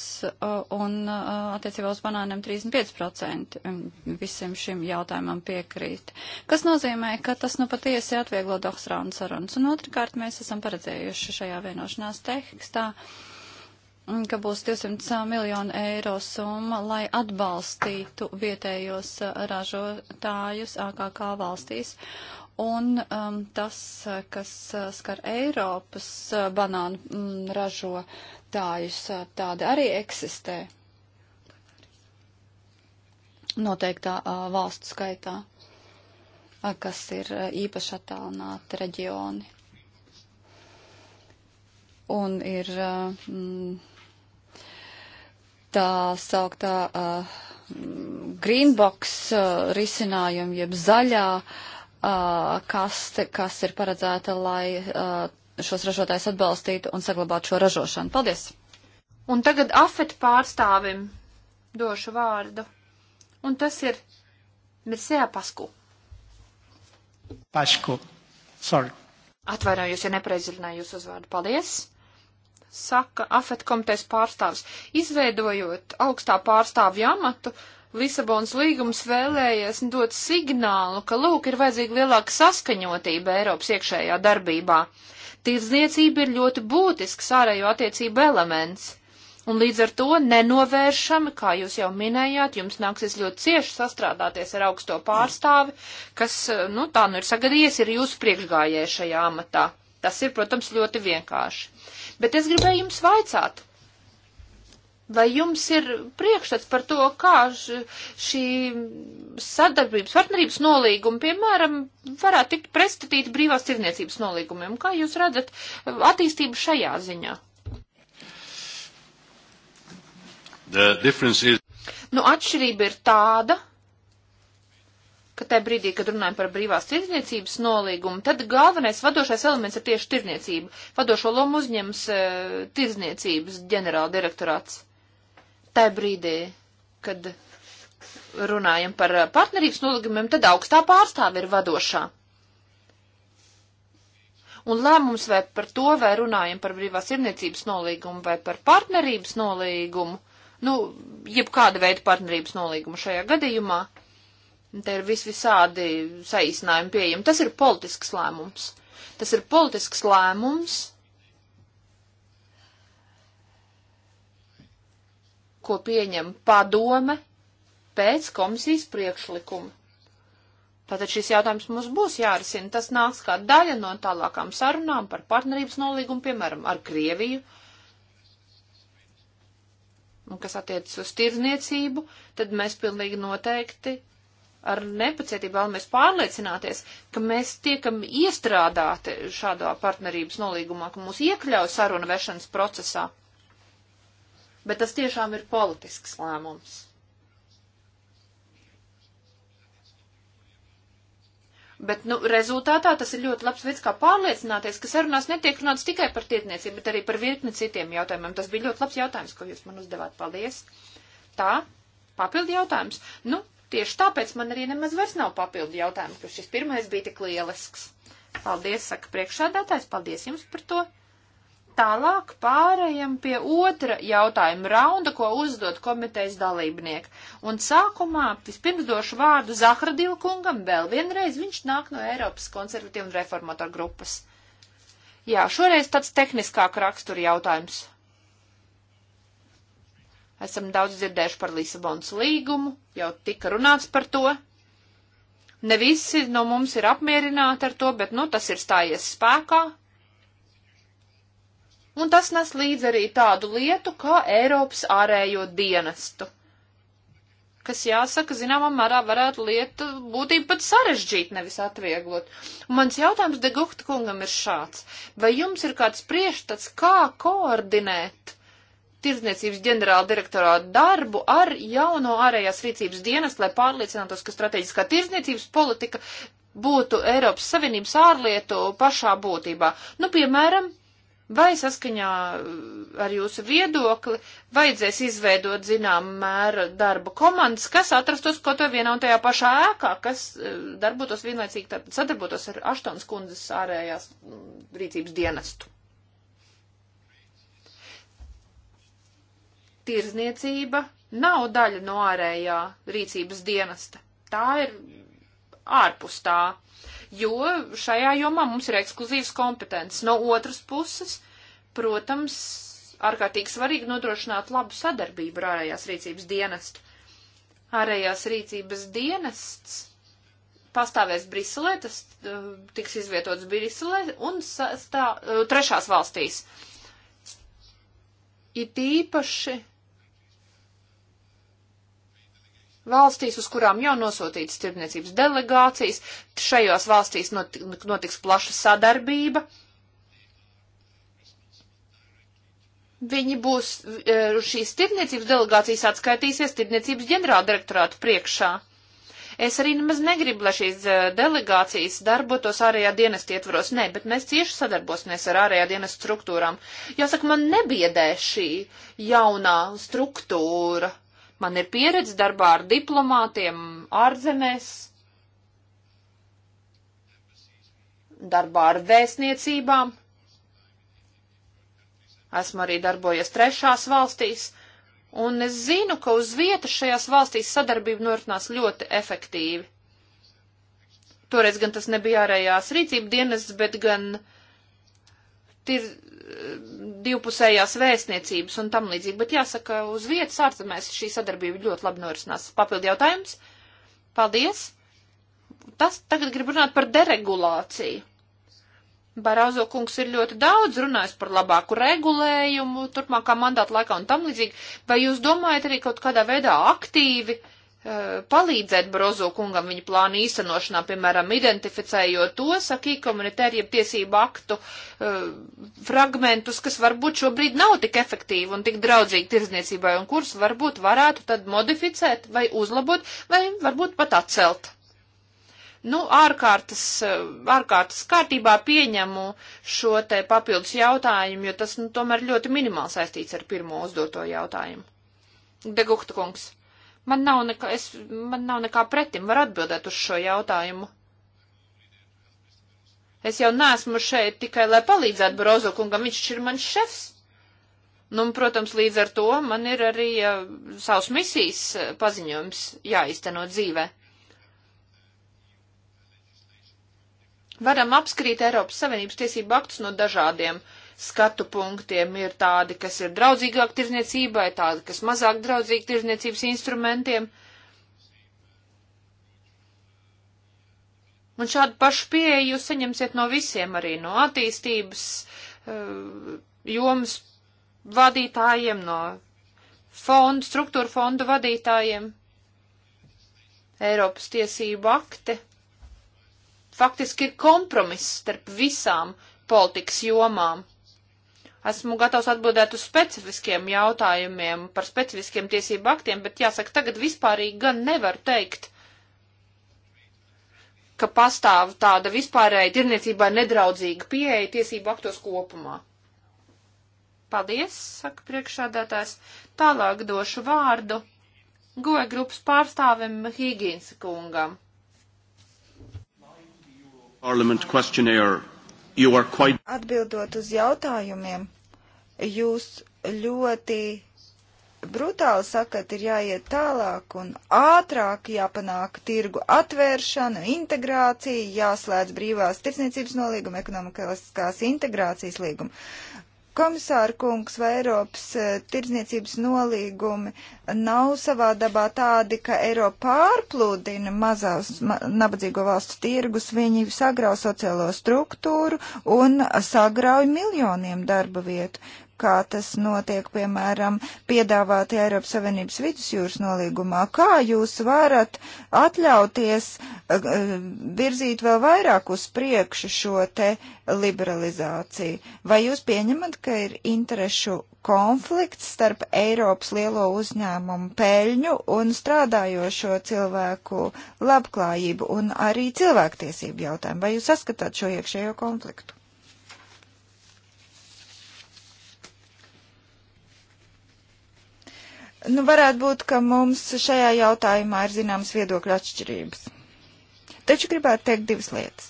un attiecībā uz banāniem 35% referenti visam šim jautājumam piekrīt. Kas nozīmē, ka tas nu patiesi atvieglo doktorānu sarunas. Un otrkārt, mēs esam paredzējuši šajā vienošanās tekstā ka būs 200 miljonu eiro summa, lai atbalstītu vietējos ražotājus AKK valstīs. Un um, tas, kas skar Eiropas uh, banānu mm, ražotājus, uh, tādi arī eksistē noteiktā valstu skaitā, kas ir īpaši attālināti reģioni. Un ir mm, tā sauktā mm, greenbox risinājuma, jeb zaļā kaste, kas ir paredzēta, lai šos ražotājus atbalstītu un saglabātu šo ražošanu. Paldies! Un tagad afet pārstāvim došu vārdu un tas ir Mircea Pasku. Pašku. Sorry. Atvainojos, ja nepreizināju jūsu uzvārdu. Paldies! Saka Afet komitejas pārstāvs. Izveidojot augstā pārstāvju amatu, Lisabonas līgums vēlējies dot signālu, ka lūk ir vajadzīga lielāka saskaņotība Eiropas iekšējā darbībā. Tirdzniecība ir ļoti būtisks ārējo attiecību elements un līdz ar to nenovēršami, kā jūs jau minējāt, jums nāksies ļoti cieši sastrādāties ar augsto pārstāvi, kas, eh, nu, tā nu ir sagadījies, ir jūsu priekšgājēja šajā amatā. Tas ir, protams, ļoti vienkārši. Bet es gribēju jums vaicāt, Vai jums ir priekšstats par to, kā šī sadarbības partnerības nolīguma, piemēram, varētu tikt pretstatīti brīvās tirniecības nolīgumiem? Kā jūs redzat attīstību šajā ziņā? Is... Nu, atšķirība ir tāda, ka tajā brīdī, kad runājam par brīvās tirdzniecības nolīgumu, tad galvenais vadošais elements ir tieši tirdzniecība. Vadošo lomu uzņems e, tirdzniecības ģenerāla direktorāts. Tajā brīdī, kad runājam par e, partnerības nolīgumiem, tad augstā pārstāve ir vadošā un lēmums vai par to, vai runājam par brīvās irniecības nolīgumu vai par partnerības nolīgumu, nu, jebkāda veida partnerības nolīgumu šajā gadījumā. Te ir vis visādi saīsinājumi pieejami. Tas ir politisks lēmums. Tas ir politisks lēmums, ko pieņem padome pēc komisijas priekšlikuma. Tātad šis jautājums mums būs jārisina. Tas nāks kā daļa no tālākām sarunām par partnerības nolīgumu, piemēram, ar Krieviju un kas attiecas uz tirzniecību, tad mēs pilnīgi noteikti ar nepacietību vēlamies pārliecināties, ka mēs tiekam iestrādāti šādā partnerības nolīgumā, ka mūs iekļauj sarunu vešanas procesā. Bet tas tiešām ir politisks lēmums. Bet, nu, rezultātā tas ir ļoti labs veids, kā pārliecināties, ka sarunās netiek runāts tikai par tietniecību, bet arī par virkni citiem jautājumiem. Tas bija ļoti labs jautājums, ko jūs man uzdevāt. Paldies! Tā, papildi jautājums. Nu, tieši tāpēc man arī nemaz vairs nav papildi jautājums, ka šis pirmais bija tik lielisks. Paldies, saka priekšādātājs, paldies jums par to! tālāk pārējam pie otra jautājuma raunda, ko uzdod komitejas dalībnieki. Un sākumā vispirms došu vārdu Zahradīlu kungam vēl vienreiz. Viņš nāk no Eiropas konservatīvu un reformatoru grupas. Jā, šoreiz tāds tehniskāk rakstura jautājums. Esam daudz dzirdējuši par Lisabonas līgumu, jau tika runāts par to. Ne visi no mums ir apmierināti ar to, bet, nu, tas ir stājies spēkā, un tas nes līdz arī tādu lietu kā Eiropas ārējo dienestu, kas jāsaka, zināmā mērā varētu lietu būtību pat sarežģīt, nevis atvieglot. Un mans jautājums Degukta kungam ir šāds. Vai jums ir kāds prieštats, kā koordinēt tirdzniecības ģenerāla direktorā darbu ar jauno ārējās rīcības dienestu, lai pārliecinātos, ka strateģiskā tirdzniecības politika būtu Eiropas Savienības ārlietu pašā būtībā. Nu, piemēram, vai saskaņā uh, ar jūsu viedokli vajadzēs izveidot zināmu mēru darba komandas, kas atrastos kaut vai vienā un tajā pašā ēkā, kas uh, darbotos vienlaicīgi, tad sadarbotos ar Aštons kundzes ārējās mm, rīcības dienestu. Tirzniecība nav daļa no ārējā rīcības dienesta. Tā ir ārpus tā. Uh, jo šajā jomā mums ir ekskluzīvas kompetences. No otras puses, protams, ārkārtīgi svarīgi nodrošināt labu sadarbību ar ārējās rīcības dienestu. Ārējās rīcības dienests pastāvēs Briselē, tas uh, tiks izvietots Briselē un stā, uh, trešās valstīs. Ir tīpaši valstīs, uz kurām jau nosūtītas tirdzniecības delegācijas. Šajās valstīs notiks plaša sadarbība. Viņi būs, e, šīs tirdzniecības delegācijas atskaitīsies tirdzniecības ģenerāldirektorātu priekšā. Es arī nemaz negribu, lai šīs e, delegācijas darbotos ārējā dienesta ietvaros. Nē, bet mēs cieši sadarbosimies ar ārējā dienesta struktūrām. Jāsaka, man nebiedē šī jaunā struktūra. Man ir pieredze darbā ar diplomātiem ārzemēs, darbā ar vēstniecībām. Esmu arī darbojies trešās valstīs, un es zinu, ka uz vietas šajās valstīs sadarbība noritinās ļoti efektīvi. Toreiz gan tas nebija ārējās rīcība dienas, bet gan uh, tir, eh, divpusējās vēstniecības un tam līdzīgi, bet jāsaka, uz vietas ārzemēs šī sadarbība ļoti labi norisinās. Papildu jautājums? Paldies! Tas tagad grib runāt par deregulāciju. Barāzo kungs ir ļoti daudz runājis par labāku regulējumu, turpmākā mandāta laikā un tam līdzīgi. Vai jūs domājat arī kaut kādā veidā aktīvi uh, Uh, palīdzēt Brozo kungam viņa plānu īstenošanā, piemēram, identificējot to sakī komunitāriem tiesību aktu uh, fragmentus, kas varbūt šobrīd nav tik efektīvi un tik draudzīgi tirzniecībai un kurus varbūt varētu tad modificēt vai uzlabot vai varbūt pat atcelt. Nu, ārkārtas, uh, ārkārtas kārtībā pieņemu šo te papildus jautājumu, jo tas, nu, tomēr ļoti minimāli saistīts ar pirmo uzdoto jautājumu. Degukta kungs. Man nav nekā, es, man nav nekā pretim, var atbildēt uz šo jautājumu. Es jau nesmu šeit tikai, lai palīdzētu Brozo kungam, viņš ir mans šefs. Nu, un, protams, līdz ar to man ir arī uh, savs misijas eh, paziņojums jāizteno dzīvē. Varam apskrīt Eiropas Savienības tiesību aktus no dažādiem uh, skatu punktiem ir tādi, kas ir draudzīgāk tirzniecībai, tādi, kas mazāk draudzīgi tirzniecības instrumentiem. Un šādu pašu pieeju jūs saņemsiet no visiem, arī no attīstības eh, jomas vadītājiem, no fondu, struktūra fondu vadītājiem, Eiropas tiesību akte. Faktiski ir kompromiss starp visām politikas jomām. Esmu gatavs atbildēt uz specifiskiem jautājumiem par specifiskiem tiesību aktiem, bet jāsaka, tagad vispārīgi gan nevar teikt, ka pastāv tāda vispārēja tirniecībā nedraudzīga pieeja tiesību aktos kopumā. Paldies, saka priekšādātājs. Tālāk došu vārdu goja grupas pārstāvim Higīnsa kungam. Parliament questionnaire quite... Atbildot uz jautājumiem, jūs ļoti brutāli sakat, ir jāiet tālāk un ātrāk jāpanāk tirgu atvēršana, integrācija, jāslēdz brīvās tirsniecības nolīguma, ekonomiskās integrācijas līguma. Komisāra kungs, vai Eiropas e, tirdzniecības nolīgumi nav savā dabā tādi, ka Eiropa pārplūdina mazās ma, nabadzīgo valstu tirgus, viņi sagrauj sociālo struktūru un sagrauj miljoniem darba vietu kā tas notiek, piemēram, piedāvāt Eiropas Savienības vidusjūras nolīgumā. Kā jūs varat atļauties eh, virzīt vēl vairāk uz priekšu šo te liberalizāciju? Vai jūs pieņemat, ka ir interešu konflikts starp Eiropas lielo uzņēmumu peļņu un strādājošo cilvēku labklājību un arī cilvēktiesību jautājumu. Vai jūs saskatāt šo iekšējo konfliktu? Nu, varētu būt, ka mums šajā jautājumā ir zināmas viedokļa atšķirības. Taču gribētu teikt divas lietas.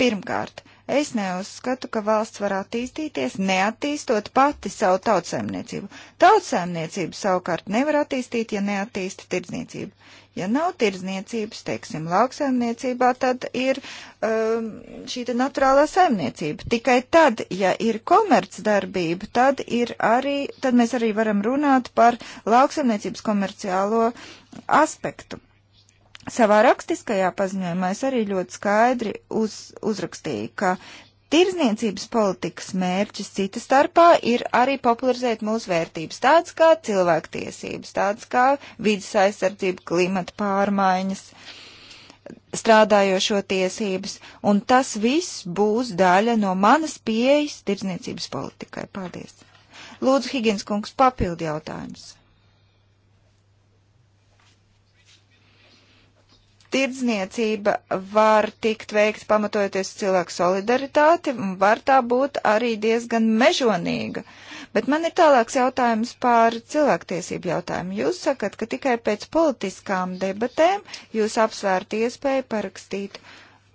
Pirmkārt, es neuzskatu, ka valsts var attīstīties, neattīstot pati savu tautsēmniecību. Tautsēmniecību savukārt nevar attīstīt, ja neattīsta tirdzniecību. Ja nav tirdzniecības, teiksim, lauksaimniecībā, tad ir um, šī naturālā saimniecība. Tikai tad, ja ir komercdarbība, tad, ir arī, tad mēs arī varam runāt par lauksaimniecības komerciālo aspektu. Savā rakstiskajā paziņojumā es arī ļoti skaidri uz, uzrakstīju, ka Tirzniecības politikas mērķis cita starpā ir arī popularizēt mūsu vērtības, tādas kā cilvēktiesības, tādas kā vidas aizsardzība, klimata pārmaiņas strādājošo tiesības, un tas viss būs daļa no manas pieejas tirdzniecības politikai. Paldies! Lūdzu, Higgins kungs, papildi jautājums. Tirdzniecība var tikt veikta pamatojoties cilvēku solidaritāti, un var tā būt arī diezgan mežonīga. Bet man ir tālāks jautājums par cilvēktiesību jautājumu. Jūs sakat, ka tikai pēc politiskām debatēm jūs apsvērt iespēju parakstīt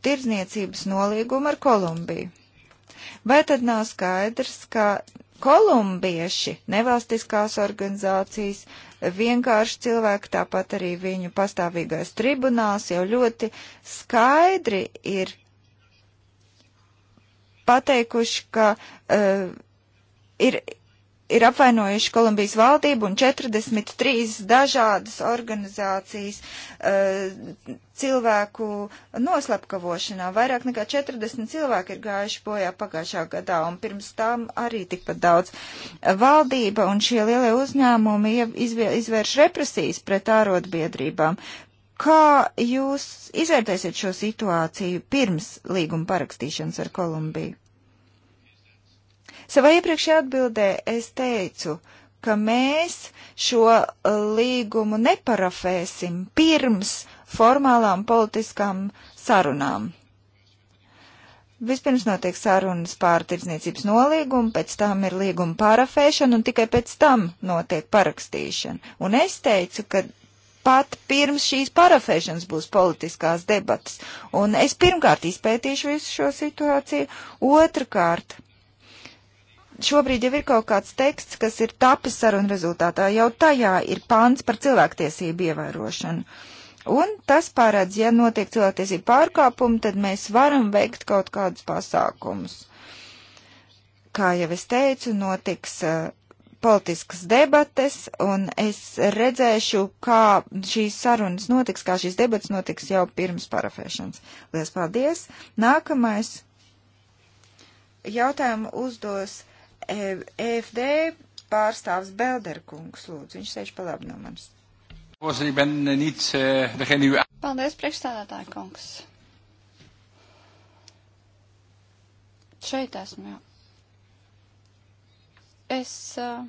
tirdzniecības nolīgumu ar Kolumbiju. Vai tad nav skaidrs, ka kolumbieši, nevalstiskās organizācijas, vienkārši cilvēki, tāpat arī viņu pastāvīgais tribunāls jau ļoti skaidri ir pateikuši, ka uh, ir ir apvainojuši Kolumbijas valdību un 43 dažādas organizācijas uh, cilvēku noslepkavošanā. Vairāk nekā 40 cilvēki ir gājuši bojā pagājušā gadā un pirms tam arī tikpat daudz. Valdība un šie lielie uzņēmumi izvērš represijas pret ārotbiedrībām. Kā jūs izvērtēsiet šo situāciju pirms līguma parakstīšanas ar Kolumbiju? Savā iepriekšējā atbildē es teicu, ka mēs šo līgumu neparafēsim pirms formālām politiskām sarunām. Vispirms notiek sarunas pār tirdzniecības nolīgumu, pēc tam ir līguma pārafēšana un tikai pēc tam notiek parakstīšana. Un es teicu, ka pat pirms šīs parafēšanas būs politiskās debatas. Un es pirmkārt izpētīšu visu šo situāciju, otrkārt šobrīd jau ir kaut kāds teksts, kas ir tapis sarunu rezultātā. Jau tajā ir pāns par cilvēktiesību ievērošanu. Un tas pārēdz, ja notiek cilvēktiesību pārkāpumi, tad mēs varam veikt kaut kādus pasākumus. Kā jau es teicu, notiks uh, politiskas debates, un es redzēšu, kā šīs sarunas notiks, kā šīs debates notiks jau pirms parafēšanas. Lielas paldies! Nākamais jautājumu uzdos EFD pārstāvs Belderkungs, lūdzu, viņš sēž pa labi no manis. Eh, eh, Paldies, priekšstādātāja kungs. Šeit esmu jau. Es uh,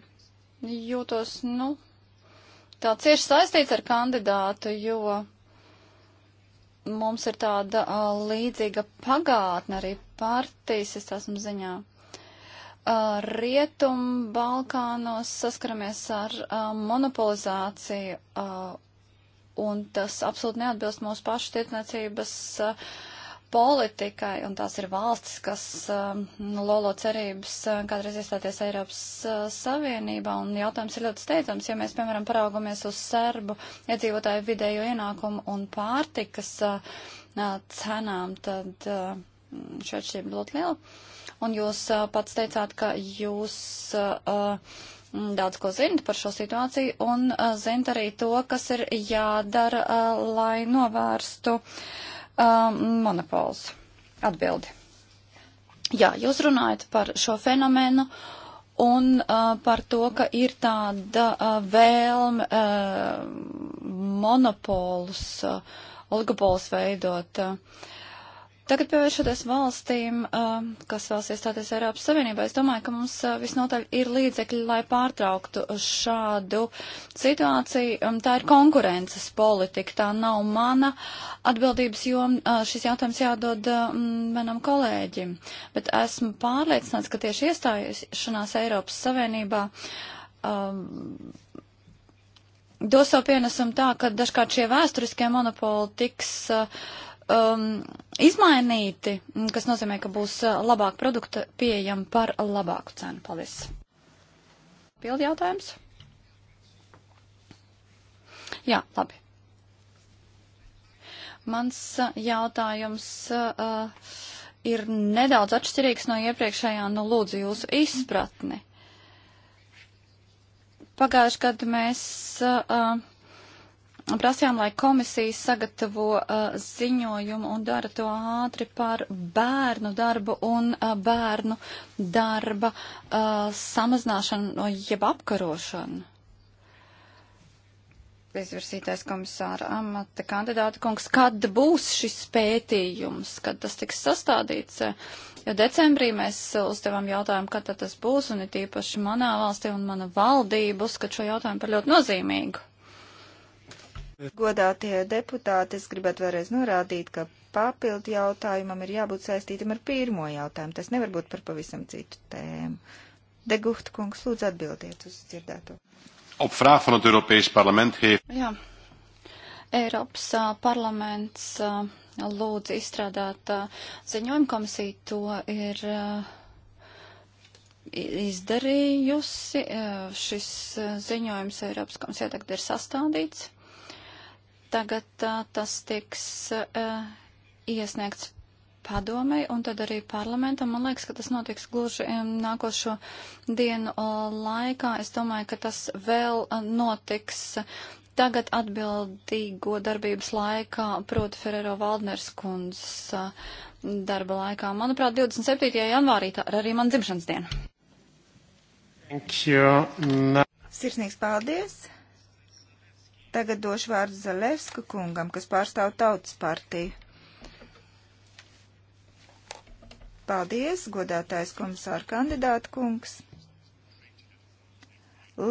jūtos, nu, tā cieši saistīts ar kandidātu, jo mums ir tāda uh, līdzīga pagātne arī partijas, es esmu ziņā. Rietum Balkānos saskaramies ar uh, monopolizāciju, uh, un tas absolūti neatbilst mūsu pašu tirdzniecības uh, politikai, un tās ir valstis, kas lolo cerības kādreiz iestāties Eiropas Savienībā, un jautājums ir ļoti steidzams, ja mēs, piemēram, paraugamies uz serbu iedzīvotāju vidējo ienākumu un pārtikas cenām, tad šī atšķirība ļoti liela un jūs uh, pats teicāt, ka jūs uh, daudz ko zinat par šo situāciju un uh, zinat arī to, kas ir jādara, uh, lai novērstu uh, monopols. Atbildi. Jā, jūs runājat par šo fenomenu un uh, par to, ka ir tāda uh, vēlme uh, monopolus, uh, oligopols veidot. Uh, Tagad pievēršoties valstīm, um, kas vēlas iestāties Eiropas Savienībā, es domāju, ka mums uh, visnotaļ ir līdzekļi, lai pārtrauktu šādu situāciju. Um, tā ir konkurences politika, tā nav mana atbildības joma. Uh, šis jautājums jādod um, manam kolēģim. Bet esmu pārliecināts, ka tieši iestāšanās Eiropas Savienībā. Um, dos savu pienesumu tā, ka dažkārt šie vēsturiskie monopoli tiks uh, um, izmainīti, mm, kas nozīmē, ka būs uh, labāk produkta pieejama par labāku cenu. Paldies! Pildi jautājums? Jā, labi. Mans uh, jautājums uh, ir nedaudz atšķirīgs no iepriekšējā, nu lūdzu jūsu izpratni. Pagājuši gadu mēs uh, uh prasījām, lai komisija sagatavo uh, ziņojumu un dara to ātri par bērnu darbu un uh, bērnu darba uh, samazināšanu jeb apkarošanu. Izvirzītais komisāra amata kandidāta kungs, kad būs šis pētījums, kad tas tiks sastādīts? Jo decembrī mēs uzdevām jautājumu, kad tas būs, un it īpaši manā valstī un mana valdība uzskat šo jautājumu par ļoti nozīmīgu. Godātie deputāti, es gribētu vēlreiz norādīt, ka papildu jautājumam ir jābūt saistītam ar pirmo jautājumu. Tas nevar būt par pavisam citu tēmu. Deguhta kungs, lūdzu atbildiet uz dzirdēto. Op vraag van het Europees Parlement heeft. Ja. Eiropas uh, parlaments uh, lūdz izstrādāt uh, ziņojumu komisiju. To ir izdarījusi. Šis ziņojums Eiropas komisija tagad ir sastādīts. Tagad uh, tas tiks uh, iesniegts padomei un tad arī parlamentam. Man liekas, ka tas notiks gluži nākošo dienu laikā. Es domāju, ka tas vēl notiks tagad atbildīgo darbības laikā, proti Ferrero Valdners kundzes darba laikā. Manuprāt, 27. janvārī tā ir arī man dzimšanas diena. Sirsnīgs paldies! Tagad došu vārdu Zalevska kungam, kas pārstāv tautas partiju. Paldies, godātais komisāra kandidāta kungs.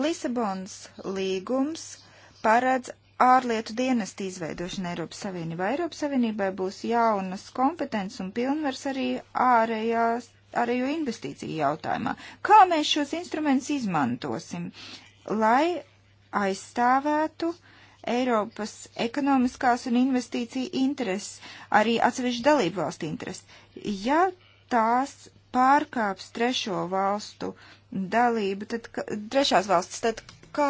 Lisabons līgums paredz ārlietu dienestu izveidošanu Eiropas Savienībā. Eiropas Savienībai būs jaunas kompetences un pilnvars arī ārējās, ārējo investīciju jautājumā. Kā mēs šos instrumentus izmantosim, lai aizstāvētu uh, Eiropas ekonomiskās un investīcija intereses, arī atsevišķu dalību valstu intereses. Ja tās pārkāps trešo valstu dalību, tad ka, trešās valstis, tad kā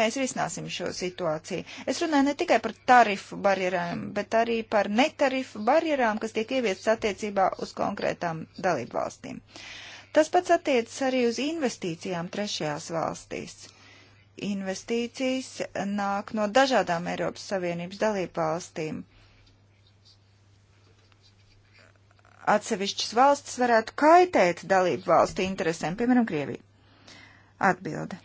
mēs risināsim šo situāciju? Es runāju ne tikai par tarifu barjerām, bet arī par netarifu barjerām, kas tiek ieviestas attiecībā uz konkrētām dalību valstīm. Tas pats attiecas arī uz investīcijām trešajās valstīs investīcijas nāk no dažādām Eiropas Savienības dalību valstīm. Atsevišķas valstis varētu kaitēt dalību valstu interesēm, piemēram, Krievija. Atbilde.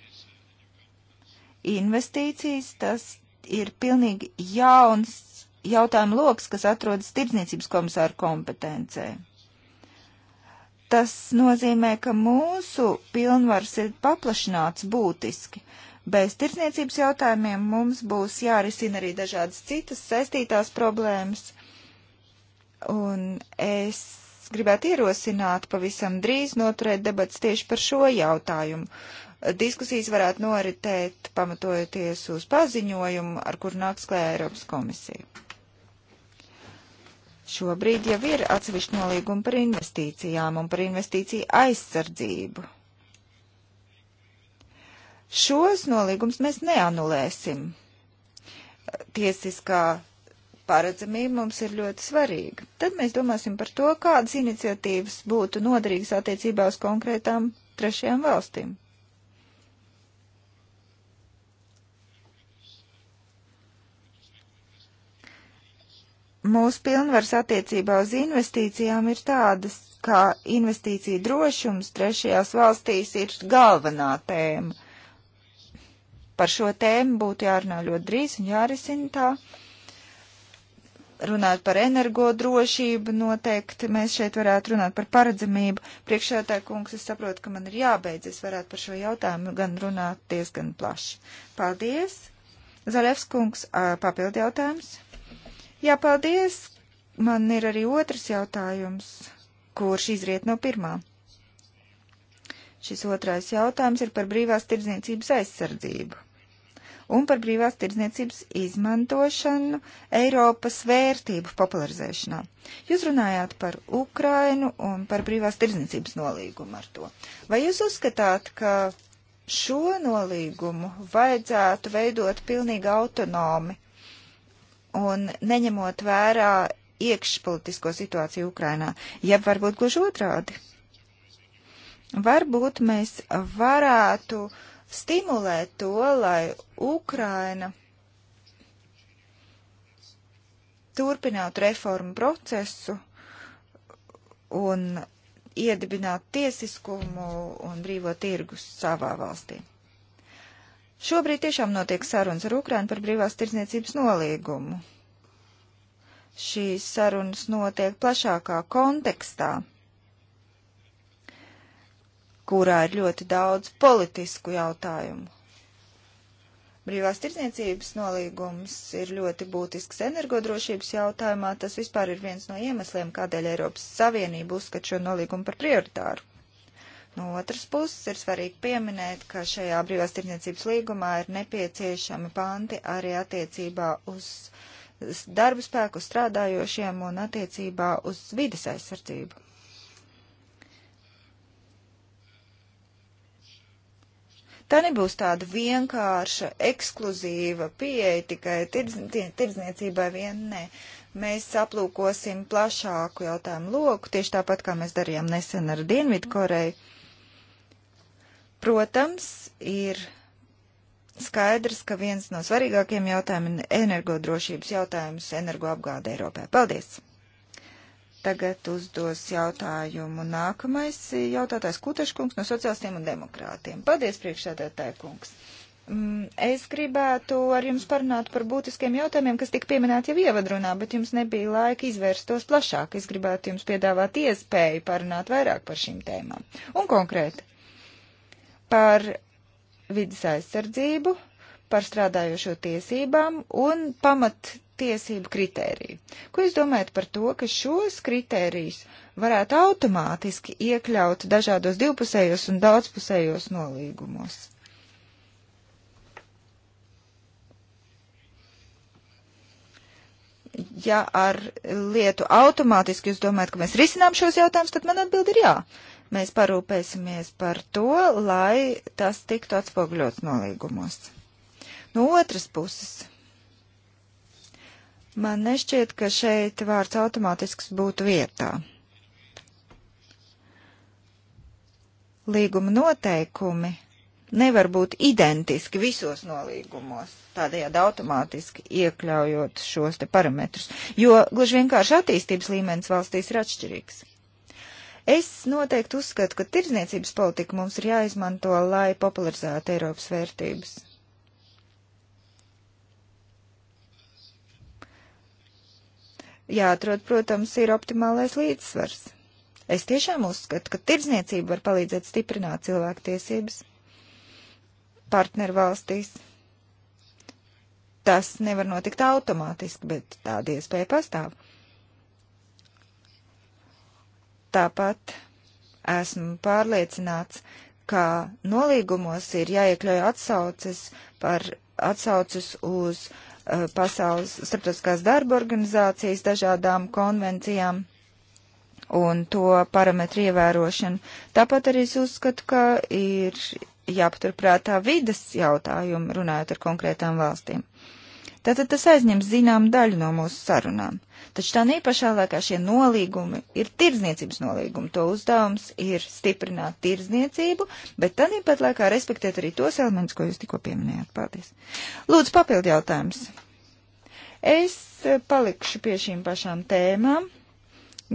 Investīcijas tas ir pilnīgi jauns jautājumu lokus, kas atrodas tirdzniecības komisāra kompetencē. Tas nozīmē, ka mūsu pilnvars ir paplašināts būtiski. Uh, Bez tirsniecības jautājumiem mums būs jārisina arī dažādas citas saistītās problēmas. Un es gribētu ierosināt pavisam drīz noturēt debats tieši par šo jautājumu. Diskusijas varētu noritēt pamatojoties uz paziņojumu, ar kur nāks klējā Eiropas komisija. Šobrīd jau ir atsevišķi nolīgumi par investīcijām un par investīciju aizsardzību. Šos nolīgums mēs neanulēsim. Tiesiskā paredzamība mums ir ļoti svarīga. Tad mēs domāsim par to, kādas iniciatīvas būtu noderīgas attiecībā uz konkrētām trešajām valstīm. Mūsu pilnvars attiecībā uz investīcijām ir tādas, kā investīcija drošums trešajās valstīs ir galvenā tēma Par šo tēmu būtu jārunā ļoti drīz un jārisina tā. Runāt par energodrošību noteikti, mēs šeit varētu runāt par paredzamību. Priekšētā kungs, es saprotu, ka man ir jābeidz, es varētu par šo jautājumu gan runāt diezgan plaši. Paldies! Zaļevs kungs, papildi jautājums. Jā, paldies! Man ir arī otrs jautājums, kurš izriet no pirmā. Šis otrais jautājums ir par brīvās tirdzniecības aizsardzību un par brīvās tirdzniecības izmantošanu Eiropas vērtību popularizēšanā. Jūs runājāt par Ukrainu un par brīvās tirdzniecības nolīgumu ar to. Vai jūs uzskatāt, ka šo nolīgumu vajadzētu veidot pilnīgi autonomi un neņemot vērā iekšpolitisko situāciju Ukrainā, ja varbūt gluži otrādi? Varbūt mēs varētu stimulēt to, lai Ukraina turpinātu reformu procesu un iedibināt tiesiskumu un brīvo tirgus savā valstī. Šobrīd tiešām notiek sarunas ar Ukrainu par brīvās tirdzniecības nolīgumu. Šīs sarunas notiek plašākā kontekstā, kurā ir ļoti daudz politisku jautājumu. Brīvās tirdzniecības nolīgums ir ļoti būtisks energodrošības jautājumā. Tas vispār ir viens no iemesliem, kādēļ Eiropas Savienība uzskata šo nolīgumu par prioritāru. No otras puses ir svarīgi pieminēt, ka šajā brīvās tirdzniecības līgumā ir nepieciešami panti arī attiecībā uz darba spēku strādājošiem un attiecībā uz vides aizsardzību. Tā nebūs tāda vienkārša, ekskluzīva pieeja tikai tirdzniecībai vien, nē. Mēs aplūkosim plašāku jautājumu loku, tieši tāpat kā mēs darījām nesen ar Dienvidkoreju. Protams, ir skaidrs, ka viens no svarīgākiem jautājumiem ir energodrošības jautājums energoapgāde Eiropā. Paldies! Tagad uzdos jautājumu nākamais jautātājs Kuteškungs no sociālistiem un demokrātiem. Paldies, priekšsēdētāja kungs. Mm, es gribētu ar jums parunāt par būtiskiem jautājumiem, kas tika pieminēti jau ievadrunā, bet jums nebija laika izvērst tos plašāk. Es gribētu jums piedāvāt iespēju parunāt vairāk par šīm tēmām. Un konkrēti par vidas aizsardzību, par strādājošo tiesībām un pamat tiesību kritēriju. Ko jūs domājat par to, ka šos kritērijus varētu automātiski iekļaut dažādos divpusējos un daudzpusējos nolīgumos? Ja ar lietu automātiski jūs domājat, ka mēs risinām šos jautājumus, tad man atbild ir jā. Mēs parūpēsimies par to, lai tas tiktu atspogļots nolīgumos. No otras puses, Man nešķiet, ka šeit vārds automātisks būtu vietā. Līguma noteikumi nevar būt identiski visos nolīgumos, tādējādi automātiski iekļaujot šos te parametrus, jo gluži vienkārši attīstības līmenis valstīs ir atšķirīgs. Es noteikti uzskatu, ka tirzniecības politika mums ir jāizmanto, lai popularizētu Eiropas vērtības. jāatrod, protams, ir optimālais līdzsvars. Es tiešām uzskatu, ka tirdzniecība var palīdzēt stiprināt cilvēktiesības partneru valstīs. Tas nevar notikt automātiski, bet tāda iespēja pastāv. Tāpat esmu pārliecināts, ka nolīgumos ir jāiekļauj atsauces par atsauces uz uh, Eh, pasaules starptautiskās darba organizācijas dažādām konvencijām un to parametru ievērošanu. Tāpat arī es uzskatu, ka ir jāpaturprātā vidas jautājumi runājot ar konkrētām valstīm. Uh, Tātad tas aizņem zinām daļu no mūsu sarunām. Taču tā nīpašā laikā šie nolīgumi ir tirdzniecības nolīgumi. To uzdevums ir stiprināt tirdzniecību, bet tā nīpat laikā respektēt arī tos elementus, ko jūs tikko pieminējāt. Paldies. Lūdzu, papildi jautājums. Es palikšu pie šīm pašām tēmām.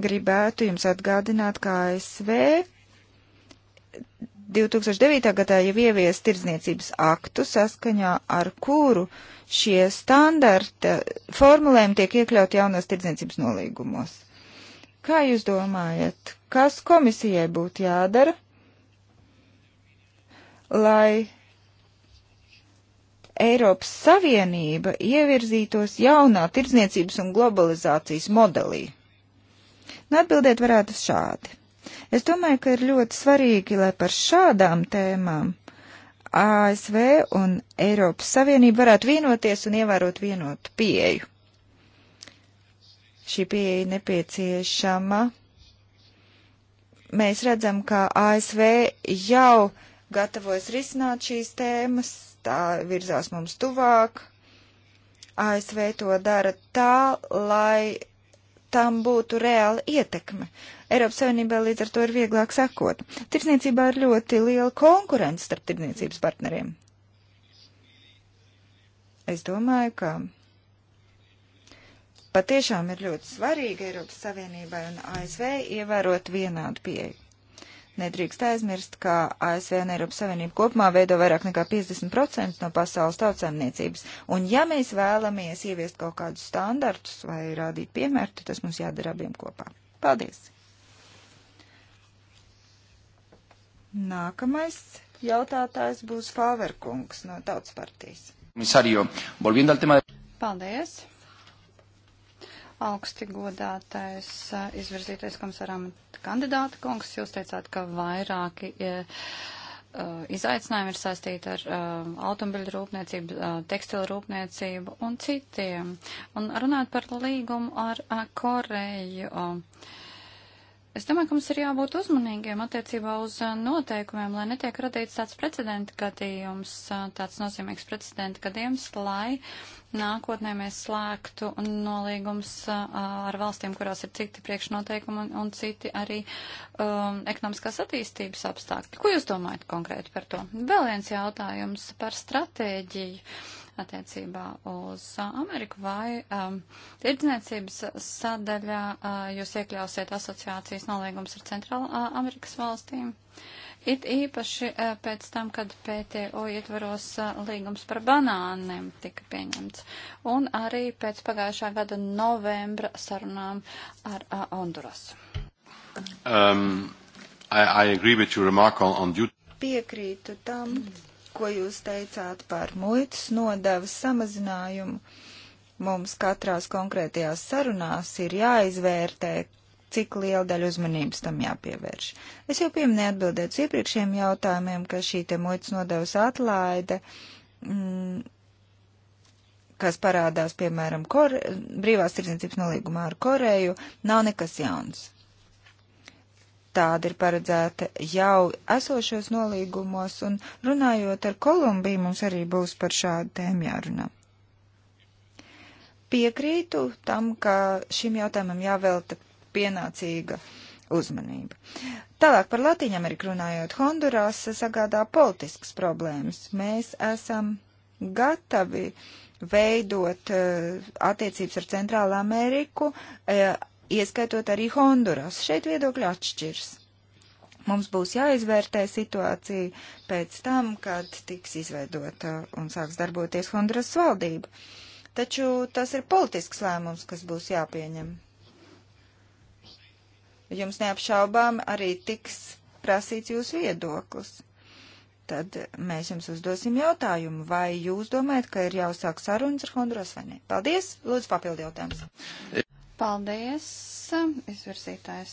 Gribētu jums atgādināt, kā ASV 2009. gadā jau ievies tirdzniecības aktu, saskaņā ar kuru uh, Šie standarta formulējumi tiek iekļaut jaunos tirdzniecības nolīgumos. Kā jūs domājat, kas komisijai būtu jādara, lai Eiropas Savienība ievirzītos jaunā tirdzniecības un globalizācijas modelī? Nu, atbildēt varētu šādi. Es domāju, ka ir ļoti svarīgi, lai par šādām tēmām ASV un Eiropas Savienība varētu vienoties un ievērot vienotu pieeju. Šī pieeja nepieciešama. Mēs redzam, ka ASV jau gatavojas risināt šīs tēmas, tā virzās mums tuvāk. ASV to dara tā, lai tam būtu reāla ietekme. Eiropas Savienībā līdz ar to ir vieglāk sakot. Tirzniecībā ir ļoti liela konkurence starp tirzniecības partneriem. Es domāju, ka patiešām ir ļoti svarīgi Eiropas Savienībai un ASV ievērot vienādu pieeju. Nedrīkst aizmirst, ka ASV un Eiropas Savienība kopumā veido vairāk nekā 50% no pasaules tautsēmniecības. Un ja mēs vēlamies ieviest kaut kādus standartus vai rādīt piemērtu, tas mums jādara abiem kopā. Paldies! Nākamais jautātājs būs Fāverkungs no Tautas partijas. Paldies! augsti godātais eh, izvirzītais komisaram kandidāta kungs. Jūs teicāt, ka vairāki eh, eh, izaicinājumi ir saistīti ar automobiļu rūpniecību, tekstilu rūpniecību un citiem. Un runāt par līgumu ar Koreju. A, Es domāju, ka mums ir jābūt uzmanīgiem attiecībā uz noteikumiem, lai netiek radīts tāds precedenta gadījums, tāds nozīmīgs precedenta gadījums, lai nākotnē mēs slēgtu nolīgums ar valstīm, kurās ir citi priekšnoteikumi un, un citi arī um, ekonomiskās attīstības apstākļi. Ko jūs domājat konkrēti par to? Vēl viens jautājums par stratēģiju attiecībā uz uh, Ameriku vai um, tirdzniecības sadaļā uh, jūs iekļausiet asociācijas nolīgums ar Centrāla uh, Amerikas valstīm? It īpaši uh, pēc tam, kad PTO ietvaros uh, līgums par banāniem tika pieņemts, un arī pēc pagājušā gada novembra sarunām ar uh, Honduras. Um, I, I on, on duty. Piekrītu tam. Mm ko jūs teicāt par muitas nodevas samazinājumu. Mums katrās konkrētajās sarunās ir jāizvērtē, cik liela daļa uzmanības tam jāpievērš. Es jau pieminēju atbildēt uz iepriekšējiem jautājumiem, ka šī te muitas nodevas atlaide, mm, kas parādās, piemēram, Kore, brīvās tirdzniecības nolīgumā ar Koreju, nav nekas jauns tāda ir paredzēta jau esošos nolīgumos, un runājot ar Kolumbiju, mums arī būs par šādu tēmu jārunā. Piekrītu tam, ka šim jautājumam jāvelta pienācīga uzmanība. Tālāk par Latīņu Ameriku runājot, Hondurās sagādā politiskas problēmas. Mēs esam gatavi veidot uh, attiecības ar Centrālā Ameriku, uh, ieskaitot arī Honduras. Šeit viedokļi atšķirs. Mums būs jāizvērtē situācija pēc tam, kad tiks izveidota un sāks darboties Honduras valdība. Taču tas ir politisks lēmums, kas būs jāpieņem. Jums neapšaubām arī tiks prasīts jūsu viedoklis tad mēs jums uzdosim jautājumu, vai jūs domājat, ka ir jāuzsāk sarunas ar Honduras vai ne. Paldies, lūdzu, papildi jautājums. Paldies, izvirzītais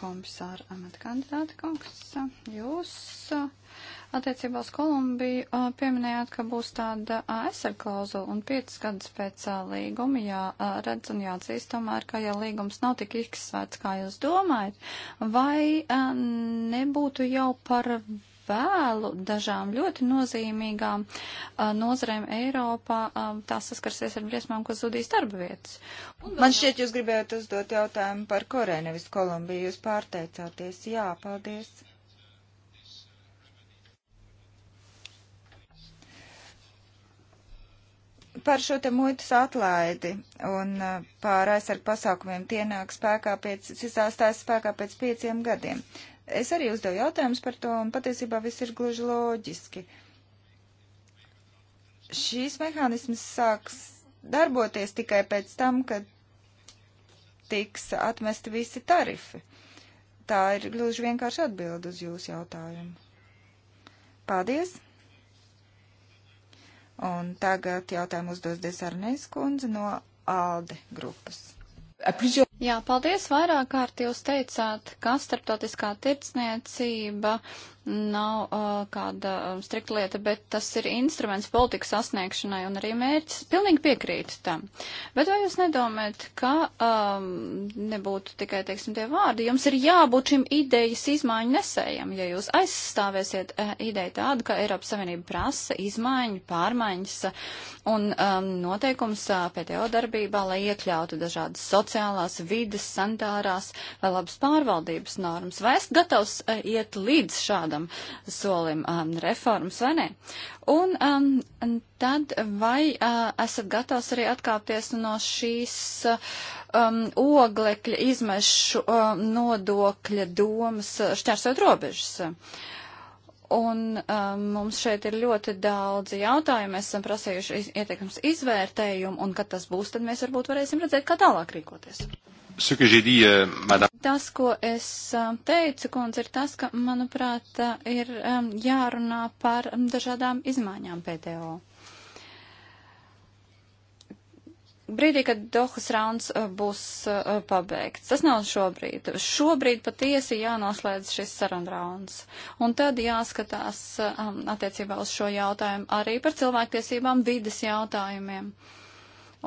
komisāra amatkandidāta kungs. Jūs attiecībā uz Kolumbiju pieminējāt, ka būs tāda aizsarga klauzula un piecas gadus pēc līguma jāredz un jāatzīst tomēr, ka ja līgums nav tik izsvērts, kā jūs domājat, vai nebūtu jau par vēlu dažām ļoti nozīmīgām uh, nozarēm Eiropā, um, tās saskarsies ar briesmām, kas zudīs darba vietas. Un, Man šķiet, jūs gribējāt uzdot jautājumu par Koreju, nevis Kolumbiju. Jūs pārteicāties. Jā, paldies. par šo te muitas atlaidi un uh, par aizsargu pasākumiem tie nāk spēkā pēc, izstāstās spēkā pēc pieciem gadiem. Es arī uzdevu jautājumus par to, un patiesībā viss ir gluži loģiski. Šīs mehānismas sāks darboties tikai pēc tam, kad tiks atmesti visi tarifi. Tā ir gluži vienkārši atbild uz jūsu jautājumu. Paldies! Un tagad jautājumu uzdos Desarnēs kundze no ALDE grupas. Jā, paldies vairāk kārt jūs teicāt, ka starptautiskā tirdzniecība nav uh, kāda um, strikta lieta, bet tas ir instruments politikas sasniegšanai un arī mērķis. Pilnīgi piekrītu tam. Bet vai jūs nedomājat, ka um, nebūtu tikai, teiksim, tie vārdi? Jums ir jābūt šim idejas izmaiņu nesējam, ja jūs aizstāvēsiet uh, ideju tādu, ka Eiropas Savienība prasa izmaiņu, pārmaiņas uh, un um, noteikums uh, PTO darbībā, lai iekļautu dažādas sociālās vidas, sanitārās vai labas pārvaldības normas. Vai esat gatavs uh, iet līdz šādam solim um, reformas vai nē? Un um, tad vai uh, esat gatavs arī atkāpties no šīs uh, um, oglekļa izmešu um, nodokļa domas uh, šķērsot robežas? Uh, Un um, mums šeit ir ļoti daudz jautājumu. Mēs esam prasījuši iz, ieteikums izvērtējumu, un kad tas būs, tad mēs varbūt varēsim redzēt, kā tālāk rīkoties. Euh, tas, ko es teicu, kundze, ir tas, ka, manuprāt, ir jārunā par dažādām izmaiņām PTO. Brīdī, kad Dohas rauns būs pabeigts. Tas nav šobrīd. Šobrīd patiesi jānoslēdz šis saruna rauns. Un tad jāskatās attiecībā uz šo jautājumu arī par cilvēktiesībām vides jautājumiem. Uh,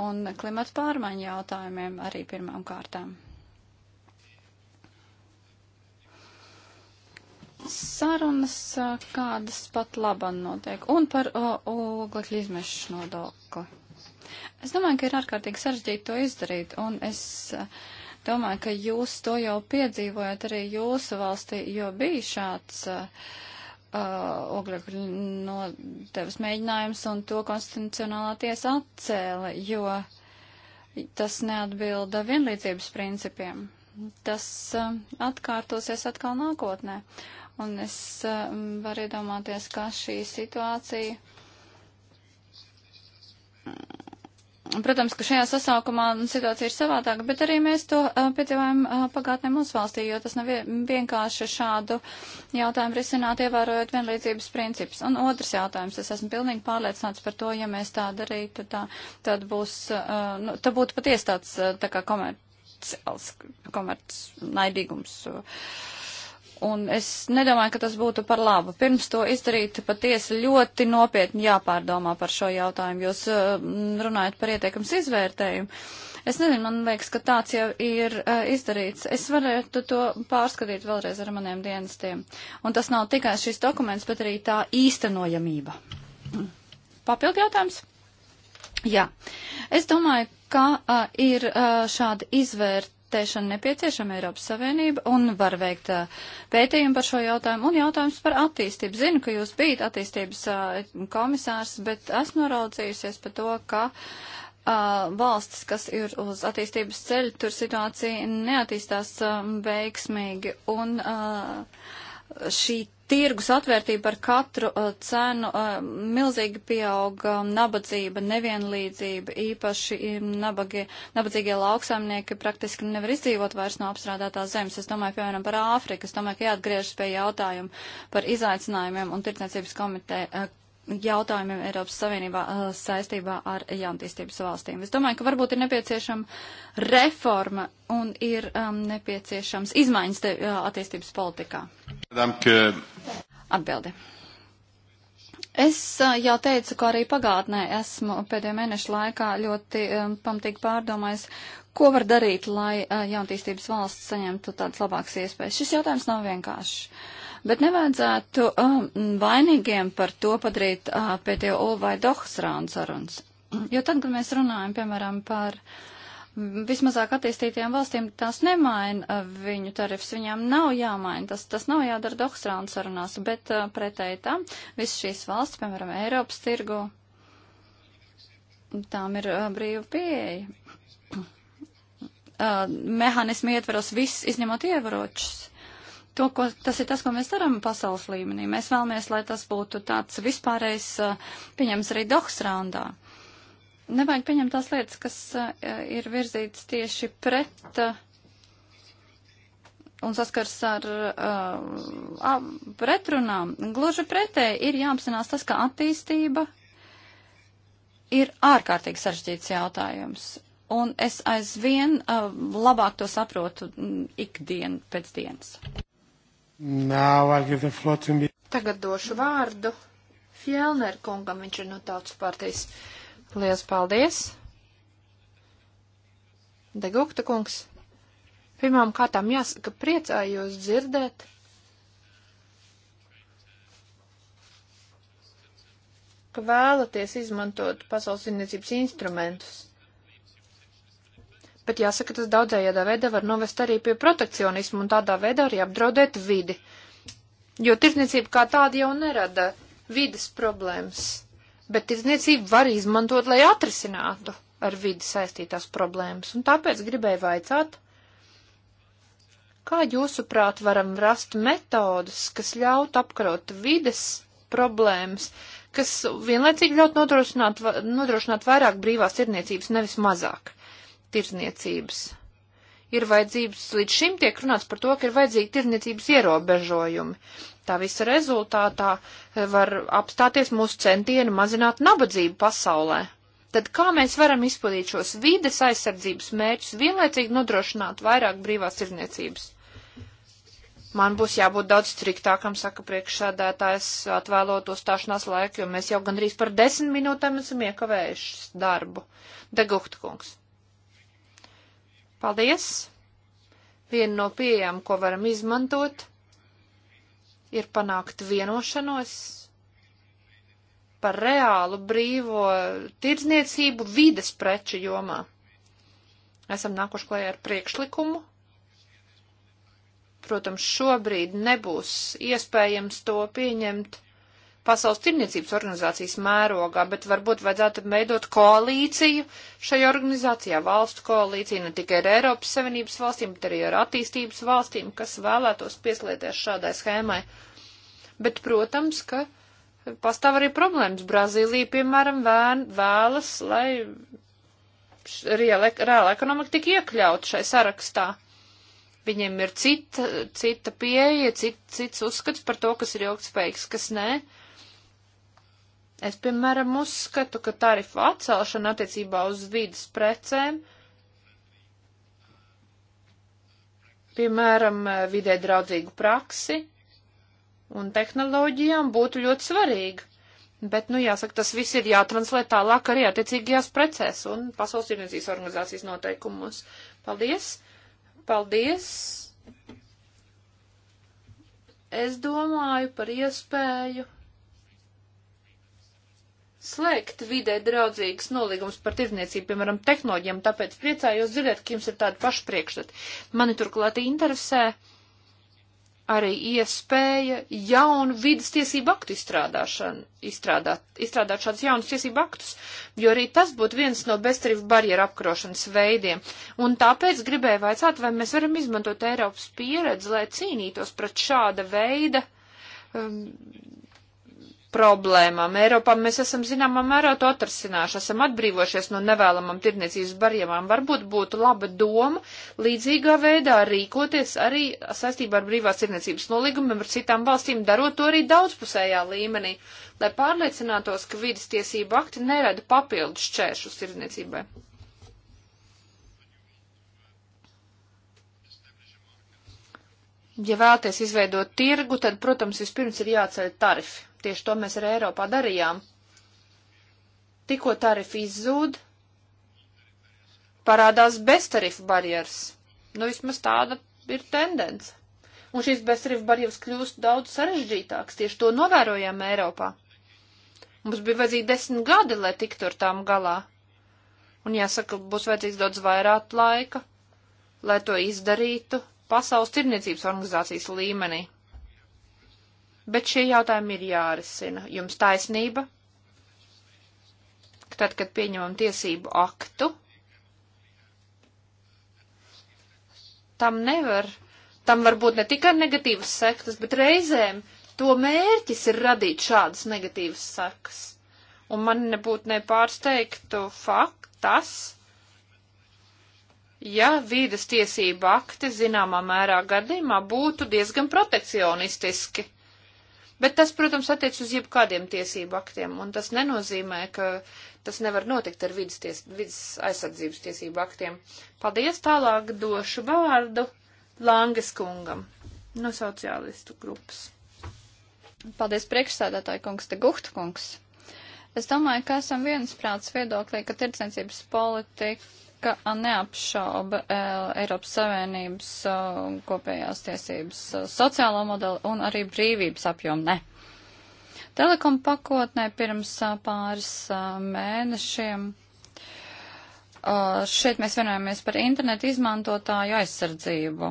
un klimata pārmaiņu jautājumiem arī pirmām kārtām. Sarunas, kādas pat laban notiek, un par oglekļa izmešu nodokli. Es domāju, ka ir ārkārtīgi sarežģīti to izdarīt, un es domāju, ka jūs to jau piedzīvojat arī jūsu valstī, jo bija šāds uh, uh, oglekļu nodevas mēģinājums un to konstitucionālā tiesa atcēla, jo tas neatbilda vienlīdzības principiem. Tas uh, atkārtosies atkal nākotnē. Un es uh, varu iedomāties, ka šī situācija Protams, ka šajā sasaukumā situācija ir savādāka, bet arī mēs to uh, piedzīvājam uh, pagātnē mūsu valstī, jo tas nav vienkārši šādu jautājumu risināt, ievērojot vienlīdzības principus. Un otrs jautājums, es esmu pilnīgi pārliecināts par to, ja mēs tā darītu, tā, tad būs, uh, nu, tā būtu patiesi tāds tā kā komerciāls, komerc naidīgums. Uh, Un es nedomāju, ka tas būtu par labu. Pirms to izdarīt, patiesi ļoti nopietni jāpārdomā par šo jautājumu. Jūs mm, runājat par ieteikums izvērtējumu. Es nezinu, man liekas, ka tāds jau ir uh, izdarīts. Es varētu to pārskatīt vēlreiz ar maniem dienestiem. Un tas nav tikai šis dokuments, bet arī tā īstenojamība. Papildu jautājums? Jā. Es domāju, ka uh, ir uh, šādi izvērt adaptēšana nepieciešama Eiropas Savienība un var veikt uh, pētījumu par šo jautājumu un jautājums par attīstību. Zinu, ka jūs bijat attīstības uh, komisārs, bet esmu noraudzījusies par to, ka uh, valstis, kas ir uz attīstības ceļa, tur situācija neattīstās um, veiksmīgi un šī tirgus atvērtība par katru uh, cenu uh, milzīgi pieauga um, nabadzība, nevienlīdzība, īpaši um, nabagie, nabadzīgie lauksaimnieki praktiski nevar izdzīvot vairs no apstrādātās zemes. Es domāju, piemēram, par Āfriku, es domāju, ka jāatgriežas pie jautājumu par izaicinājumiem un tirdzniecības komiteja uh, jautājumiem Eiropas Savienībā eh, saistībā ar jauntīstības valstīm. Es domāju, ka varbūt ir nepieciešama reforma un ir um, nepieciešams izmaiņas te, uh, attīstības politikā. Atbildi. Es uh, jau teicu, ka arī pagātnē esmu pēdējo mēnešu laikā ļoti um, pamatīgi pārdomājis, ko var darīt, lai uh, jauntīstības valsts saņemtu tādas labākas iespējas. Šis jautājums nav vienkāršs. Uh, Bet nevajadzētu um, vainīgiem par to padarīt uh, PTO vai Dohas raundu sarunas. Jo tad, kad mēs runājam, piemēram, par vismazāk attīstītajām valstīm, tās nemaina uh, viņu tarifs, viņām nav jāmaina, tas, tas nav jādara Dohas raundu sarunās, bet uh, pretēji tam visas šīs valsts, piemēram, Eiropas tirgu, tām ir uh, brīva pieeja. (clears throat) Uh, mehānismi ietveros viss, izņemot ievaročus to, ko, tas ir tas, ko mēs darām pasaules līmenī. Mēs vēlamies, lai tas būtu tāds vispārējs pieņems arī dohs raundā. Nevajag pieņemt tās lietas, kas ir virzītas tieši pret un saskars ar uh, pretrunām. Gluži pretēji ir jāapzinās tas, ka attīstība ir ārkārtīgi sarežģīts jautājums. Un es aizvien uh, labāk to saprotu ikdienu pēc dienas. Tagad došu vārdu Fjellner kungam, viņš ir no tautas partijas. Lielas paldies! Degukta kungs, pirmām kārtām jāsaka, priecājos dzirdēt. ka vēlaties izmantot pasaules zinniecības instrumentus bet jāsaka, tas daudzējādā veidā var novest arī pie protekcionismu un tādā veidā arī apdraudēt vidi. Jo tirdzniecība kā tāda jau nerada vidas problēmas, bet tirdzniecību var izmantot, lai atrisinātu ar vidi saistītās problēmas. Un tāpēc gribēju vaicāt, kā jūsuprāt varam rast metodas, kas ļaut apkarot vides problēmas, kas vienlaicīgi ļaut nodrošināt, nodrošināt vairāk brīvās tirdzniecības, nevis mazāk tirzniecības. Ir vajadzības, līdz šim tiek runāts par to, ka ir vajadzīgi tirzniecības ierobežojumi. Tā visa rezultātā eh, var apstāties mūsu centieni mazināt nabadzību pasaulē. Tad kā mēs varam izpildīt šos vides aizsardzības mērķus, vienlaicīgi nodrošināt vairāk brīvās tirzniecības? Man būs jābūt daudz striktākam, saka priekšsēdētājs, atvēlot uzstāšanās laiku, jo mēs jau gandrīz par desmit minūtēm esam iekavējuši darbu. Degukta kungs. Paldies! Viena no pieejām, ko varam izmantot, ir panākt vienošanos par reālu brīvo tirdzniecību vides preču jomā. Esam nākuši klajā ar priekšlikumu. Protams, šobrīd nebūs iespējams to pieņemt pasaules tirniecības organizācijas mērogā, bet varbūt vajadzētu veidot koalīciju šajā organizācijā, valstu koalīciju ne tikai ar Eiropas Savienības valstīm, bet arī ar attīstības valstīm, kas vēlētos pieslieties šādai schēmai. Bet, protams, ka pastāv arī problēmas. Brazīlija, piemēram, vēn, vēlas, lai reāla ekonomika tik iekļaut šai sarakstā. Viņiem ir cita, cita pieeja, cit, cits uzskats par to, kas ir ilgspējīgs, kas nē. Uh, Es, piemēram, uzskatu, ka tarifu atcelšana attiecībā uz vidas precēm, piemēram, vidē draudzīgu praksi un tehnoloģijām būtu ļoti svarīga. Bet, nu, jāsaka, tas viss ir jātranslē tālāk arī attiecīgajās precēs un Pasaules tirdzniecības organizācijas noteikumos. Paldies! Paldies! Es domāju par iespēju slēgt vidē draudzīgas nolīgums par tirdzniecību, piemēram, tehnoloģiem, tāpēc priecājos dzirdēt, ka jums ir tāda paša priekšstata. Mani turklāt interesē arī iespēja jaunu vidas tiesību aktu izstrādāšanu, izstrādāt, izstrādāt šādus jaunus tiesību aktus, jo arī tas būtu viens no beztarifu barjeru apkarošanas veidiem. Un tāpēc gribēju vaicāt, vai mēs varam izmantot Eiropas pieredzi, lai cīnītos pret šāda veida um, problēmām. Eiropā mēs esam zināmā mērā to atrasinājuši, esam atbrīvojušies no nevēlamam tirniecības barjām. Varbūt būtu laba doma līdzīgā veidā rīkoties arī saistībā ar brīvās tirniecības nolīgumiem ar citām valstīm, darot to arī daudzpusējā līmenī, lai pārliecinātos, ka vidas tiesība akti nerada papildus šķēršus tirniecībai. ja vēlaties izveidot tirgu, tad, protams, vispirms ir jāceļ tarifi. Tieši to mēs ar Eiropā darījām. Tikko tarifi izzūd, parādās beztarifu barjeras. Nu, vismaz tāda ir tendence. Un šīs beztarifu barjeras kļūst daudz sarežģītākas. Tieši to novērojām Eiropā. Mums bija vajadzīgi desmit gadi, lai tiktu ar tām galā. Un jāsaka, būs vajadzīgs daudz vairāk laika, lai to izdarītu pasaules tirniecības organizācijas līmenī. Bet šie jautājumi ir jārisina. Jums taisnība, ka tad, kad pieņemam tiesību aktu, tam nevar, tam var būt ne tikai negatīvas sekas, bet reizēm to mērķis ir radīt šādas negatīvas sekas. Un man nebūtu nepārsteigtu faktas, ja vīdas tiesība akti zināmā mērā gadījumā būtu diezgan protekcionistiski. Bet tas, protams, attiec uz jebkādiem tiesību aktiem, un tas nenozīmē, ka tas nevar notikt ar vidas, ties, vidas aizsardzības tiesību aktiem. Paldies, tālāk došu vārdu Langes kungam no sociālistu grupas. Paldies, priekšsēdētāji kungs, te Guhta kungs. Es domāju, ka esam viensprāts viedoklī, ka tirdzniecības politika ka neapšauba eh, Eiropas Savienības eh, kopējās tiesības eh, sociālo modeli un arī brīvības apjomu. Ne. Telekom pakotnē pirms pāris mēnešiem. Šeit mēs vienojamies par internetu izmantotāju aizsardzību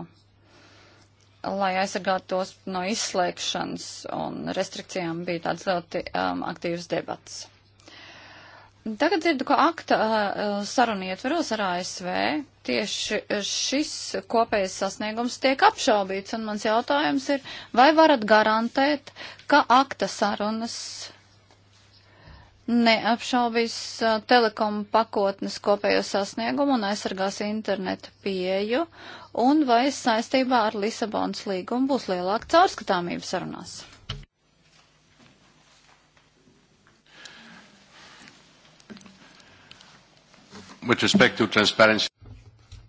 lai aizsargātu tos no izslēgšanas un restrikcijām, bija tāds ļoti um, aktīvs debats. Tagad dzirdu, ka akta saruna ietveros ar ASV tieši šis kopējais sasniegums tiek apšaubīts, un mans jautājums ir, vai varat garantēt, ka akta sarunas neapšaubīs telekom pakotnes kopējo sasniegumu un aizsargās internetu pieju, un vai saistībā ar Lisabonas līgumu būs lielāka caurskatāmība sarunās?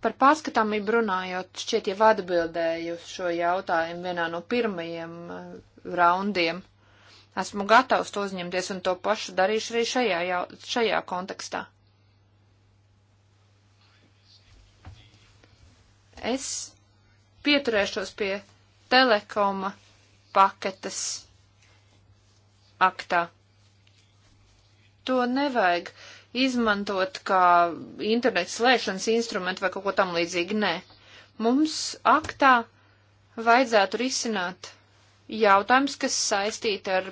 Par pārskatāmību runājot, šķiet jau atbildēju šo jautājumu vienā no pirmajiem uh, raundiem. Esmu gatavs to uzņemties un to pašu darīšu arī šajā, jau, šajā kontekstā. Es pieturēšos pie telekoma paketes aktā. To nevajag uh, izmantot kā internetu slēšanas instrumentu vai kaut ko tam līdzīgi. Nē. Mums aktā vajadzētu risināt jautājums, kas saistīti ar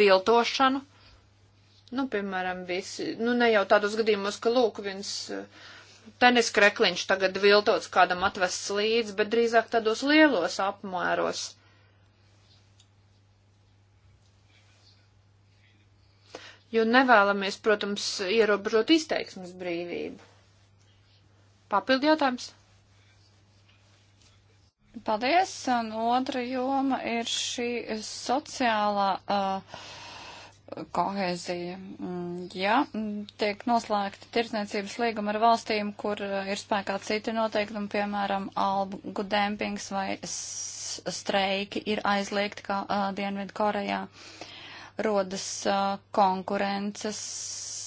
viltošanu. Nu, piemēram, visi, nu, ne jau tādos gadījumos, ka lūk, viens eh, tenis krekliņš tagad viltots kādam atvests līdzi, bet drīzāk tādos lielos apmēros jo nevēlamies, protams, ierobežot izteiksmes brīvību. Papildu jautājums. Paldies, un otra joma ir šī sociālā uh, kohēzija. Mm, ja tiek noslēgta tirdzniecības līguma ar valstīm, kur uh, ir spēkā citi noteikumi, piemēram, algu dempings vai streiki ir aizliegti kā uh, Dienvidu Korejā. Uh, rodas konkurences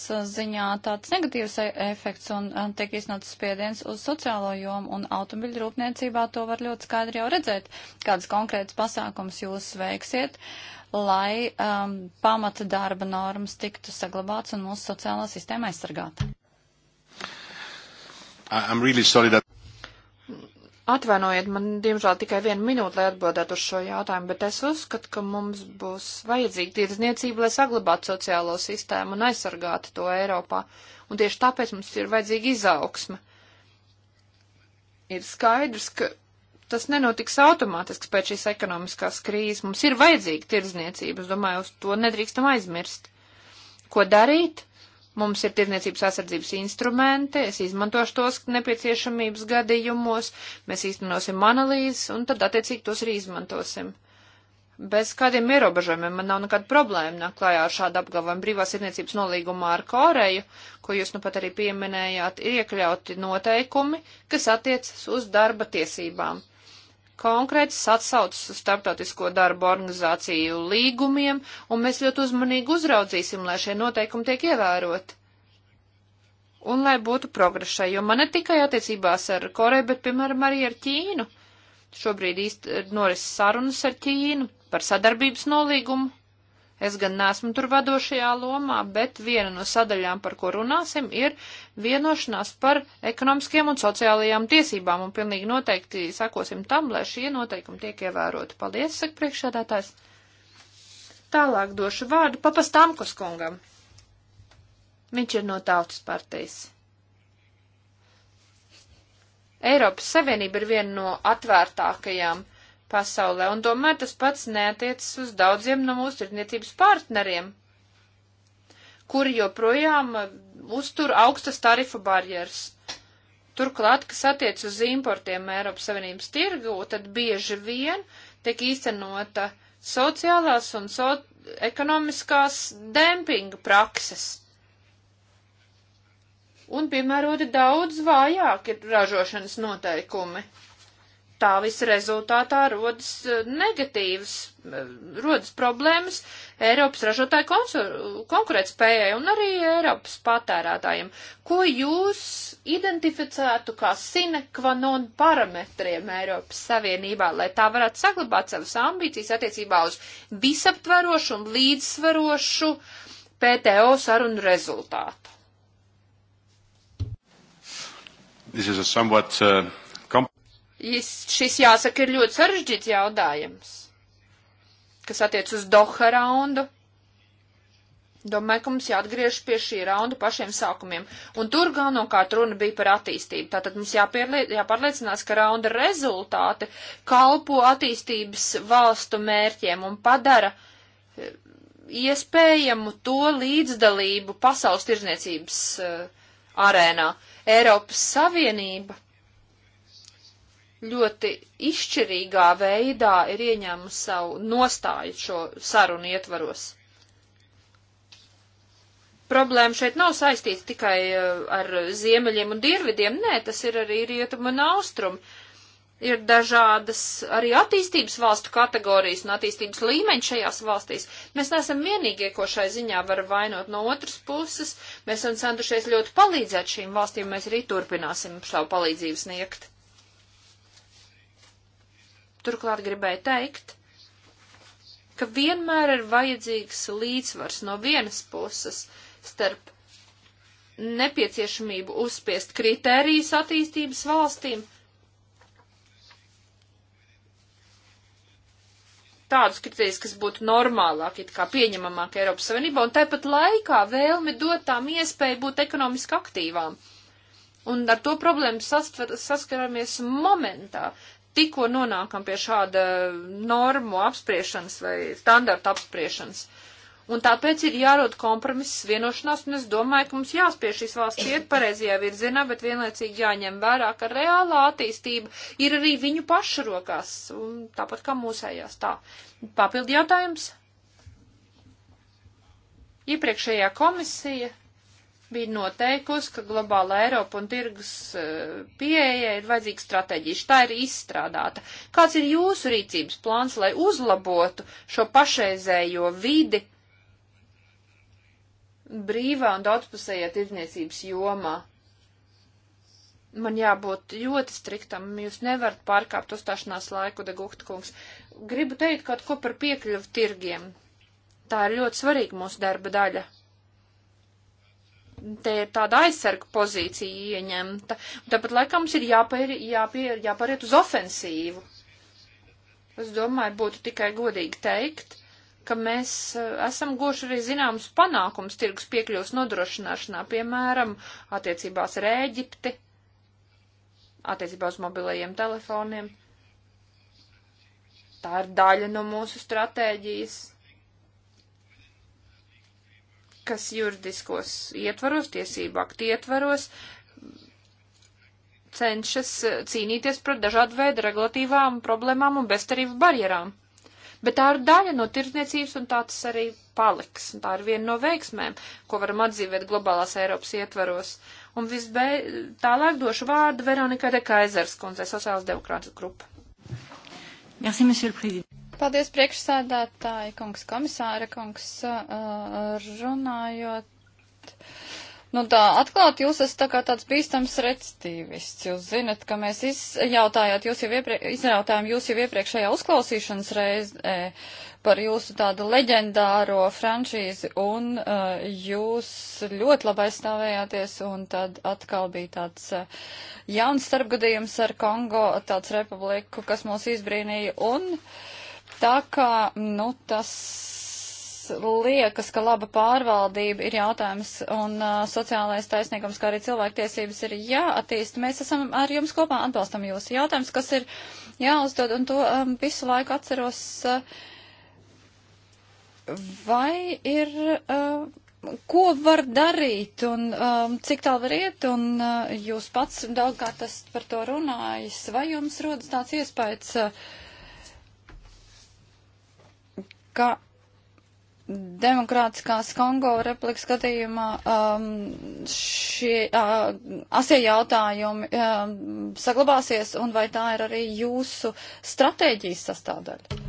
ziņā tāds negatīvs e-, efekts un tiek iznots spiediens uz sociālo jomu un automobiļu rūpniecībā to var ļoti skaidri jau redzēt, kādas konkrētas pasākums jūs veiksiet, lai um, pamata darba normas tiktu saglabāts un mūsu sociālā sistēma aizsargāta. Really that... Atvainojiet, man diemžēl tikai vienu minūti, lai atbildētu uz šo jautājumu, bet es uzskatu, ka mums būs vajadzīga tirdzniecība, lai saglabātu sociālo sistēmu un aizsargātu to Eiropā. Un tieši tāpēc mums ir vajadzīga izaugsme. Ir skaidrs, ka tas nenotiks automātiski pēc šīs ekonomiskās krīzes. Mums ir vajadzīga tirdzniecība, es domāju, uz to nedrīkstam aizmirst. Ko darīt? Mums ir tirniecības aizsardzības instrumenti, es izmantošu tos nepieciešamības gadījumos, mēs īstenosim analīzes un tad attiecīgi tos arī izmantosim. Bez kādiem ierobežojumiem man nav nekāda problēma nāk klājā ar šādu apgalvojumu. Brīvās tirniecības nolīgumā ar Koreju, ko jūs nu pat arī pieminējāt, ir iekļauti noteikumi, kas attiecas uz darba tiesībām konkrētas atsaucas uz starptautisko darbu organizāciju līgumiem, un mēs ļoti uzmanīgi uzraudzīsim, lai šie noteikumi tiek ievēroti. Un lai būtu progresai, jo man ne tikai attiecībās ar Koreju, bet, piemēram, arī ar Ķīnu. Šobrīd īsti noris sarunas ar Ķīnu par sadarbības nolīgumu Es gan neesmu tur vadošajā lomā, bet viena no sadaļām, par ko runāsim, ir vienošanās par ekonomiskiem un sociālajām tiesībām, un pilnīgi noteikti sakosim tam, lai šie noteikumi tiek ievēroti. Paldies, saka priekšsēdētājs. Tālāk došu vārdu papastāmkos kungam. Viņš ir no tautas partijas. Eiropas Savienība ir viena no atvērtākajām pasaulē, un tomēr tas pats neatiecas uz daudziem no mūsu tirdzniecības partneriem, kuri joprojām uh, uztur augstas tarifu barjeras. Turklāt, kas attiec uz importiem Eiropas Savienības tirgu, tad bieži vien tiek īstenota sociālās un so ekonomiskās dempinga prakses un piemēroti daudz vājāki ražošanas noteikumi tā visa rezultātā rodas eh, negatīvas, eh, rodas problēmas Eiropas ražotāju konkurētspējai un arī Eiropas patērētājiem. Ko jūs identificētu kā sine qua non parametriem Eiropas Savienībā, lai tā varētu saglabāt savas ambīcijas attiecībā uz visaptverošu un līdzsvarošu PTO sarunu rezultātu? This is a somewhat uh, Šis, jāsaka, ir ļoti sarežģīts jautājums, kas attiec uz Doha raundu. Domāju, ka mums jāatgriež pie šī raunda pašiem sākumiem. Un tur galvenokārt runa bija par attīstību. Tātad mums jāpārliecinās, ka raunda rezultāti kalpo attīstības valstu mērķiem un padara e, iespējamu to līdzdalību pasaules tirzniecības uh, arēnā. Eiropas Savienība ļoti izšķirīgā veidā ir ieņēmusi savu nostāju šo sarunu ietvaros. Problēma šeit nav saistīta tikai eh, ar ziemeļiem un dirvidiem, nē, tas ir arī rietumu un austrumu. Ir dažādas arī attīstības valstu kategorijas un attīstības līmeņi šajās valstīs. Mēs neesam vienīgie, ko šai ziņā var vainot no otras puses. Mēs esam centušies ļoti palīdzēt šīm valstīm, mēs arī turpināsim savu palīdzību sniegt. Turklāt gribēju teikt, ka vienmēr ir vajadzīgs līdzsvars no vienas puses starp nepieciešamību uzspiest kritērijas attīstības valstīm, tādus kritērijus, kas būtu normālāk, it kā pieņemamāk Eiropas Savienībā, un tāpat laikā vēlmi dot tām iespēju būt ekonomiski aktīvām. Un ar to problēmu saskaramies momentā tikko nonākam pie šāda normu apspriešanas vai standarta apspriešanas. Un tāpēc ir jārod kompromiss vienošanās, un es domāju, ka mums jāspie šīs valsts iet pareizajā virzienā, bet vienlaicīgi jāņem vērā, ka reālā attīstība ir arī viņu pašu rokās, un tāpat kā mūsējās. Tā. Papildi jautājums? Iepriekšējā komisija bija noteikusi, ka globāla Eiropa un tirgus e, pieeja ir vajadzīga stratēģija. Tā ir izstrādāta. Kāds ir jūsu rīcības plāns, lai uzlabotu šo pašreizējo vidi brīvā un daudzpusējā tirdzniecības jomā? Man jābūt ļoti striktam, jūs nevarat pārkāpt uzstāšanās laiku, Degukta kungs. Gribu teikt kaut ko par piekļuvu tirgiem. Tā ir ļoti svarīga mūsu darba daļa te ir tāda aizsarga pozīcija ieņemta. Tāpat laikā mums ir jāpaier, jāpaier, jāpariet uz ofensīvu. Es domāju, būtu tikai godīgi teikt, ka mēs eh, esam goši arī zināms panākums tirgus piekļuvas nodrošināšanā, piemēram, attiecībās ar Ēģipti, attiecībā uz mobilajiem telefoniem. Tā ir daļa no mūsu stratēģijas kas juridiskos ietvaros, tiesību aktu ietvaros cenšas cīnīties pret dažādu veidu regulatīvām problēmām un beztarību barjerām. Bet tā ir daļa no tirdzniecības un tā tas arī paliks. Un tā ir viena no veiksmēm, ko varam atzīvēt globālās Eiropas ietvaros. Un visbei tālāk došu vārdu Veronikai de Kaizers, kundzei sociālas demokrātas grupa. Merci, monsieur le président. Paldies priekšsēdētāji, kungs komisāra, kungs uh, runājot. Nu tā, atklāt, jūs esat tā kā tāds bīstams recitīvists. Jūs zinat, ka mēs izjautājāt jūs jau, ieprie... izjautājām jūs jau iepriekšējā uzklausīšanas reizē par jūsu tādu leģendāro franšīzi, un uh, jūs ļoti labi aizstāvējāties, un tad atkal bija tāds uh, jauns starpgadījums ar Kongo, tāds republiku, kas mūs izbrīnīja, un. Uh, Tā kā, nu, tas liekas, ka laba pārvaldība ir jautājums un uh, sociālais taisnīgums, kā arī cilvēktiesības ir jāattīst. Mēs esam ar jums kopā atbalstam jūsu jautājums, kas ir jāuzdod, un to um, visu laiku atceros. Uh, vai ir. Uh, Ko var darīt un um, cik tālu var iet, un uh, jūs pats daudzkārt esat par to runājis, vai jums rodas tāds iespējas, uh, ka Demokrātiskās Kongo republikas gadījumā um, šie uh, asie jautājumi um, saglabāsies, un vai tā ir arī jūsu stratēģijas sastāvdaļa?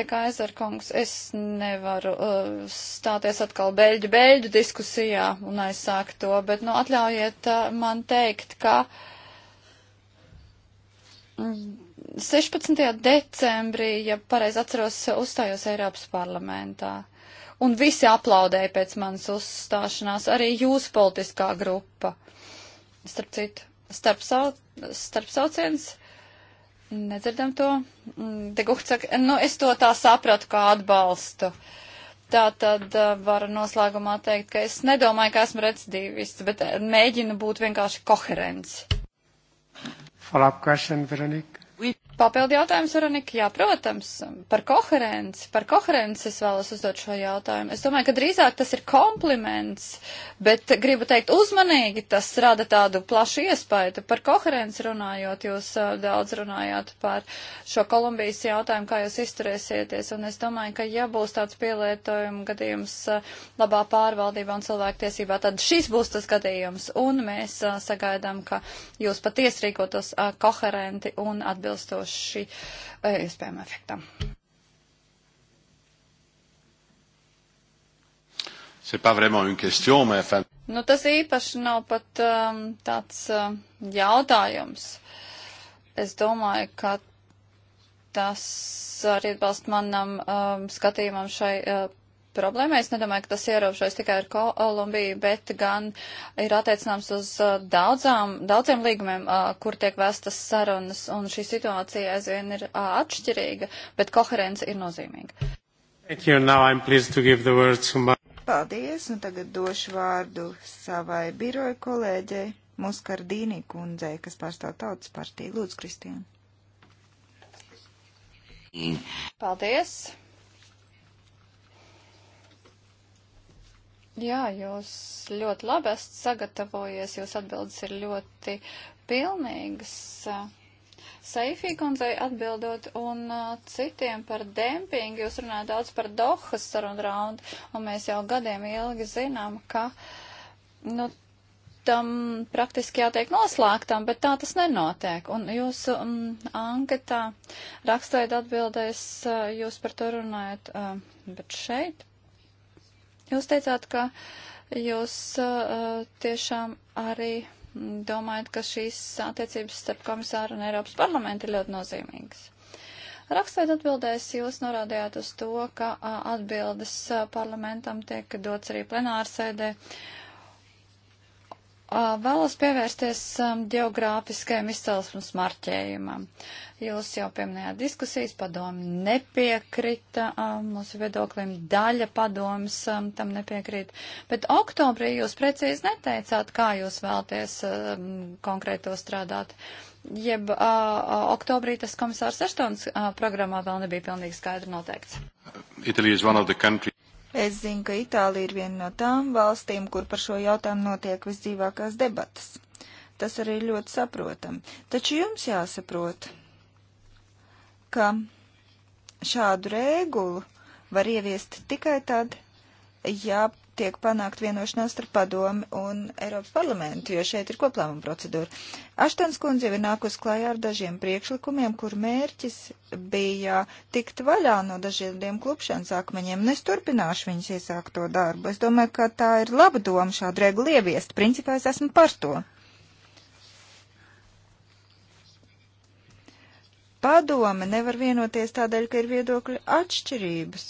Dekaizer kungs, es nevaru uh, stāties atkal beļģu beļģu diskusijā un aizsākt to, bet nu atļaujiet uh, man teikt, ka. Mm, 16. decembrī, ja pareizi atceros, uzstājos Eiropas parlamentā. Un visi aplaudēja pēc manas uzstāšanās, arī jūsu politiskā grupa. Starp citu, starp, sau, starp sauciens. Nedzirdam to. Mm, Degukts saka, nu es to tā sapratu, kā atbalstu. Tā tad uh, varu noslēgumā teikt, ka es nedomāju, ka esmu recidīvists, bet uh, mēģinu būt vienkārši koherents. Follow-up question, Veronika. Papildi jautājums, Veronika, jā, protams, par koherenci, par koherenci es vēlos uzdot šo jautājumu. Es domāju, ka drīzāk tas ir kompliments, bet gribu teikt uzmanīgi, tas rada tādu plašu iespaidu. Par koherenci runājot, jūs uh, daudz runājāt par šo Kolumbijas jautājumu, kā jūs izturēsieties, un es domāju, ka ja būs tāds pielietojuma gadījums uh, labā pārvaldībā un cilvēktiesībā, tad šis būs tas gadījums, un mēs uh, sagaidām, ka jūs patiesi rīkotos koherenti un atbilstoši atbilstoši eh, iespējamam efektam. Nu, tas īpaši nav pat um, tāds um, jautājums. Es domāju, ka tas arī atbalst manam um, skatījumam šai uh, problēmai. Es nedomāju, ka tas ierobežojas tikai ar Kolumbiju, bet gan ir attiecināms uz daudzām, daudziem līgumiem, kur tiek vestas sarunas, un šī situācija aizvien ir atšķirīga, bet koherence ir nozīmīga. My... Paldies, un tagad došu vārdu savai biroja kolēģei Muskardīnī kundzei, kas pārstāv tautas partiju. Lūdzu, Kristiāna. Paldies! Jā, jūs ļoti labi esat sagatavojies, jūs atbildes ir ļoti pilnīgas. Saifīkundzei atbildot un citiem par dempingu, jūs runājat daudz par Dohas sarunu raundu, un mēs jau gadiem ilgi zinām, ka, nu, tam praktiski jātiek noslēgtam, bet tā tas nenotiek. Un jūsu um, anketā rakstot atbildēs, jūs par to runājat, uh, bet šeit Jūs teicāt, ka jūs uh, tiešām arī domājat, ka šīs attiecības starp komisāru un Eiropas parlamentu ir ļoti nozīmīgas. Rakstveid atbildēs jūs norādījāt uz to, ka a, uh, atbildes a, uh, parlamentam tiek dots arī plenārsēdē. Ar Vēlos pievērsties um, geogrāfiskajam izcelsmes marķējumam. Jūs jau pieminējāt diskusijas, padomi nepiekrita um, mūsu viedoklim, daļa padomas um, tam nepiekrīt, bet oktobrī jūs precīzi neteicāt, kā jūs vēlties um, konkrēto strādāt. Jeb uh, oktobrī tas komisārs Eštons uh, programmā vēl nebija pilnīgi skaidri noteikts. Itālijas one of the country. Es zinu, ka Itālija ir viena no tām valstīm, kur par šo jautājumu notiek visdzīvākās debatas. Tas arī ļoti saprotam. Taču jums jāsaprot, ka šādu regulu var ieviest tikai tad, ja tiek panākt vienošanās ar padomi un Eiropas parlamentu, jo šeit ir koplāma procedūra. Aštans kundze jau ir nākus klājā ar dažiem priekšlikumiem, kur mērķis bija tikt vaļā no dažiem klupšanas akmeņiem, un es turpināšu viņas iesākto darbu. Es domāju, ka tā ir laba doma šādu regulu ieviest. Principā es esmu par to. Padome nevar vienoties tādēļ, ka ir viedokļu atšķirības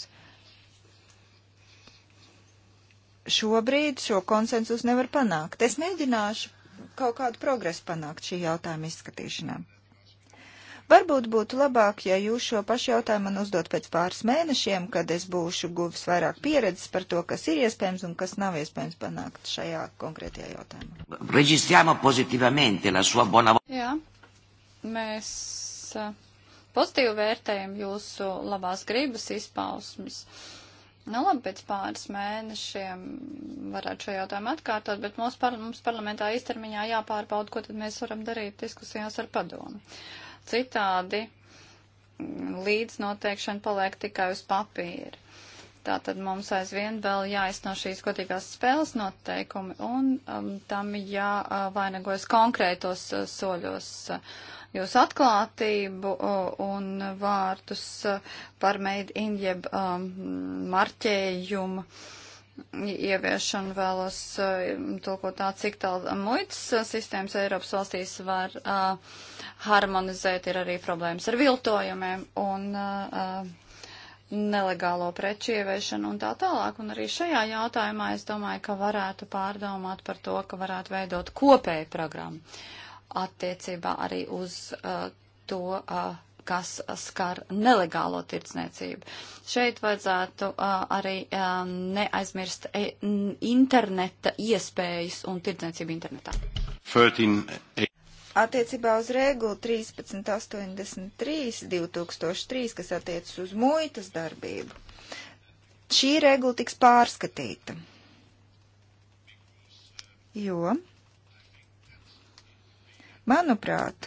šobrīd šo konsensus nevar panākt. Es mēģināšu kaut kādu progresu panākt šī jautājuma izskatīšanā. Varbūt būtu labāk, ja jūs šo pašu jautājumu man uzdot pēc pāris mēnešiem, kad es būšu guvis vairāk pieredzes par to, kas ir iespējams un kas nav iespējams panākt šajā konkrētajā jautājumā. Reģistrējama pozitīvamente la sua bona. Jā, mēs eh, pozitīvi vērtējam jūsu labās gribas izpausmes. Uh, Nu, labi, pēc pāris mēnešiem varētu šo jautājumu atkārtot, bet mums, par, mums parlamentā īstermiņā jāpārbauda, ko tad mēs varam darīt diskusijās ar padomu. Citādi līdz noteikšana paliek tikai uz papīra. Tātad mums aizvien vēl jāizno šīs godīgās spēles noteikumi un um, tam jāvainagojas konkrētos uh, soļos. Uh, jūsu atklātību un vārtus par Made in jeb um, marķējumu ieviešanu vēlos tulkot tā, cik tālu muitas sistēmas Eiropas valstīs var uh, harmonizēt, ir arī problēmas ar viltojumiem un uh, nelegālo preču ieviešanu un tā tālāk. Un arī šajā jautājumā es domāju, ka varētu pārdomāt par to, ka varētu veidot kopēju programmu attiecībā arī uz uh, to, uh, kas skar nelegālo tirdzniecību. Šeit vajadzētu uh, arī um, neaizmirst e interneta iespējas un tirdzniecību internetā. 13. Attiecībā uz regulu 1383 2003, kas attiecas uz muitas darbību, šī regula tiks pārskatīta. Jo Manuprāt,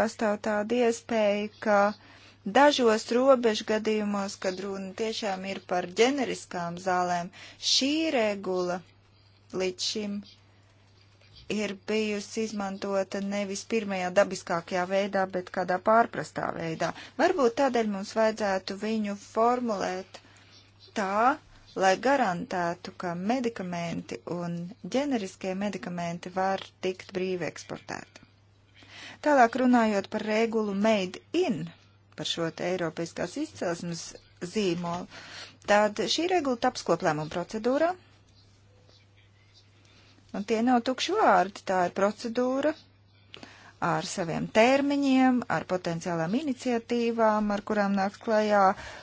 pastāv tāda iespēja, ka dažos robežu gadījumos, kad runa tiešām ir par ģeneriskām zālēm, šī regula līdz šim ir bijusi izmantota nevis pirmajā dabiskākajā veidā, bet kādā pārprastā veidā. Varbūt tādēļ mums vajadzētu viņu formulēt tā, lai garantētu, ka medikamenti un ģeneriskie medikamenti var tikt brīvi eksportēti. Tālāk runājot par regulu Made in, par šo te Eiropiskās izcelsmes zīmolu, tad šī regula taps koplēmuma procedūrā. Un tie nav tukši vārdi, tā ir procedūra, ar saviem termiņiem, ar potenciālām iniciatīvām, ar kurām nāks klajā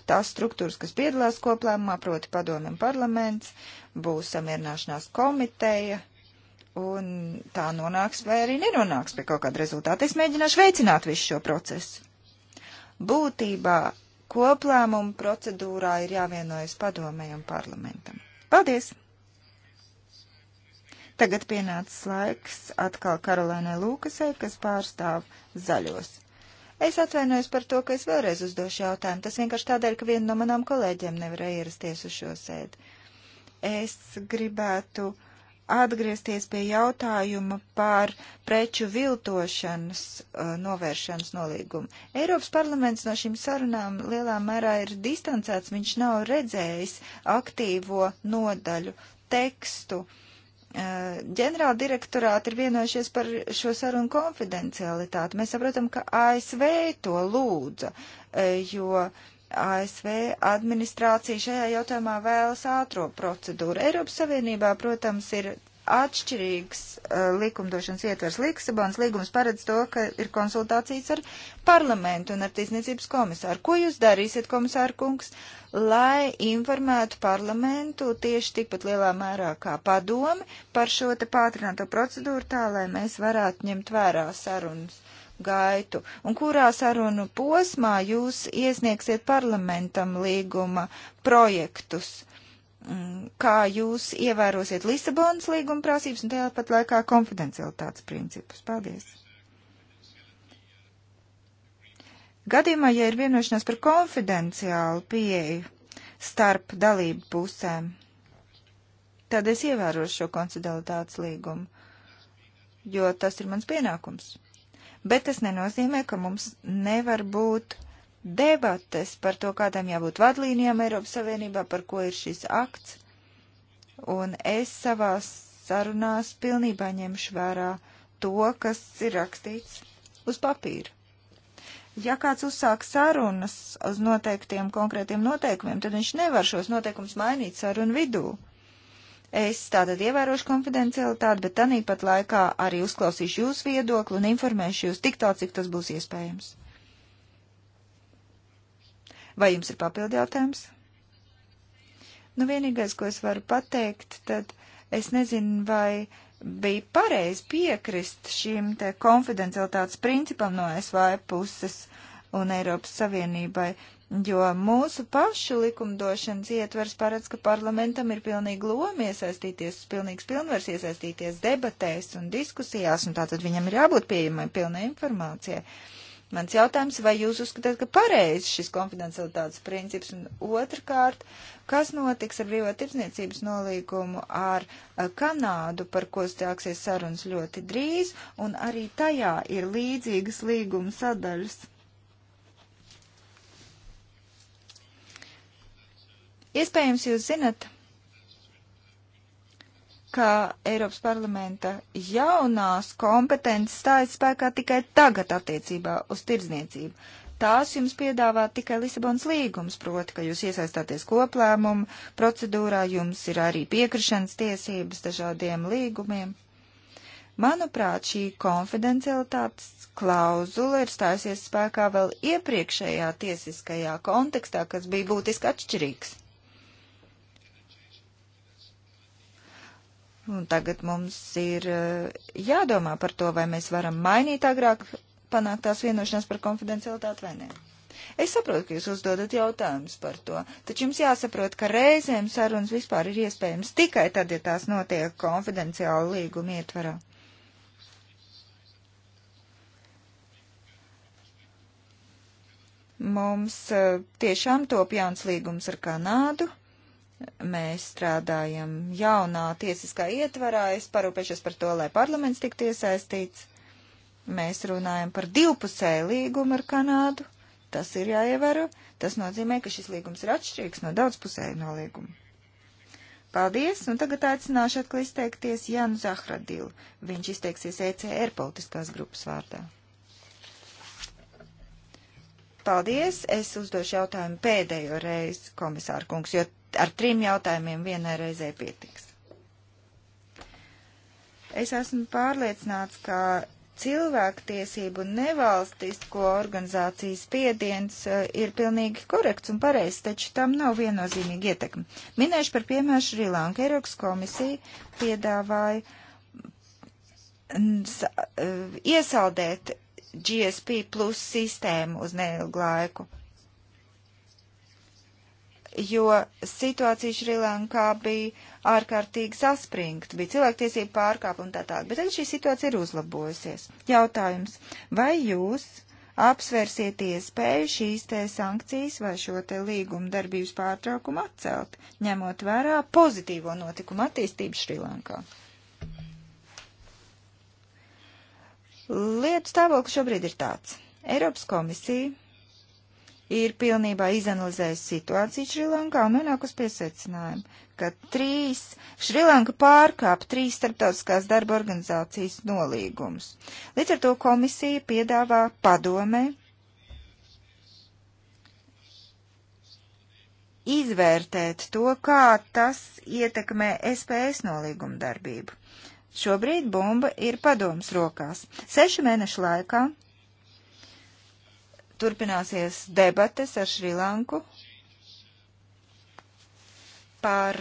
tās struktūras, kas piedalās koplēmumā, proti padomju un parlaments, būs samierināšanās komiteja, un tā nonāks vai arī nenonāks pie kaut kāda rezultāta. Es mēģināšu veicināt visu šo procesu. Būtībā koplēmuma procedūrā ir jāvienojas padomēju un parlamentam. Paldies! Tagad pienācis laiks atkal Karolēnai Lūkasai, kas pārstāv zaļos. Es atvainojos par to, ka es vēlreiz uzdošu jautājumu. Tas vienkārši tādēļ, ka viena no manām kolēģiem nevarēja ierasties uz šo sēdi. Es gribētu atgriezties pie jautājuma par preču viltošanas uh, novēršanas nolīgumu. Eiropas parlaments no šīm sarunām lielā mērā ir distancēts, viņš nav redzējis aktīvo nodaļu tekstu. Uh, ģenerāla direktorāti ir vienojušies par šo sarunu konfidencialitāti. Mēs saprotam, ka ASV to lūdza, e, jo ASV administrācija šajā jautājumā vēlas ātro procedūru. Eiropas Savienībā, protams, ir atšķirīgs uh, likumdošanas ietvers. Lisabonas līgums paredz to, ka ir konsultācijas ar parlamentu un ar tiesniecības komisāru. Ko jūs darīsiet, komisāra kungs, lai informētu parlamentu tieši tikpat lielā mērā kā padomi par šo te pātrināto procedūru tā, lai mēs varētu ņemt vērā sarunas gaitu un kurā sarunu posmā jūs iesniegsiet parlamentam līguma projektus mm, kā jūs ievērosiet Lisabonas līguma prasības un tāpat laikā konfidencialitātes principus. Paldies! Gadījumā, ja ir vienošanās par konfidenciālu pieeju starp dalību pusēm, tad es ievērošu šo konfidencialitātes līgumu, jo tas ir mans pienākums. Bet tas nenozīmē, ka mums nevar būt debates par to, kādām jābūt vadlīnijām Eiropas Savienībā, par ko ir šis akts. Un es savās sarunās pilnībā ņemšu vērā to, kas ir rakstīts uz papīra. Ja kāds uzsāk sarunas uz noteiktiem konkrētiem noteikumiem, tad viņš nevar šos noteikumus mainīt sarunu vidū. Es tātad ievērošu konfidencialitāti, bet tanīpat laikā arī uzklausīšu jūsu viedokli un informēšu jūs tik tālu, cik tas būs iespējams. Vai jums ir papildi jautājums? Nu, vienīgais, ko es varu pateikt, tad es nezinu, vai bija pareizi piekrist šim te konfidencialitātes principam no SVA puses un Eiropas Savienībai, jo mūsu pašu likumdošanas ietvers paredz, ka parlamentam ir pilnīgi loma iesaistīties, pilnīgs pilnvars iesaistīties debatēs un diskusijās, un tātad viņam ir jābūt pieejamai pilnai informācijai. Uh, Mans jautājums, vai jūs uzskatāt, ka pareizi šis konfidencialitātes princips? Un otrkārt, kas notiks ar brīvā tirdzniecības nolīgumu ar Kanādu, par ko stāksies sarunas ļoti drīz, un arī tajā ir līdzīgas līguma sadaļas? Iespējams, jūs zinat, ka Eiropas parlamenta jaunās kompetences stājas spēkā tikai tagad attiecībā uz tirdzniecību. Tās jums piedāvā tikai Lisabonas līgums, proti, ka jūs iesaistāties koplēmumu procedūrā, jums ir arī piekrišanas tiesības dažādiem līgumiem. Manuprāt, šī konfidencialitātes klauzula ir stājusies spēkā vēl iepriekšējā tiesiskajā kontekstā, kas bija būtiski atšķirīgs. Un tagad mums ir eh, jādomā par to, vai mēs varam mainīt agrāk panāktās vienošanās par konfidencialitāti vai nē. Es saprotu, ka jūs uzdodat jautājumus par to, taču jums jāsaprot, ka reizēm sarunas vispār ir iespējams tikai tad, ja tās notiek konfidenciāli līguma ietvarā. Mums eh, tiešām top jauns līgums ar Kanādu, Mēs strādājam jaunā tiesiskā ietvarā. Es parūpēšos par to, lai parlaments tiktu iesaistīts. Mēs runājam par divpusēju līgumu ar Kanādu. Tas ir jāievēro. Tas nozīmē, ka šis līgums ir atšķirīgs no daudzpusēju nolīguma. Paldies, un tagad aicināšu atkal izteikties Janu Zahradilu. Viņš izteiksies ECR politiskās grupas vārdā. Paldies, es uzdošu jautājumu pēdējo reizi, komisāra kungs, jo ar trim jautājumiem vienai reizē pietiks. Es esmu pārliecināts, ka cilvēktiesību un nevalstisko organizāciju spiediens eh, ir pilnīgi korekts un pareizs, taču tam nav viennozīmīgi ietekme. Minēšu par piemēru Šrilanka. Eiropas komisija piedāvāja eh, iesaldēt GSP plus sistēmu uz neilgu laiku jo situācija Šrilankā bija ārkārtīgi saspringta, bija cilvēktiesība pārkāpuma un tā tālāk. Bet tagad šī situācija ir uzlabojusies. Jautājums, vai jūs apsvērsiet iespēju šīs te sankcijas vai šo te līguma darbības pārtraukumu atcelt, ņemot vērā pozitīvo notikumu attīstību Šrilankā? Lietu stāvoklis šobrīd ir tāds. Eiropas komisija ir pilnībā izanalizējusi situāciju Šrilankā un nonākus pie secinājuma, ka trīs Šrilanka pārkāp trīs starptautiskās darba organizācijas nolīgumus. Līdz ar to komisija piedāvā padomē izvērtēt to, kā tas ietekmē SPS nolīgumu darbību. Šobrīd bumba ir padoms rokās. Sešu mēnešu laikā turpināsies debates ar Šrilanku par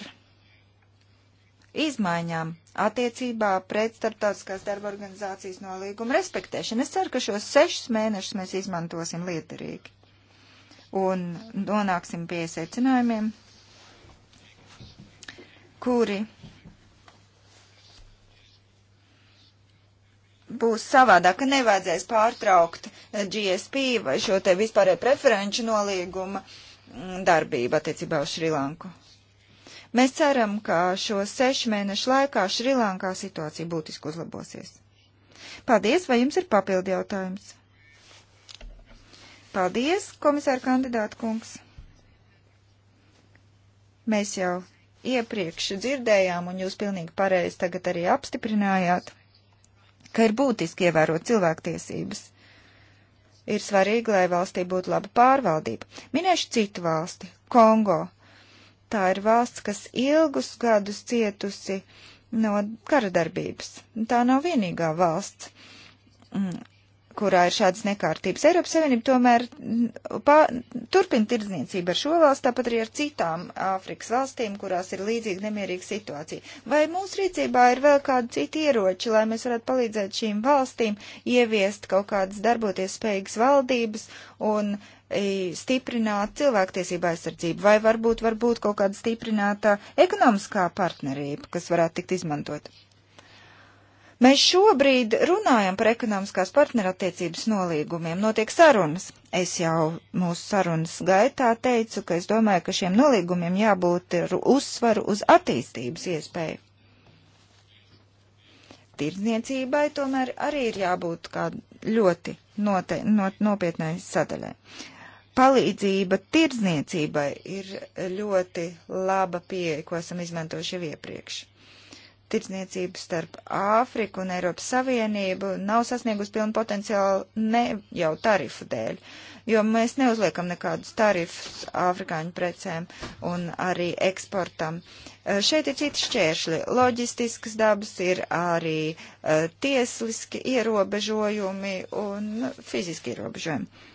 izmaiņām attiecībā pret starptautiskās darba organizācijas nolīgumu respektēšanu. Es ceru, ka šos sešus mēnešus mēs izmantosim lietarīgi un nonāksim pie secinājumiem, kuri būs savādāk, ka nevajadzēs pārtraukt eh, GSP vai šo te vispārēju preferenču nolīguma mm, darbību attiecībā uz Šrilanku. Mēs ceram, ka šo sešu mēnešu laikā Šrilankā situācija būtiski uzlabosies. Paldies, vai jums ir papildi jautājums? Paldies, komisāra kandidāta kungs. Mēs jau iepriekš dzirdējām, un jūs pilnīgi pareizi tagad arī apstiprinājāt ka ir būtiski ievērot cilvēktiesības. Ir svarīgi, lai valstī būtu laba pārvaldība. Minēšu citu valsti - Kongo. Tā ir valsts, kas ilgus gadus cietusi no kara darbības. Tā nav vienīgā valsts mm, kurā ir šādas nekārtības. Eiropas Savienība tomēr pā, turpina tirdzniecību ar šo valstu, tāpat arī ar citām Āfrikas valstīm, kurās ir līdzīga nemierīga situācija. Vai mūsu rīcībā ir vēl kādi citi ieroči, lai mēs varētu palīdzēt šīm valstīm ieviest kaut kādas darboties spējīgas valdības un stiprināt cilvēktiesību aizsardzību, vai varbūt, varbūt kaut kāda stiprināta ekonomiskā partnerība, kas varētu tikt izmantot. Mēs šobrīd runājam par ekonomiskās partnerattiecības nolīgumiem, notiek sarunas. Es jau mūsu sarunas gaitā teicu, ka es domāju, ka šiem nolīgumiem jābūt uzsvaru uz attīstības iespēju. Tirdzniecībai tomēr arī ir jābūt kā ļoti note, not, nopietnai sadaļai. Palīdzība tirdzniecībai ir ļoti laba pieeja, ko esam izmantojuši jau iepriekš tirdzniecība starp Āfriku un Eiropas Savienību nav sasniegusi pilnu potenciālu ne jau tarifu dēļ, jo mēs neuzliekam nekādus tarifus afrikāņu precēm un arī eksportam. Eh, šeit ir citi šķēršļi. Loģistiskas dabas ir arī eh, tiesliski ierobežojumi un fiziski ierobežojumi.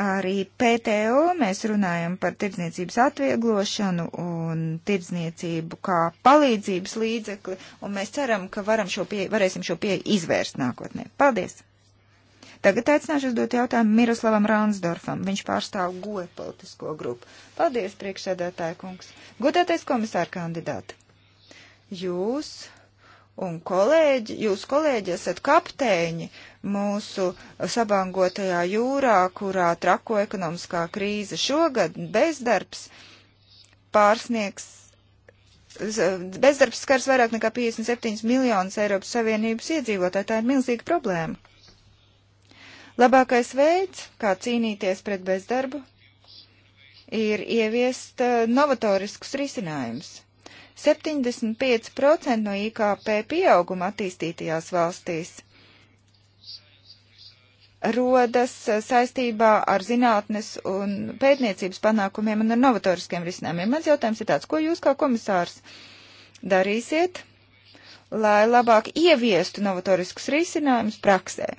Arī PTO mēs runājam par tirdzniecības atvieglošanu un tirdzniecību kā palīdzības līdzekli, un mēs ceram, ka varam šo pie, varēsim šo pieeju izvērst nākotnē. Paldies! Tagad aicināšu uzdot jautājumu Miroslavam Rānsdorfam. Viņš pārstāv goja e politisko grupu. Paldies, priekšsēdētāja kungs. Godātais komisāra kandidāti. Jūs un kolēģi, jūs kolēģi esat kapteiņi mūsu sabangotajā jūrā, kurā trako ekonomiskā krīze šogad bezdarbs pārsniegs. Bezdarbs skars vairāk nekā 57 miljonus Eiropas Savienības iedzīvotāju. Tā ir milzīga problēma. Labākais veids, kā cīnīties pret bezdarbu, ir ieviest eh, novatoriskus risinājumus. 75% no IKP pieauguma attīstītajās valstīs rodas eh, saistībā ar zinātnes un pētniecības panākumiem un ar novatoriskiem risinājumiem. Mans jautājums ir tāds, ko jūs kā komisārs darīsiet, lai labāk ieviestu novatoriskus risinājumus praksē?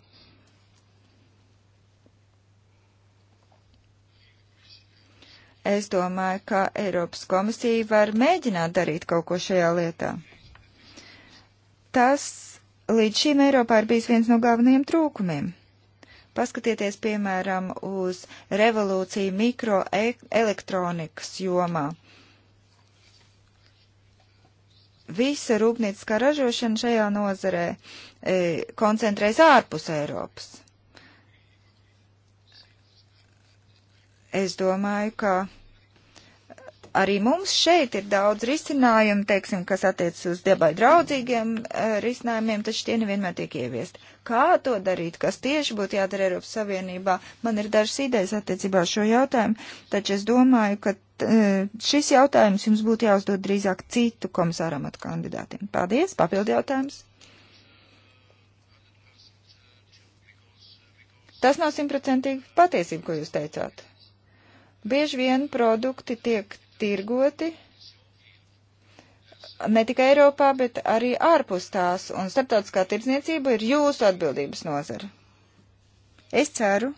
Es domāju, ka Eiropas komisija var mēģināt darīt kaut ko šajā lietā. Tas līdz šim Eiropā ir bijis viens no galvenajiem trūkumiem. Paskatieties, piemēram, uz revolūciju mikroelektronikas jomā. Visa rūpnieciskā ražošana šajā nozarē e, koncentrējas ārpus Eiropas. Es domāju, ka arī mums šeit ir daudz risinājumu, teiksim, kas attiec uz debai draudzīgiem uh, risinājumiem, taču tie nevienmēr tiek ieviest. Kā to darīt, kas tieši būtu jādara Eiropas Savienībā? Man ir dažas idejas attiecībā uz šo jautājumu, taču es domāju, ka uh, šis jautājums jums būtu jāuzdod drīzāk citu komisāram at kandidātiem. Paldies, papildi jautājums. Tas nav simtprocentīgi patiesība, ko jūs teicāt. Bieži vien produkti tiek tirgoti ne tikai Eiropā, bet arī ārpus tās, un starptautiskā tirdzniecība ir jūsu atbildības nozara. Es ceru,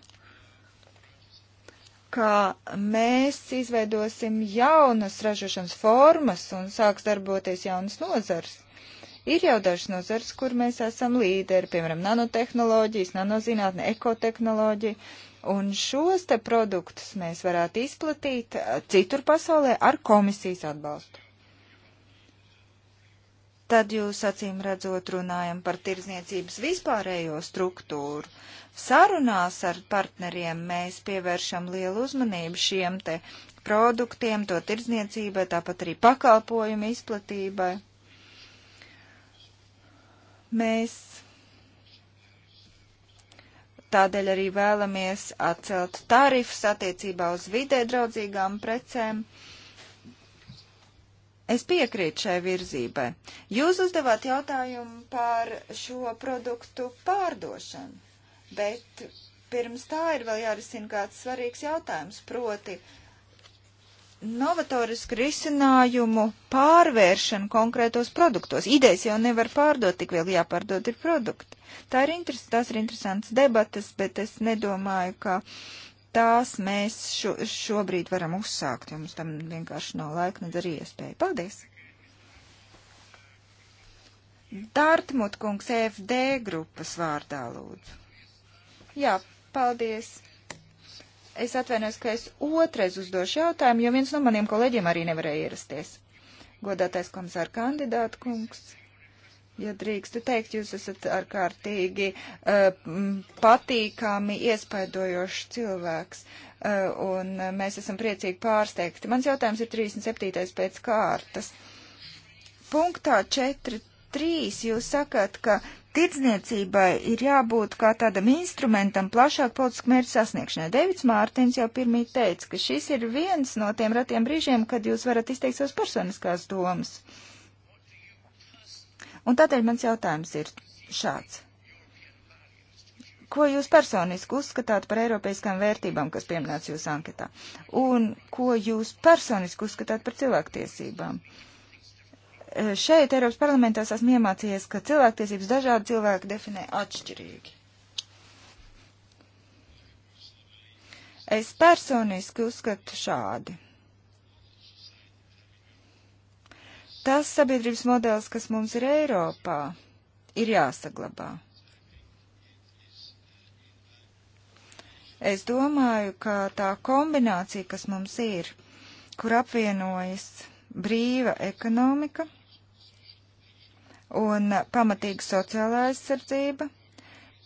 ka mēs izveidosim jaunas ražošanas formas un sāks darboties jaunas nozars. Ir jau dažas nozars, kur mēs esam līderi, piemēram, nanotehnoloģijas, nanozinātne, ekotehnoloģija. Un šos te produktus mēs varētu izplatīt eh, citur pasaulē ar komisijas atbalstu. Tad jūs acīm redzot runājam par tirzniecības vispārējo struktūru. Sarunās ar partneriem mēs pievēršam lielu uzmanību šiem te produktiem, to tirdzniecībai, tāpat arī pakalpojumu izplatībai. Mēs Tādēļ arī vēlamies atcelt tarifus attiecībā uz vidē draudzīgām precēm. Es piekrītu šai virzībai. Jūs uzdevāt jautājumu par šo produktu pārdošanu, bet pirms tā ir vēl jārisina kāds svarīgs jautājums, proti, uh, novatorisku risinājumu pārvēršanu konkrētos produktos. Idejas jau nevar pārdot tik vēl, jāpārdod ir produkti. Tā ir interes, tās ir interesants debatas, bet es nedomāju, ka tās mēs šo, šobrīd varam uzsākt, jo mums tam vienkārši nav laika, nedz arī iespēja. Paldies! Dārtmut kungs FD grupas vārdā lūdzu. Jā, paldies! Es atvainojos, ka es otrais uzdošu jautājumu, jo viens no maniem kolēģiem arī nevarēja ierasties. Godātais komisāra kandidāta kungs. Ja drīkstu teikt, jūs esat ārkārtīgi uh, patīkami iespaidojošs cilvēks, uh, un mēs esam priecīgi pārsteigti. Mans jautājums ir 37. pēc kārtas. Punktā 4.3 jūs sakat, ka Tirdzniecībai ir jābūt kā tādam instrumentam plašāk politisku mērķu sasniegšanai. Deivids Mārtiņš jau pirmīt teica, ka šis ir viens no tiem ratiem brīžiem, kad jūs varat izteikt savas personiskās domas. Un tādēļ mans jautājums ir šāds. Ko jūs personiski uzskatāt par eiropeiskām vērtībām, kas pieminēts jūsu anketā? Un ko jūs personiski uzskatāt par cilvēktiesībām? Uh, Šeit Eiropas parlamentā esmu iemācījies, ka cilvēktiesības dažādi cilvēki definē atšķirīgi. Es personiski uzskatu šādi. Tas sabiedrības modelis, kas mums ir Eiropā, ir jāsaglabā. Es domāju, ka tā kombinācija, kas mums ir, kur apvienojas brīva ekonomika, un pamatīga sociālā aizsardzība,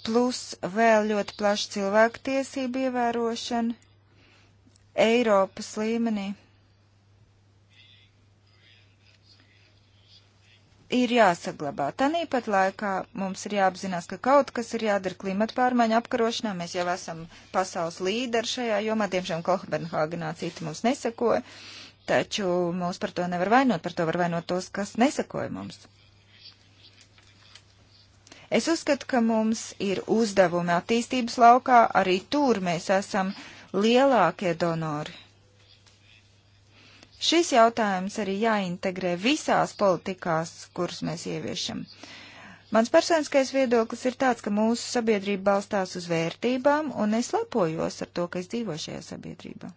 plus vēl ļoti plaša cilvēku tiesību ievērošana Eiropas līmenī. Ir jāsaglabā. Tanīpat laikā mums ir jāapzinās, ka kaut kas ir jādara klimata pārmaiņu apkarošanā. Mēs jau esam pasaules līderi šajā jomā. Diemžēl Kopenhāgenā citi mums nesekoja, taču mūs par to nevar vainot, par to var vainot tos, kas nesekoja mums. Es uzskatu, ka mums ir uzdevumi attīstības laukā, arī tur mēs esam lielākie donori. Šis jautājums arī jāintegrē visās politikās, kuras mēs ieviešam. Mans personiskais viedoklis ir tāds, ka mūsu sabiedrība balstās uz vērtībām, un es lepojos ar to, ka es dzīvoju šajā sabiedrībā.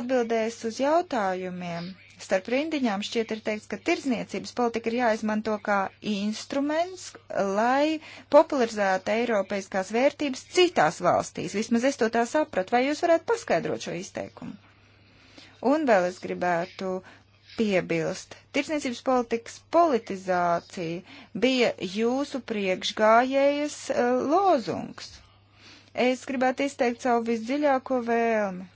Atbildēs uz jautājumiem, Starp rindiņām šķiet ir teikts, ka tirzniecības politika ir jāizmanto kā instruments, lai popularizētu eiropeiskās vērtības citās valstīs. Vismaz es to tā sapratu. Vai jūs varētu paskaidrot šo izteikumu? Un vēl es gribētu piebilst. Tirsniecības politikas politizācija bija jūsu priekšgājējas uh, lozungs. Es gribētu izteikt savu visdziļāko vēlmi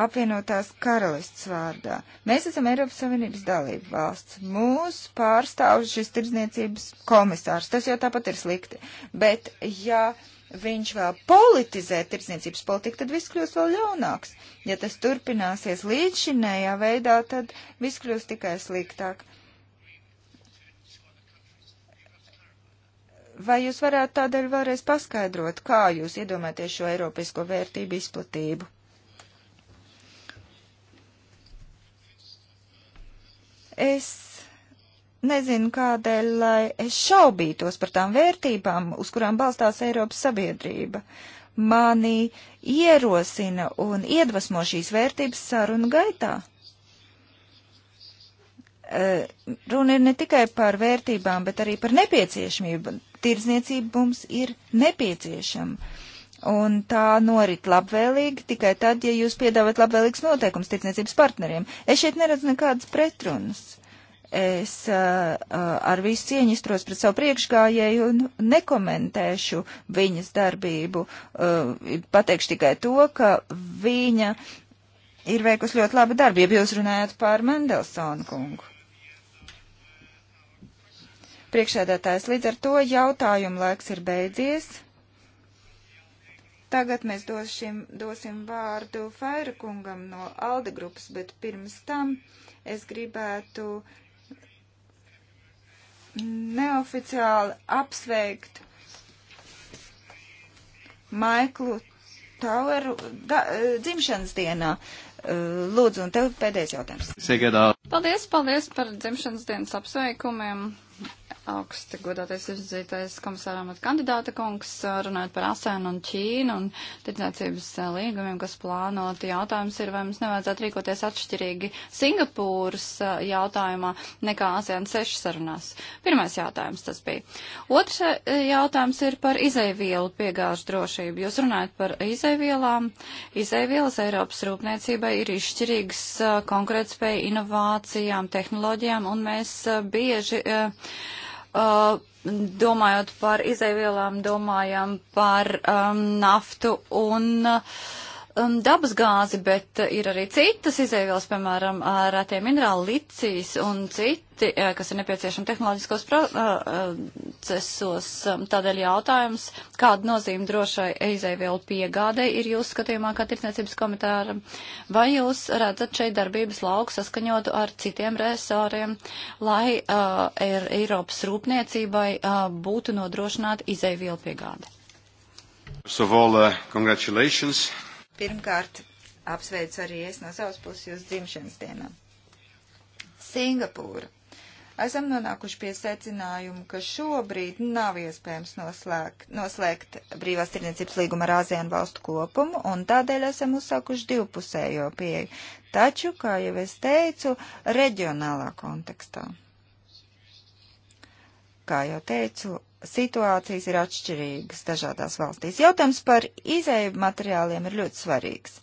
apvienotās karalists vārdā. Mēs esam Eiropas Savienības dalība valsts. Mūs pārstāv šis tirdzniecības komisārs. Tas jau tāpat ir slikti. Bet, ja viņš vēl politizē tirdzniecības politiku, tad viss kļūst vēl ļaunāks. Ja tas turpināsies līdzšinējā veidā, tad viss kļūst tikai sliktāk. Vai jūs varētu tādēļ vēlreiz paskaidrot, kā jūs iedomājaties šo eiropisko vērtību izplatību? Es nezinu, kādēļ, lai es šaubītos par tām vērtībām, uz kurām balstās Eiropas sabiedrība. Mani ierosina un iedvesmo šīs vērtības sarunu gaitā. E, runa ir ne tikai par vērtībām, bet arī par nepieciešamību. Tirzniecība mums ir nepieciešama. Un tā norit labvēlīgi tikai tad, ja jūs piedāvājat labvēlīgs noteikums tirdzniecības partneriem. Es šeit neredzu nekādas pretrunas. Es uh, ar visu cieņu izturos pret savu priekšgājēju un nekomentēšu viņas darbību. Uh, pateikšu tikai to, ka viņa ir veikusi ļoti labu darbu, ja jūs runājat par Mendelsonu kungu. Priekšēdētājs līdz ar to jautājumu laiks ir beidzies. Tagad mēs došim, dosim vārdu Faira kungam no Alde grupas, bet pirms tam es gribētu neoficiāli apsveikt Maiklu Taueru da, dzimšanas dienā. Uh, lūdzu, un tev pēdējais jautājums. Paldies, paldies par dzimšanas dienas apsveikumiem augsti godātais izrazītais komisāram at kandidāta kungs, runājot par ASEANu un Ķīnu un tirdzniecības līgumiem, kas plānoti. Jautājums ir, vai mums nevajadzētu rīkoties atšķirīgi Singapūras jautājumā nekā ASEAN 6 sarunās. Pirmais jautājums tas bija. Otrs jautājums ir par izēvielu piegāžu drošību. Jūs runājat par izēvielām. Izēvielas Eiropas rūpniecībai ir izšķirīgas konkurētspēja inovācijām, tehnoloģijām, un mēs bieži uh, Uh, domājot par izēvielām, domājam par um, naftu un uh, um, dabas gāzi, bet uh, ir arī citas izēvielas, piemēram, uh, rētie minerāli, licīs un citi, uh, kas ir nepieciešami tehnoloģiskos procesos. Um, tādēļ jautājums, kāda nozīme drošai izēvielu piegādei ir jūsu skatījumā kā tirdzniecības komitāram? Vai jūs redzat šeit darbības lauku saskaņotu ar citiem resoriem, lai uh, er, Eiropas rūpniecībai uh, būtu nodrošināta izēvielu piegāde? First of all, uh, congratulations Pirmkārt, apsveicu arī es no savas puses jūs dzimšanas dienā. Singapūra. Esam nonākuši pie secinājuma, ka šobrīd nav iespējams noslēgt, noslēgt brīvās tirniecības līgumu ar ASEAN valstu kopumu, un tādēļ esam uzsākuši divpusējo pieeju. Taču, kā jau es teicu, reģionālā kontekstā. Kā jau teicu, situācijas ir atšķirīgas dažādās valstīs. Jautājums par izēju materiāliem ir ļoti svarīgs.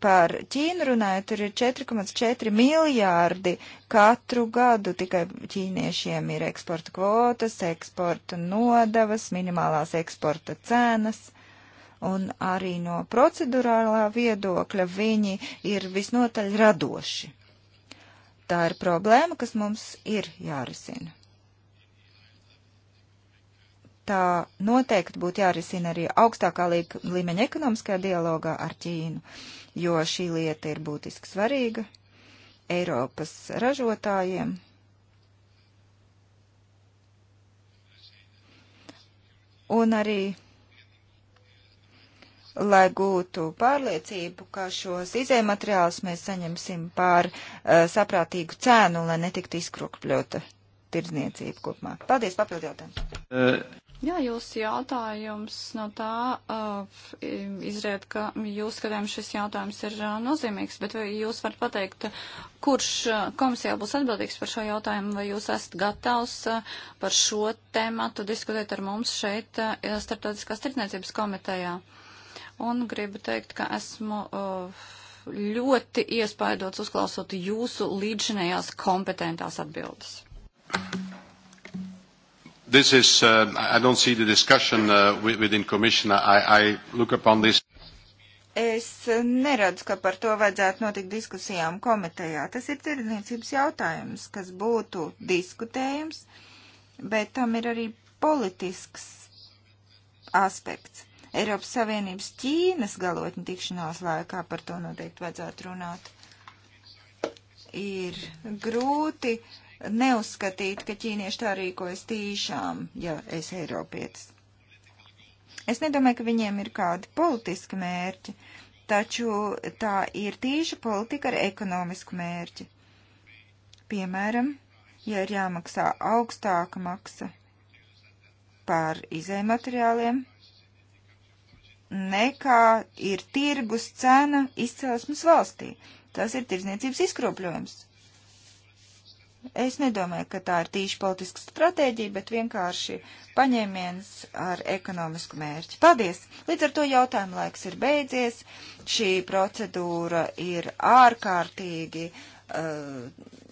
Par Ķīnu runājot, tur ir 4,4 miljārdi katru gadu tikai ķīniešiem ir eksporta kvotas, eksporta nodavas, minimālās eksporta cenas un arī no procedurālā viedokļa viņi ir visnotaļ radoši. Tā ir problēma, kas mums ir jārisina tā noteikti būtu jārisina arī augstākā līmeņa ekonomiskajā dialogā ar Ķīnu, jo šī lieta ir būtiski svarīga Eiropas ražotājiem. Un arī, lai gūtu pārliecību, ka šos izējumateriālus mēs saņemsim pār uh, saprātīgu cēnu, lai netiktu izkropļota tirdzniecība kopumā. Paldies, papildu jautājumu. Uh. Jā, jūsu jautājums no tā uh, izriet, ka jūs skatījām šis jautājums ir uh, nozīmīgs, bet vai jūs varat pateikt, kurš uh, komisijā būs atbildīgs par šo jautājumu, vai jūs esat gatavs uh, par šo tēmatu diskutēt ar mums šeit uh, Startautiskās tirdzniecības komitejā? Un gribu teikt, ka esmu. Uh, ļoti iespaidots uzklausot jūsu līdzinējās kompetentās atbildes. This is, uh, I don't see the discussion uh, within Commission. I, I look upon this. Es neredzu, ka par to vajadzētu notikt diskusijām komitejā. Tas ir tirdzniecības jautājums, kas būtu diskutējums, bet tam ir arī politisks aspekts. Eiropas Savienības Ķīnas galotņu tikšanās laikā par to noteikti vajadzētu runāt. Ir grūti uh, neuzskatīt, ka ķīnieši tā rīkojas tīšām, ja es Eiropietis. Es nedomāju, ka viņiem ir kādi politiski mērķi, taču tā ir tīša politika ar ekonomisku mērķi. Piemēram, ja ir jāmaksā augstāka maksa par izējumateriāliem, nekā ir tirgus cena izcelsmes valstī. Tas ir tirzniecības izkropļojums. Es nedomāju, ka tā ir tīši politiska stratēģija, bet vienkārši paņēmiens ar ekonomisku mērķi. Paldies! Līdz ar to jautājumu laiks ir beidzies. Šī procedūra ir ārkārtīgi uh,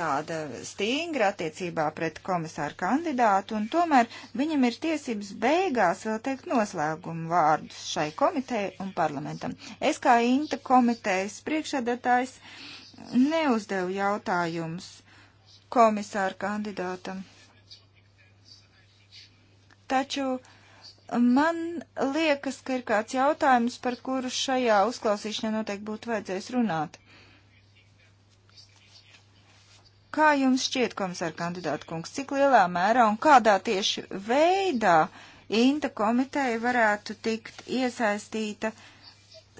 tāda stingra attiecībā pret komisāru kandidātu, un tomēr viņam ir tiesības beigās vēl teikt noslēgumu vārdus šai komitejai un parlamentam. Es kā Inta komitejas priekšsēdētājs neuzdevu jautājumus komisāru kandidātam. Taču man liekas, ka ir kāds jautājums, par kuru šajā uzklausīšanā noteikti būtu vajadzējis runāt. Kā jums šķiet, komisāra kandidāta kungs, cik lielā mērā un kādā tieši veidā Inta komiteja varētu tikt iesaistīta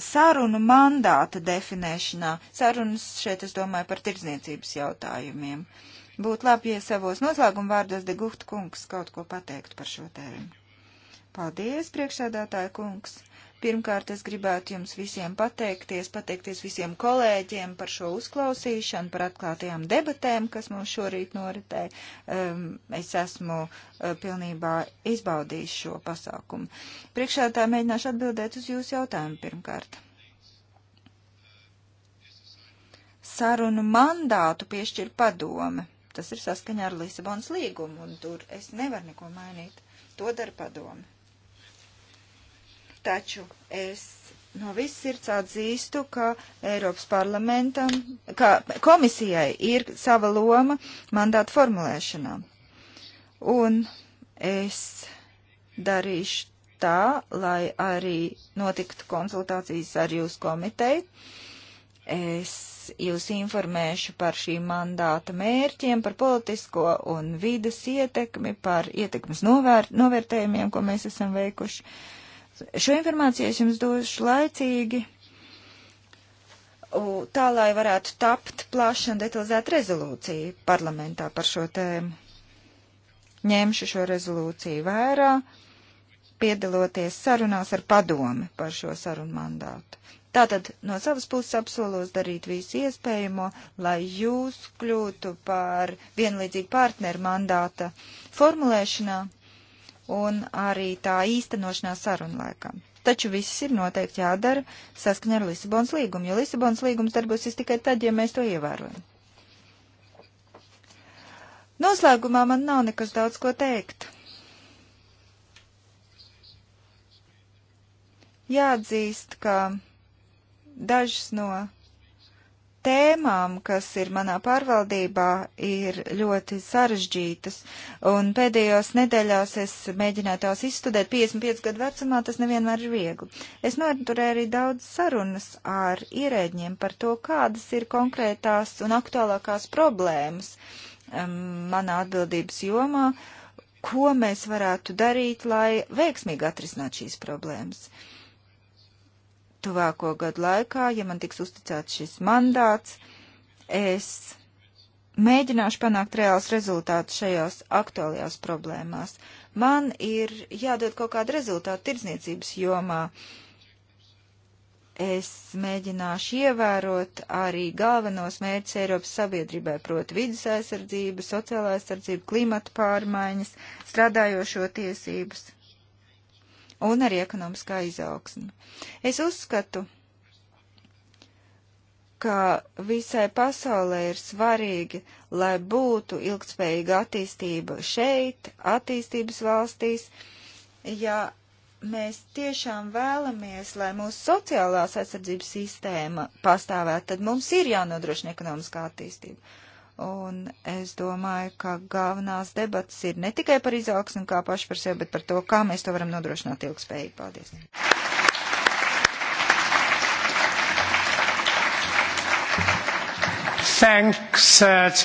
sarunu mandāta definēšanā? Sarunas šeit, es domāju, par tirdzniecības jautājumiem. Uh, Būtu labi, ja savos noslēguma vārdos de Guhta kungs kaut ko pateiktu par šo tēmu. Paldies, priekšsēdētāja kungs! Pirmkārt, es gribētu jums visiem pateikties, pateikties visiem kolēģiem par šo uzklausīšanu, par atklātajām debatēm, kas mums šorīt noritēja. Um, es esmu uh, pilnībā izbaudījis šo pasākumu. Priekšā tā mēģināšu atbildēt uz jūsu jautājumu pirmkārt. Sarunu mandātu piešķir padome. Tas ir saskaņā ar Lisabonas līgumu, un tur es nevaru neko mainīt. To dara padomi. Taču es no viss sirds atzīstu, ka Eiropas parlamentam, ka komisijai ir sava loma mandātu formulēšanā. Un es darīšu tā, lai arī notiktu konsultācijas ar jūsu komiteju. Es jūs informēšu par šī mandāta mērķiem, par politisko un vides ietekmi, par ietekmes novēr novērtējumiem, ko mēs esam veikuši. Šo informāciju es jums došu laicīgi, tā lai varētu tapt plaša un detalizēta rezolūcija parlamentā par šo tēmu. Ņemšu šo rezolūciju vērā piedaloties sarunās ar padomi par šo sarunu mandātu. Tātad no savas puses apsolos darīt visu iespējamo, lai jūs kļūtu par vienlīdzīgu partneru mandāta formulēšanā un arī tā īstenošanā sarunu laikā. Taču viss ir noteikti jādara saskaņā ar Lisabonas līgumu, jo Lisabonas līgums darbosies tikai tad, ja mēs to ievērojam. Noslēgumā man nav nekas daudz ko teikt. Jāatzīst, ka Dažas no tēmām, kas ir manā pārvaldībā, ir ļoti sarežģītas. Un pēdējos nedēļās es mēģināju tās izstudēt 55 gadu vecumā, tas nevienmēr ir viegli. Es noturēju arī daudz sarunas ar ierēģiem par to, kādas ir konkrētās un aktuālākās problēmas um, manā atbildības jomā, ko mēs varētu darīt, lai veiksmīgi atrisināt šīs problēmas. Uh, tuvāko gadu laikā, ja man tiks uzticēts šis mandāts, es mēģināšu panākt reāls rezultāts šajās aktuālajās problēmās. Man ir jādod kaut kāda rezultāta tirdzniecības jomā. Es mēģināšu ievērot arī galvenos mērķus Eiropas sabiedrībai, proti vidas aizsardzību, sociālā aizsardzību, klimata pārmaiņas, strādājošo tiesības un arī ekonomiskā izaugsme. Es uzskatu, ka visai pasaulē ir svarīgi, lai būtu ilgspējīga attīstība šeit, attīstības valstīs, ja mēs tiešām vēlamies, lai mūsu sociālās aizsardzības sistēma pastāvētu, tad mums ir jānodrošina ekonomiskā attīstība. Un es domāju, ka galvenās debatas ir ne tikai par izaugsmu kā paši par sevi, bet par to, kā mēs to varam nodrošināt ilgspējīgi. Paldies! Thanks, uh,